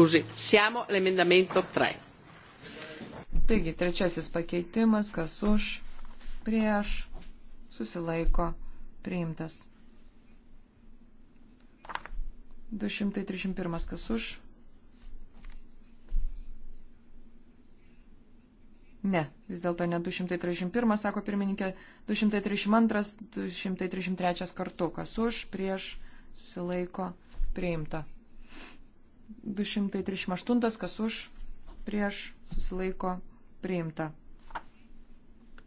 scusi, siamo l'emendamento 3. Taigi, trečiasis pakeitimas, kas už, prieš, susilaiko, priimtas. 231 kas už. Ne, vis dėlto ne 231, sako pirmininkė, 232, 233 kartu, kas už, prieš, susilaiko, priimta. 238, kas už, prieš, susilaiko, priimta.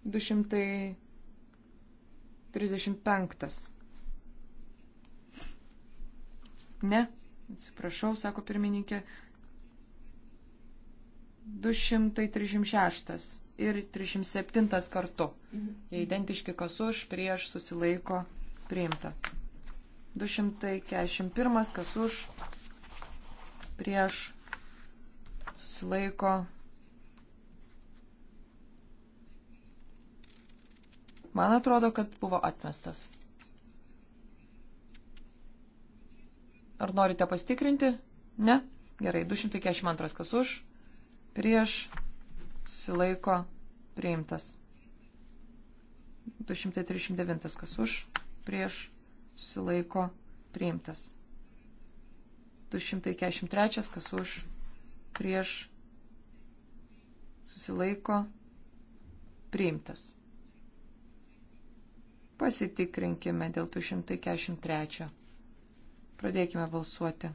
235. Ne, atsiprašau, sako pirmininkė. 236 ir 307 kartu. Jie mhm. identiški kas už, prieš, susilaiko, priimta. 241 kas už, prieš susilaiko. Man atrodo, kad buvo atmestas. Ar norite pastikrinti? Ne? Gerai, 242 kas už, prieš susilaiko priimtas. 239 kas už, prieš susilaiko priimtas. 243, kas už, prieš, susilaiko, priimtas. Pasitikrinkime dėl 243. Pradėkime balsuoti.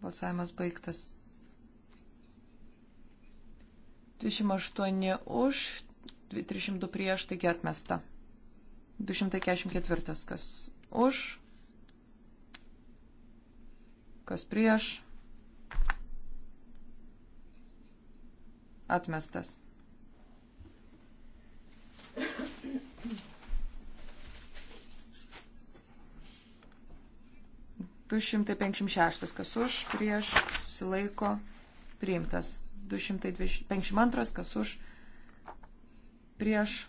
Balsavimas baigtas. 28 už, 302 prieš, taigi atmesta. 244. Kas už, kas prieš, atmestas. Du šimtai penkiasdešimt šeštas, kas už, prieš, susilaiko, priimtas. Du šimtai penkiasdešimt antras, kas už, prieš,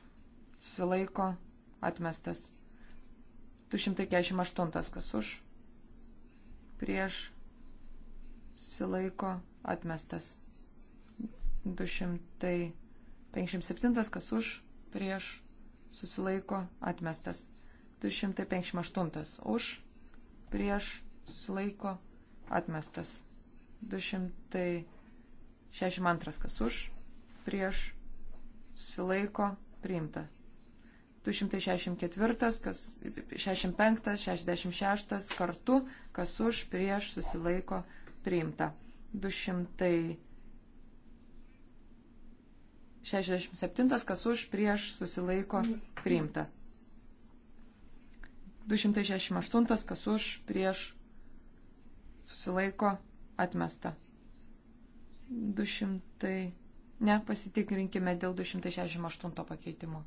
susilaiko, priimtas atmestas. 248 kas už, prieš, susilaiko, atmestas. 257 kas už, prieš, susilaiko, atmestas. 258 už, prieš, susilaiko, atmestas. 262 kas už, prieš, susilaiko, priimta. 264, kas 65, 66 kartu, kas už, prieš, susilaiko, priimta. 267, kas už, prieš, susilaiko, priimta. 268, kas už, prieš, susilaiko, atmesta. 200. Ne, pasitikrinkime dėl 268 pakeitimo.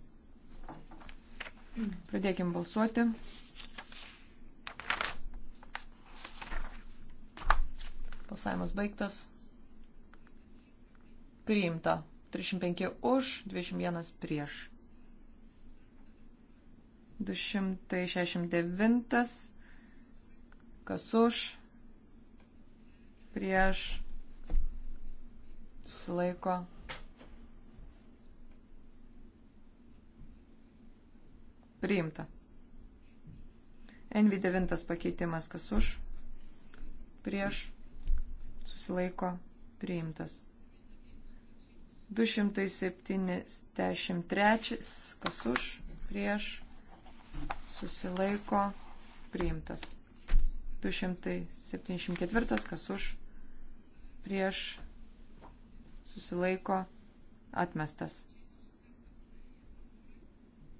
Pradėkim balsuoti. Balsavimas baigtas. Priimta. 305 už, 21 prieš. 269. Kas už? Prieš. Susilaiko. Priimta. NV9 pakeitimas kas už, prieš, susilaiko, priimtas. 273 kas už, prieš, susilaiko, priimtas. 274 kas už, prieš, susilaiko, atmestas.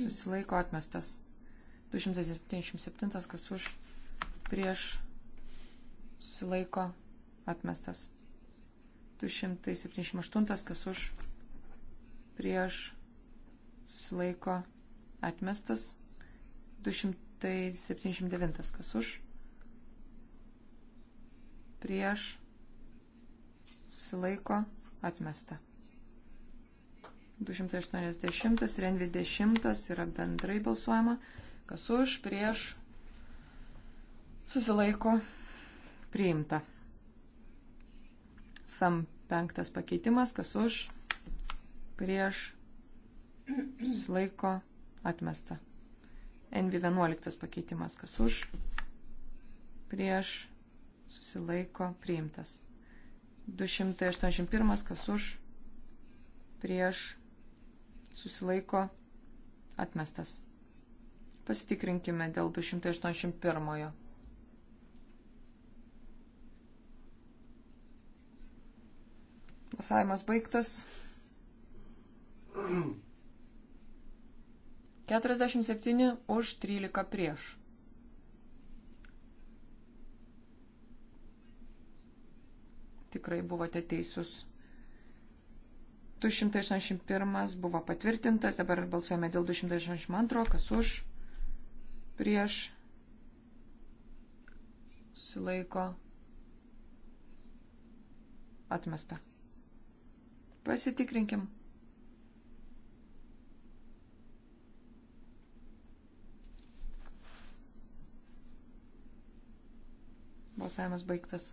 susilaiko atmestas. 277, kas už, prieš, susilaiko atmestas. 278, kas už, prieš, susilaiko atmestas. 279, kas už, prieš, susilaiko atmesta. 280 ir N20 yra bendrai balsuojama. Kas už, prieš, susilaiko, priimta. FEM penktas pakeitimas, kas už, prieš, susilaiko, atmesta. NV11 pakeitimas, kas už, prieš, susilaiko, priimtas. 281, kas už, prieš, susilaiko atmestas. Pasitikrinkime dėl 281. Pasavimas baigtas. 47 už 13 prieš. Tikrai buvote teisus. 281 buvo patvirtintas, dabar balsuojame dėl 282, kas už, prieš, susilaiko, atmesta. Pasitikrinkim. Balsavimas baigtas.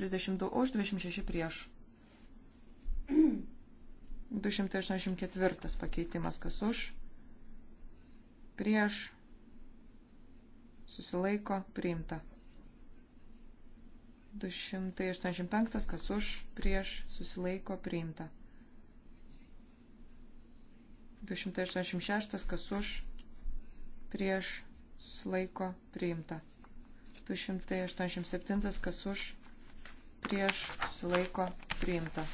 32 už, 26 prieš. 284 pakeitimas kas už, prieš, susilaiko, priimta. 285 kas už, prieš, susilaiko, priimta. 286 kas už, prieš, susilaiko, priimta. 287 kas už, prieš, susilaiko, priimta.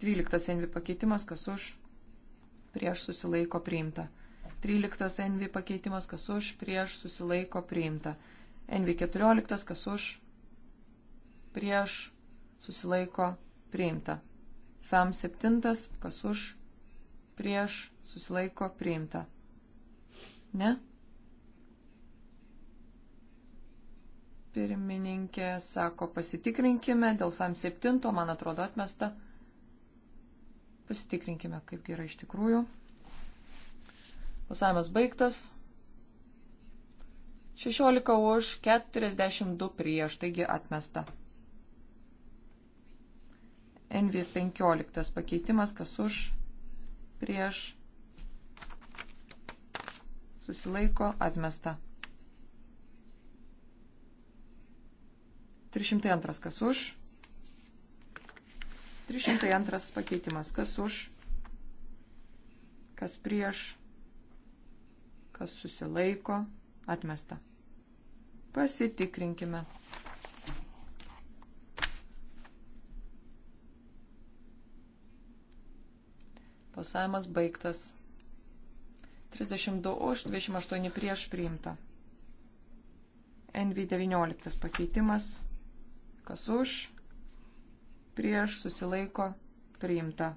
12 envi pakeitimas, kas už, prieš susilaiko priimta. 13 envi pakeitimas, kas už, prieš susilaiko priimta. Envi 14, kas už, prieš susilaiko priimta. FEM 7, kas už, prieš susilaiko priimta. Ne? Pirmininkė sako, pasitikrinkime dėl FAM 7, man atrodo atmesta. Pasitikrinkime, kaip yra iš tikrųjų. Pasavimas baigtas. 16 už 42 prieš, taigi atmesta. NV15 pakeitimas, kas už, prieš, susilaiko, atmesta. 302 kas už, 302 pakeitimas. Kas už? Kas prieš? Kas susilaiko? Atmesta. Pasitikrinkime. Pasavimas baigtas. 32 už, 28 prieš priimta. NV19 pakeitimas. Kas už, prieš susilaiko priimta.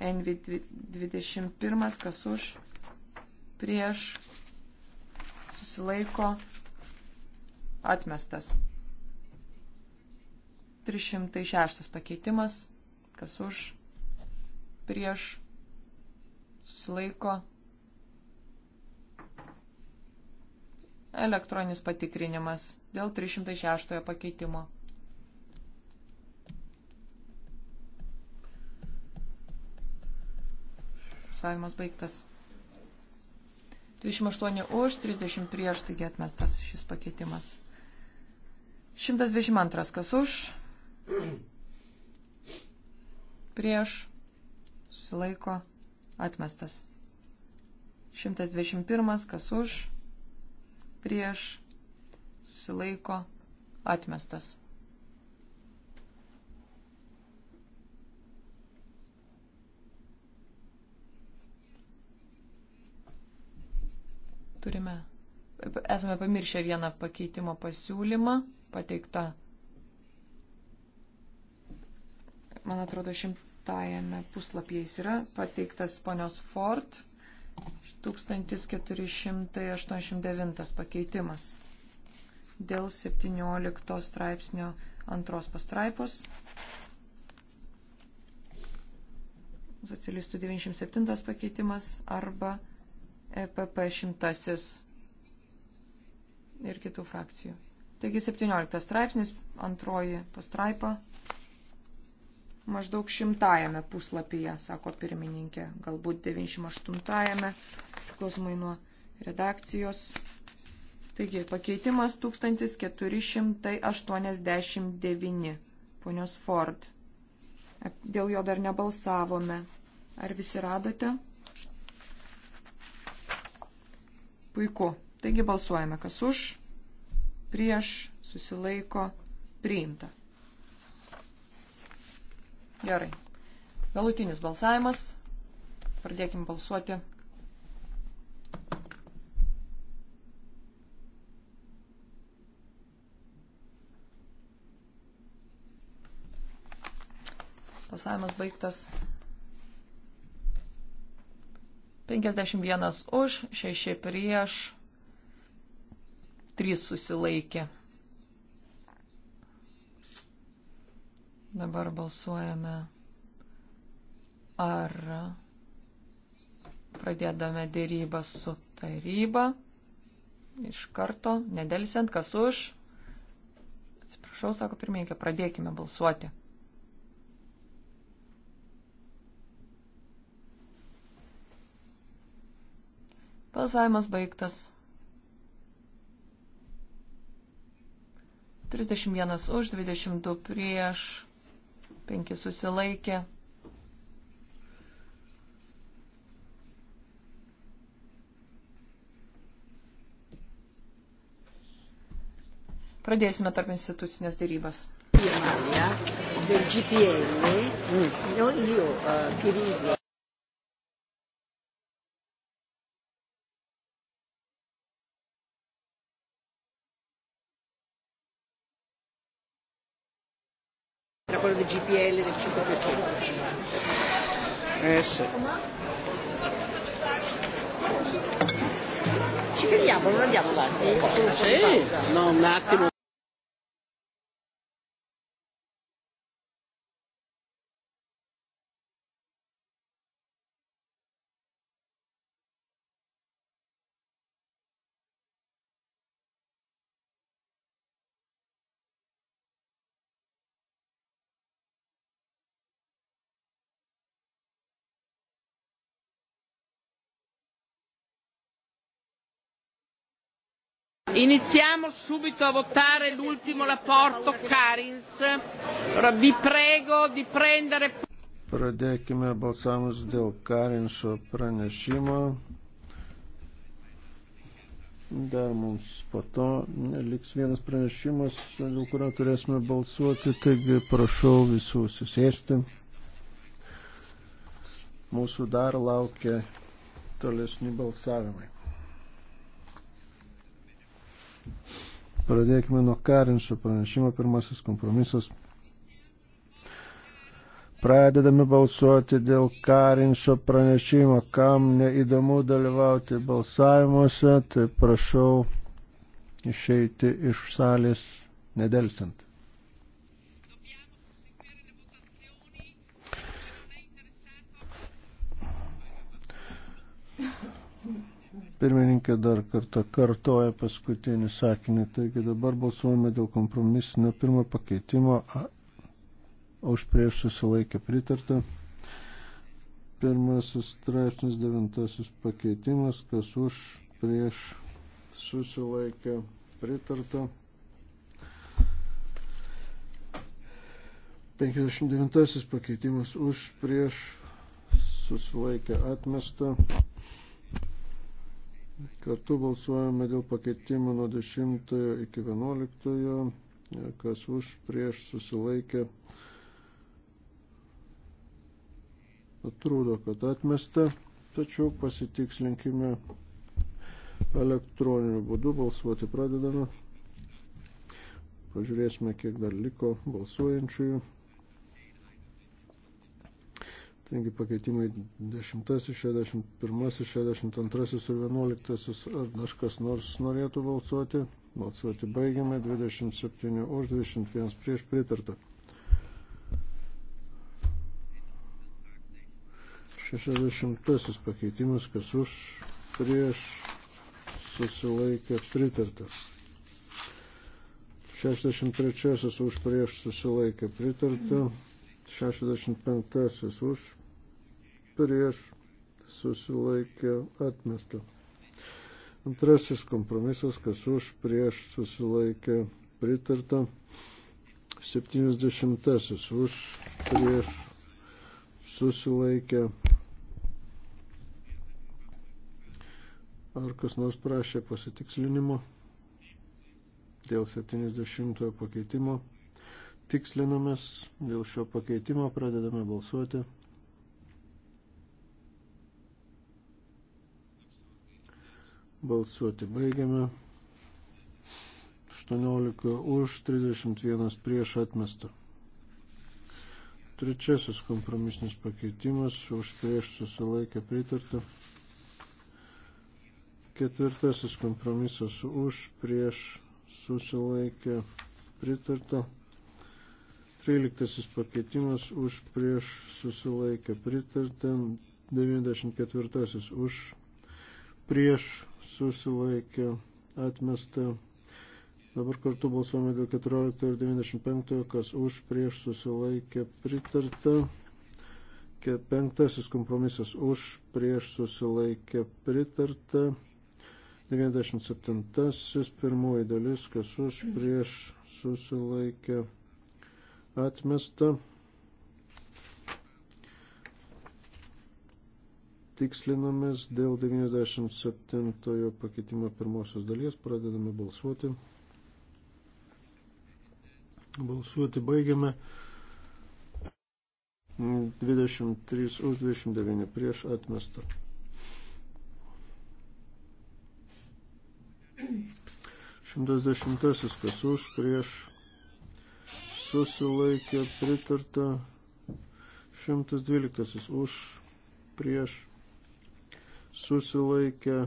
NV21, kas už, prieš susilaiko atmestas. 306 pakeitimas, kas už, prieš susilaiko elektroninis patikrinimas dėl 306 pakeitimo. Balsavimas baigtas. 28 už, 30 prieš, taigi atmestas šis pakeitimas. 122 kas už, prieš, susilaiko, atmestas. 121 kas už, prieš, susilaiko, atmestas. Turime, esame pamiršę vieną pakeitimo pasiūlymą pateiktą, man atrodo, šimtajame puslapyje jis yra pateiktas ponios Ford 1489 pakeitimas dėl 17 straipsnio antros pastraipos. Socialistų 97 pakeitimas arba EPP šimtasis ir kitų frakcijų. Taigi 17 straipsnis, antroji pastraipa, maždaug šimtajame puslapyje, sako pirmininkė, galbūt 98-ame, klausomai nuo redakcijos. Taigi pakeitimas 1489, ponios Ford. Dėl jo dar nebalsavome. Ar visi radote? Puiku. Taigi balsuojame, kas už, prieš, susilaiko, priimta. Gerai. Galutinis balsavimas. Pradėkim balsuoti. Balsavimas baigtas. 51 už, 6 prieš, 3 susilaikė. Dabar balsuojame ar pradedame dėrybą su taryba. Iš karto, nedelsiant, kas už. Atsiprašau, sako pirmininkė, pradėkime balsuoti. Balsavimas baigtas. 31 už, 22 prieš, 5 susilaikė. Pradėsime tarp institucinės dėrybas. Pirmąją dėl GPL, mm. io, uh, quello del GPL del 5%. E eh sì. Ci fermiamo, non andiamo avanti? Sì, no, un attimo. Iniziamo subito a votare l'ultimo rapporto Karins. Allora, vi prego di prendere. Pradėkime balsavimus dėl Karinso pranešimo. Dar mums po to liks vienas pranešimas, dėl kurio turėsime balsuoti, taigi prašau visų susėsti. Mūsų dar laukia tolesni balsavimai. Pradėkime nuo Karinčio pranešimo. Pirmasis kompromisas. Pradedame balsuoti dėl Karinčio pranešimo. Kam neįdomu dalyvauti balsavimuose, tai prašau išeiti iš salės nedelsant. Pirmininkė dar kartą kartoja paskutinį sakinį. Taigi dabar balsuojame dėl kompromisinio pirmo pakeitimo. O už prieš susilaikė pritarta. Pirmasis straipsnis, devintasis pakeitimas, kas už prieš susilaikė pritarta. 59 pakeitimas už prieš susilaikė atmestą. Kartu balsuojame dėl pakeitimų nuo 10 iki 11, kas už prieš susilaikė. Atrodo, kad atmesta, tačiau pasitikslinkime elektroniniu būdu balsuoti pradedame. Pažiūrėsime, kiek dar liko balsuojančiųjų. Taigi pakeitimai 10, 61, 62 ir 11. Ar dar kas nors norėtų balsuoti? Balsuoti baigiame. 27 už, 21 prieš pritarta. 60 pakeitimas, kas už, prieš susilaikė pritartas. 63 už prieš susilaikė pritarta, 65 už prieš susilaikė atmestą. Antrasis kompromisas, kas už prieš susilaikė pritarta. 70 už prieš susilaikė. Ar kas nors prašė pasitikslinimo dėl 70 pakeitimo? Tikslinamės dėl šio pakeitimo, pradedame balsuoti. Balsuoti baigiame. 18 už, 31 prieš atmestą. Trečiasis kompromisinis pakeitimas už prieš susilaikę pritartą. Ketvirtasis kompromisas už prieš susilaikę pritartą. Tryliktasis pakeitimas už prieš susilaikę pritartą. 94 už prieš susilaikė atmesta. Dabar kartu balsuojame dėl 14 ir 95, kas už prieš susilaikė pritarta. Penktasis kompromisas už prieš susilaikė pritarta. 97. Pirmoji dalis, kas už prieš susilaikė atmesta. tikslinamės dėl 97 pakeitimo pirmosios dalies, pradedame balsuoti. Balsuoti baigiame. 23 už 29 prieš atmestą. Šimtas dešimtasis, kas už, prieš susilaikė, pritarta. Šimtas dvyliktasis, už, prieš susilaikė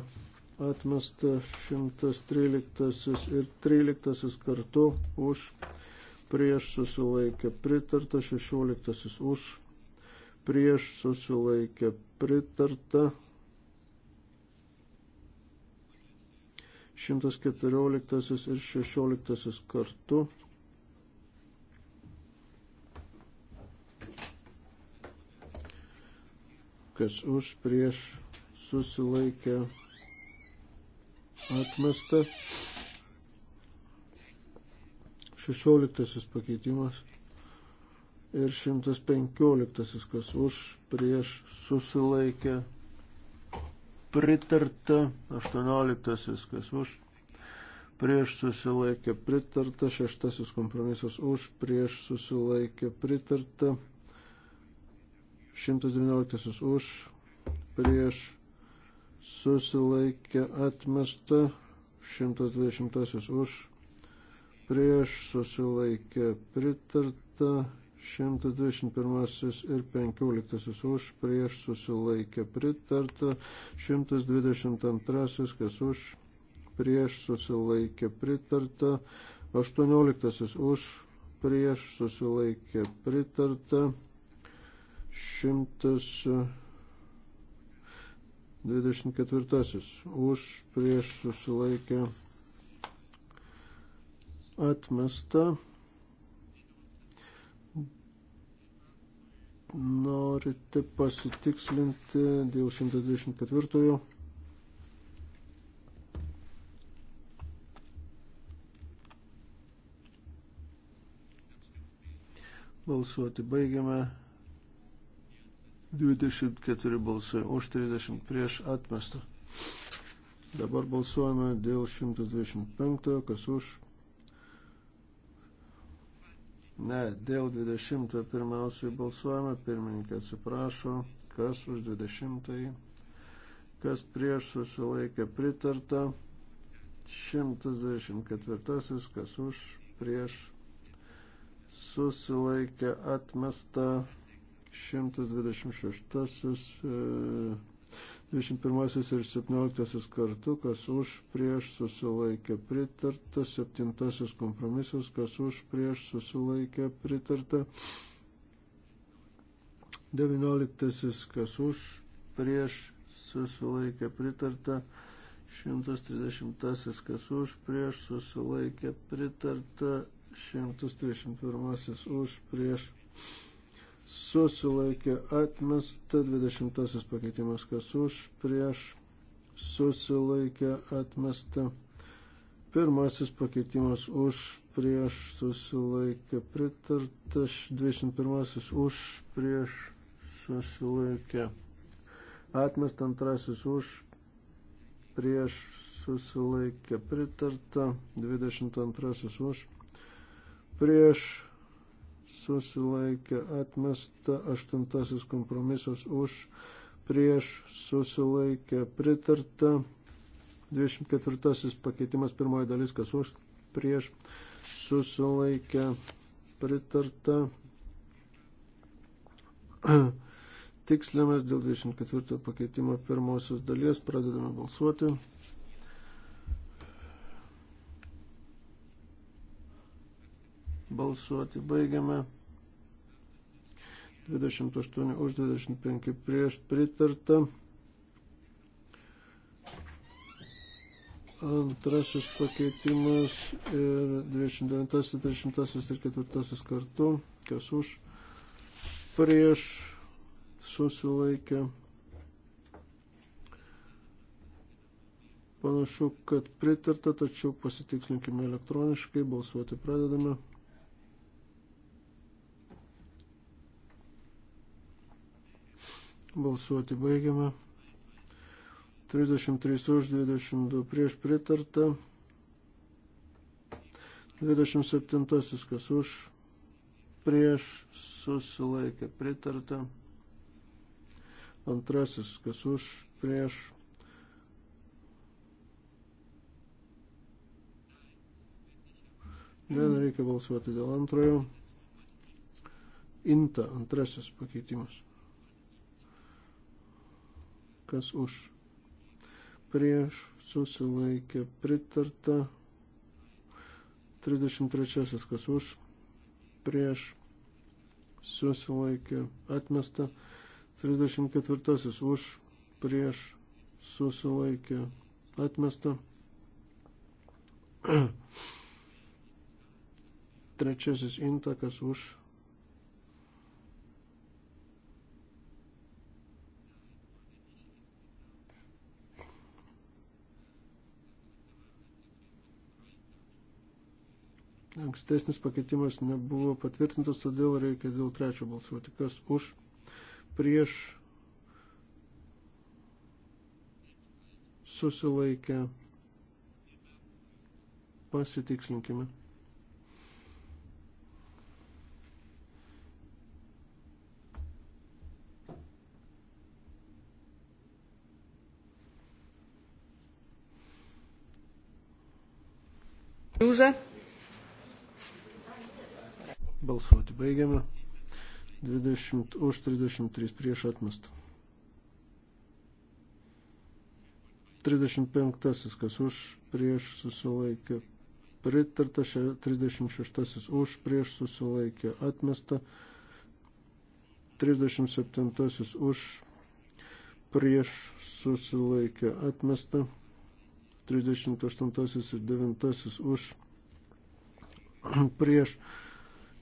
atmesta 113 ir 13 kartu už, prieš susilaikė pritarta 16 už, prieš susilaikė pritarta 114 ir 16 kartu. Kas už prieš susilaikė atmesta. 16 pakeitimas ir 115, kas už prieš susilaikė pritarta, 18, kas už prieš susilaikė pritarta, 6 kompromisas už prieš susilaikė pritarta, 119 už prieš susilaikė atmesta 120 už, prieš susilaikė pritarta 121 ir 15 už, prieš susilaikė pritarta 122, kas už, prieš susilaikė pritarta 18 už, prieš susilaikė pritarta 100. 24. Už prieš susilaikę atmesta. Norite pasitikslinti dėl 124. Balsuoti baigiame. 24 balsai už 30 prieš atmestą. Dabar balsuojame dėl 125, kas už. Ne, dėl 20 pirmiausiai balsuojame, pirmininkė atsiprašo, kas už 20, kas prieš susilaikė pritarta, 124, kas už prieš susilaikė atmestą. 126, 21 e, ir 17 kartu, kas už prieš susilaikė pritarta, 7 kompromisas, kas už prieš susilaikė pritarta, 19 kas už prieš susilaikė pritarta, 130 kas už prieš susilaikė pritarta, 131 už prieš susilaikė atmesta, 20 pakeitimas kas už, prieš susilaikė atmesta, pirmasis pakeitimas už, prieš susilaikė pritarta, 21 už, prieš susilaikė atmesta, antrasis už, prieš susilaikė pritarta, 22 už, prieš susilaikė atmesta, aštuntasis kompromisas už, prieš susilaikė pritarta, 24 pakeitimas pirmoji dalis, kas už, prieš susilaikė pritarta. Tiksliamės dėl 24 pakeitimo pirmosios dalies, pradedame balsuoti. Balsuoti baigiame. 28 už 25 prieš pritarta. Antrasis pakeitimas ir 29, 30 ir 4 kartu. Kas už? Prieš susilaikė. Panašu, kad pritarta, tačiau pasitikslinkime elektroniškai, balsuoti pradedame. Balsuoti baigiame. 33 už, 22 prieš pritarta. 27 kas už, prieš susilaikė pritarta. Antrasis kas už, prieš. Vien reikia balsuoti dėl antrojo. Inta antrasis pakeitimas kas už prieš susilaikė pritarta. 33 kas už prieš susilaikė atmesta. 34 už prieš susilaikė atmesta. *clears throat* Trečiasis intakas už ankstesnis pakeitimas nebuvo patvirtintas, todėl reikia dėl trečio balsuoti. Kas už, prieš, susilaikę, pasitikslinkime. Jūza. Balsuoti baigiame. 20 už 33 prieš atmestą. 35 kas už prieš susilaikė. Pritarta 36 už prieš susilaikė atmestą. 37 už prieš susilaikė atmestą. 38 ir 9 už *clears throat* prieš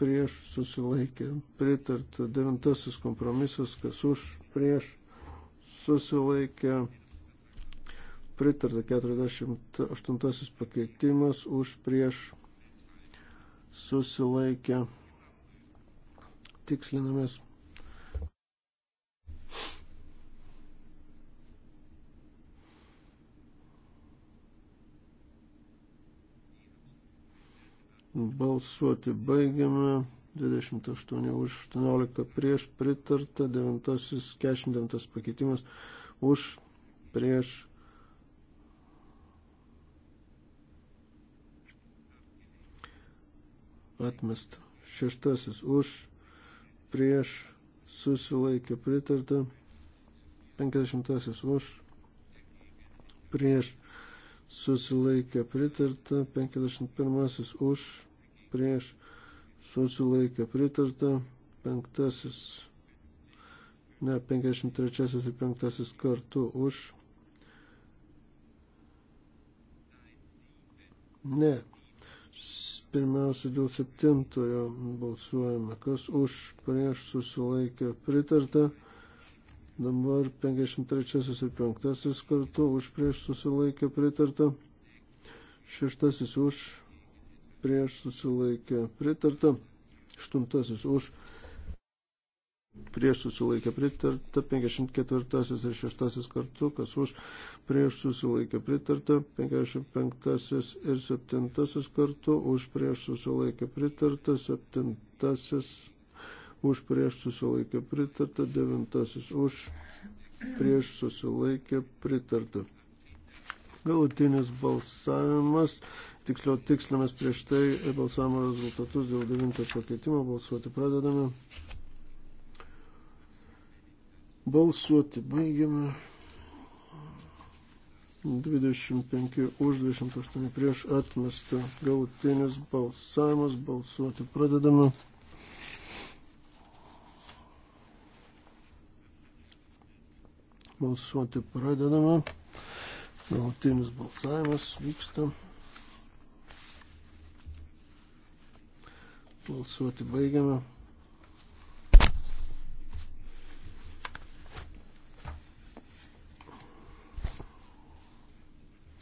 prieš susilaikė pritarta. Devintasis kompromisas, kas už prieš susilaikė pritarta. 48 pakeitimas už prieš susilaikė. Tikslinamės. Balsuoti baigiame. 28 už 18 prieš pritarta. 9, 49 pakeitimas už prieš. Atmesta. Šeštasis už prieš susilaikė pritarta. 50 už prieš susilaikė pritarta. 51 už prieš susilaikė pritarta, penktasis, ne, 53 ir penktasis kartu už. Ne, pirmiausia dėl septintojo balsuojame, kas už prieš susilaikė pritarta. Dabar 53 ir 5 kartu už prieš susilaikė pritarta. Šeštasis už prieš susilaikę pritarta, aštuntasis už, prieš susilaikę pritarta, 54 ir 6 kartu, kas už, prieš susilaikę pritarta, 55 ir 7 kartu, už prieš susilaikę pritarta, 7 už prieš susilaikę pritarta, 9 už prieš susilaikę pritarta. Galutinis balsavimas, tiksliau tiksliamės prieš tai balsavimo rezultatus dėl devinto pakeitimo. Balsuoti pradedame. Balsuoti baigiame. 25 už 28 prieš atmestą galutinis balsavimas. Balsuoti pradedame. Balsuoti pradedame. Galtinis balsavimas vyksta. Balsuoti baigiame.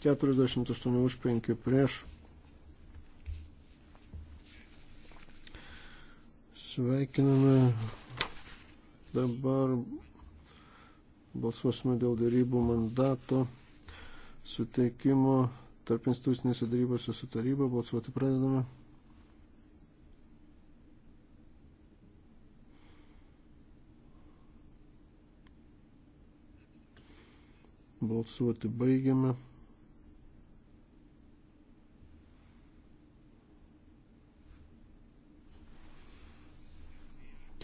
Keturiasdešimt aštuoni už penki prieš. Sveikiname. Dabar balsuosime dėl darybų mandato suteikimo tarp institucinėse darybose su taryba. Balsuoti pradedame. Balsuoti baigiame.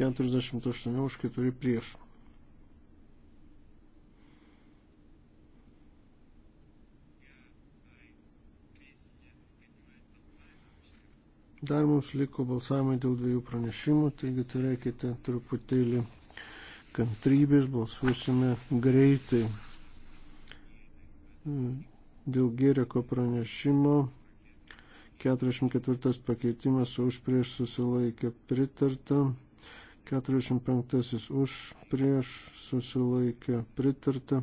Keturiasdešimt aštuoni už keturi prieš. Dar mums liko balsavimai dėl dviejų pranešimų, taigi turėkite truputėlį kantrybės, balsuosime greitai. Dėl Gereko pranešimo 44 pakeitimas už prieš susilaikė pritarta, 45 už prieš susilaikė pritarta,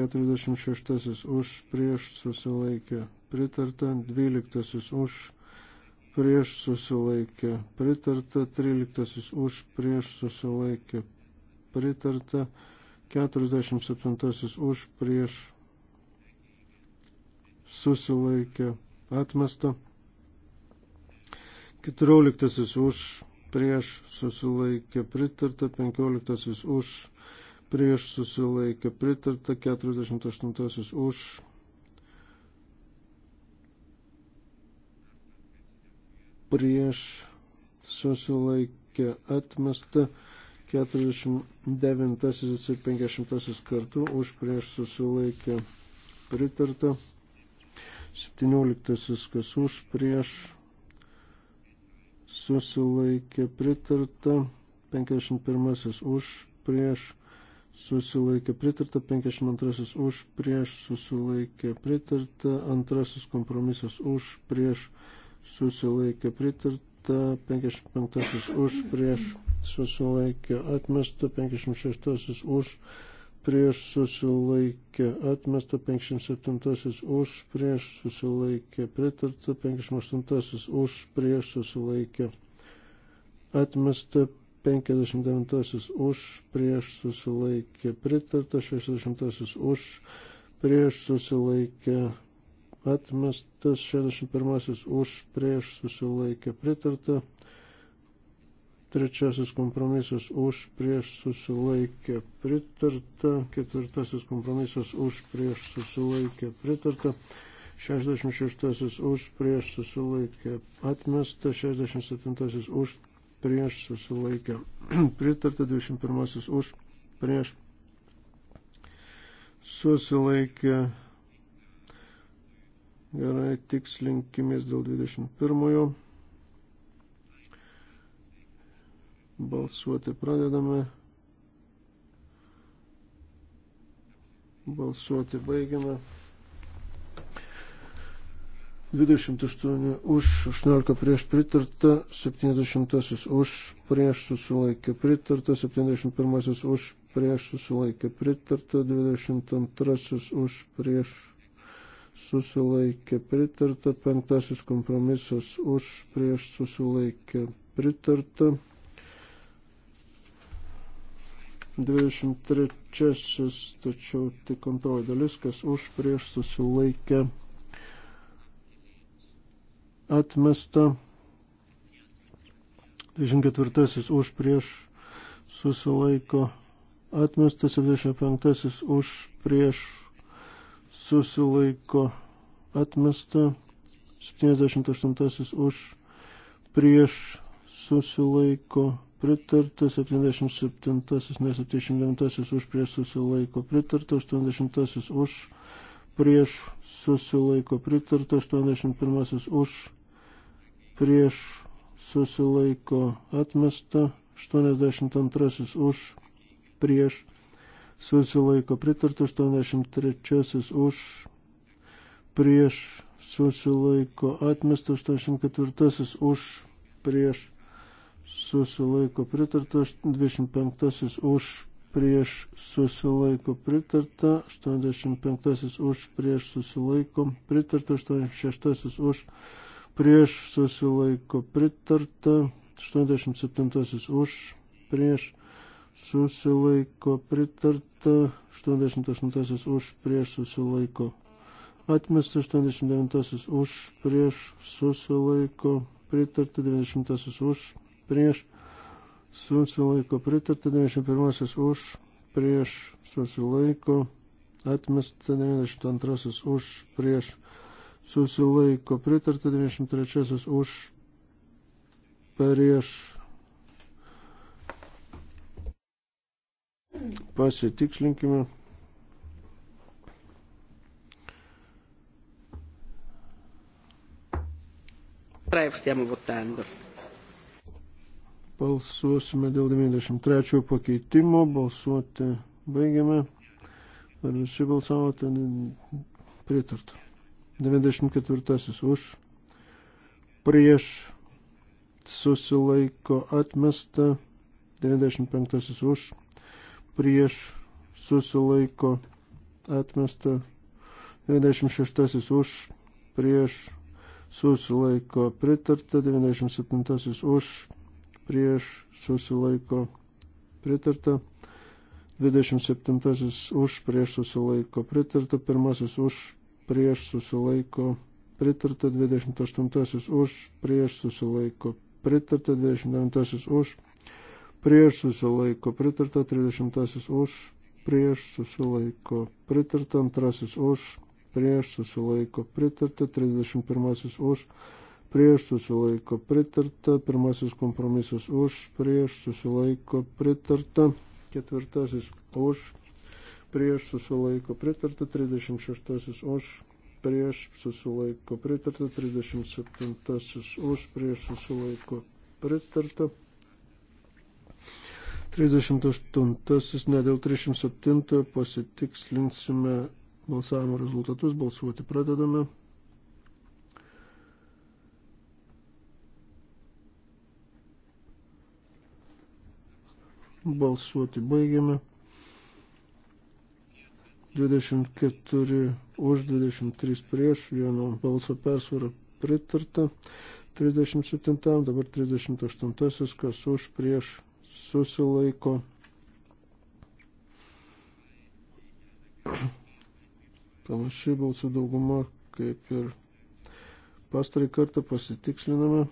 46 už prieš susilaikė pritarta, 12 už prieš prieš susilaikė pritarta, 13 už prieš susilaikė pritarta, 47 už prieš susilaikė atmesta, 14 už prieš susilaikė pritarta, 15 už prieš susilaikė pritarta, 48 už prieš susilaikė atmesta 49 ir 50 kartų už prieš susilaikė pritarta 17 kas už prieš susilaikė pritarta 51 už prieš susilaikė pritarta 52 už prieš susilaikė pritarta antrasis kompromisas už prieš susilaikė pritarta, 55 už prieš susilaikė atmesta, 56 už prieš susilaikė atmesta, 57 už prieš susilaikė pritarta, 58 už prieš susilaikė atmesta, 59 už prieš susilaikė pritarta, 60 už prieš susilaikė atmestas, 61 už prieš susilaikė pritarta, trečiasis kompromisas už prieš susilaikė pritarta, ketvirtasis kompromisas už prieš susilaikė pritarta. 66 už prieš susilaikė atmesta, 67 už prieš susilaikė *clears throat* pritarta, 21 už prieš susilaikė Gerai, tikslinkimės dėl 21-ojo. Balsuoti pradedame. Balsuoti baigiame. 28 už, 18 prieš pritarta, 70 už, prieš susilaikė pritarta, 71 už, prieš susilaikė pritarta, 22 už, prieš susilaikė pritarta, penktasis kompromisas už prieš susilaikė pritarta, 23, tačiau tik antroji dalis, kas už prieš susilaikė atmesta, 24 už prieš susilaiko atmestas, 75 už prieš susilaiko atmesta, 78 už prieš susilaiko pritarta, 77 nes 79 už prieš susilaiko pritarta, 80 už prieš susilaiko pritarta, 81 už prieš susilaiko atmesta, 82 už prieš susilaiko pritarta, 83 už, prieš susilaiko atmesta, 84 už, prieš susilaiko pritarta, 25 už, prieš susilaiko pritarta, 85 už, prieš susilaiko pritarta, 86 už, prieš susilaiko pritarta, 87 už, prieš susilaiko pritarta, 88 už prieš susilaiko atmesta, 89 už prieš susilaiko pritarta, 90 už prieš susilaiko pritarta, 91 už prieš susilaiko atmesta, 92 už prieš susilaiko pritarta, 93 už prieš pasitikslinkime. Stiamo votando. Balsuosime dėl 93 pakeitimo, balsuoti baigiame. Ar visi balsavote? Pritarta. 94 už. Prieš susilaiko atmesta. 95 už prieš susilaiko atmesta, 96 už prieš susilaiko pritarta, 97 už prieš susilaiko pritarta, 27 už prieš susilaiko pritarta, 1 už prieš susilaiko pritarta, 28 už prieš susilaiko pritarta, 29 už prieš susilaiko pritarta, 30 už, prieš susilaiko pritarta, antrasis už, prieš susilaiko pritarta, 31 už, prieš susilaiko pritarta, pirmasis kompromisas už, prieš susilaiko pritarta, ketvirtasis už, prieš susilaiko pritarta, 36 už, prieš susilaiko pritarta, 37 už, prieš susilaiko pritarta. 38, ne dėl 307 pasitikslinsime balsavimo rezultatus, balsuoti pradedame. Balsuoti baigiame. 24 už 23 prieš, vieno balso persvara pritarta. 37, dabar 38, kas už prieš susilaiko. Panaši balsų dauguma kaip ir pastarį kartą pasitiksliname.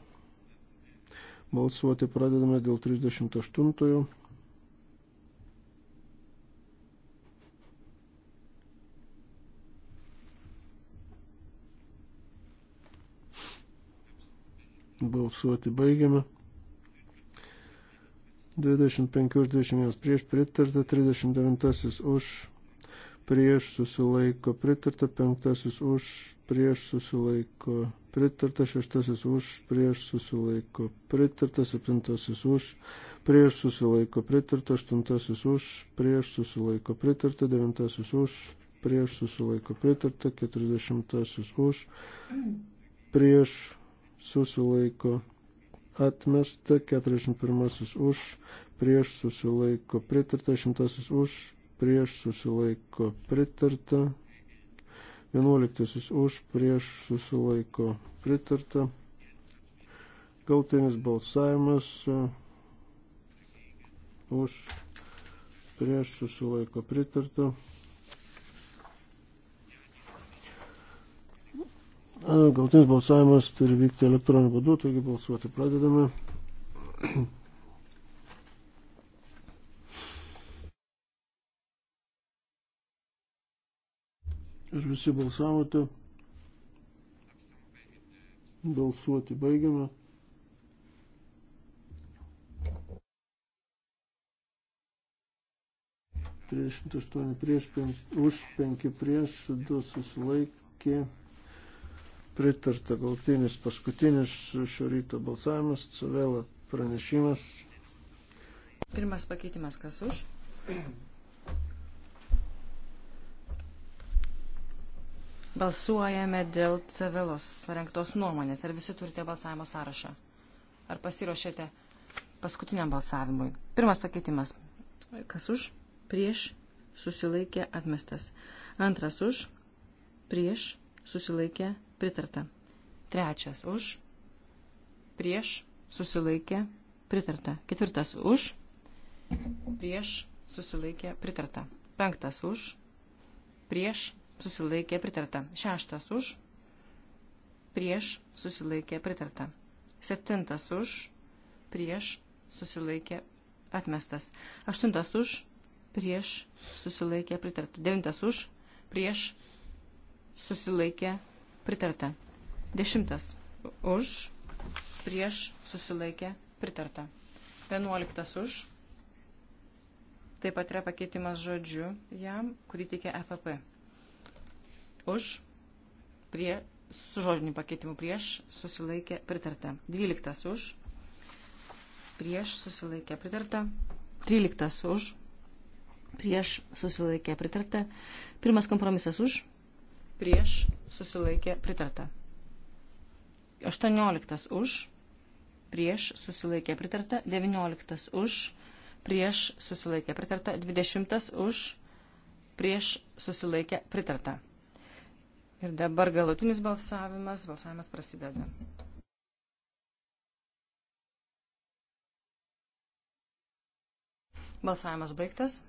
Balsuoti pradedame dėl 38. Balsuoti baigiame. 25 už 21 prieš pritarta, 39 už prieš susilaiko pritarta, 5 už prieš susilaiko pritarta, 6 už prieš susilaiko pritarta, 7 už prieš susilaiko pritarta, 8 už prieš susilaiko pritarta, 9 už prieš susilaiko pritarta, 40 už prieš susilaiko pritarta atmesta, 41 už, prieš susilaiko pritarta, 100 už, prieš susilaiko pritarta, 11 už, prieš susilaiko pritarta. Galtinis balsavimas už, prieš susilaiko pritarta. Galtinis balsavimas turi vykti elektroniniu būdu, taigi balsuoti pradedame. Ir visi balsavote. Balsuoti baigiame. Trisdešimt aštuoni prieš, penk, už penki prieš, du susilaikė pritarta galtinis paskutinis šio ryto balsavimas, Cavela pranešimas. Pirmas pakeitimas kas už? Balsuojame dėl Cavelos parengtos nuomonės. Ar visi turite balsavimo sąrašą? Ar pasiruošėte paskutiniam balsavimui? Pirmas pakeitimas. Kas už? Prieš susilaikė atmestas. Antras už? Prieš susilaikė atmestas pritarta. Trečias už, prieš, susilaikė, pritarta. Ketvirtas už, prieš, susilaikė, pritarta. Penktas už, prieš, susilaikė, pritarta. Šeštas už, prieš, susilaikė, pritarta. Septintas už, prieš, susilaikė, atmestas. Aštuntas už, prieš, susilaikė, pritarta. Devintas už, prieš, susilaikė, pritarta. Dešimtas už, prieš susilaikė pritarta. Vienuoliktas už. Taip pat yra pakeitimas žodžiu jam, kurį teikia FAP. Už, prie, su žodiniu pakeitimu prieš susilaikė pritarta. Dvyliktas už, prieš susilaikė pritarta. Tryliktas už, prieš susilaikė pritarta. Pirmas kompromisas už, prieš susilaikė pritarta. 18 už, prieš susilaikė pritarta, 19 už, prieš susilaikė pritarta, 20 už, prieš susilaikė pritarta. Ir dabar galutinis balsavimas, balsavimas prasideda. Balsavimas baigtas.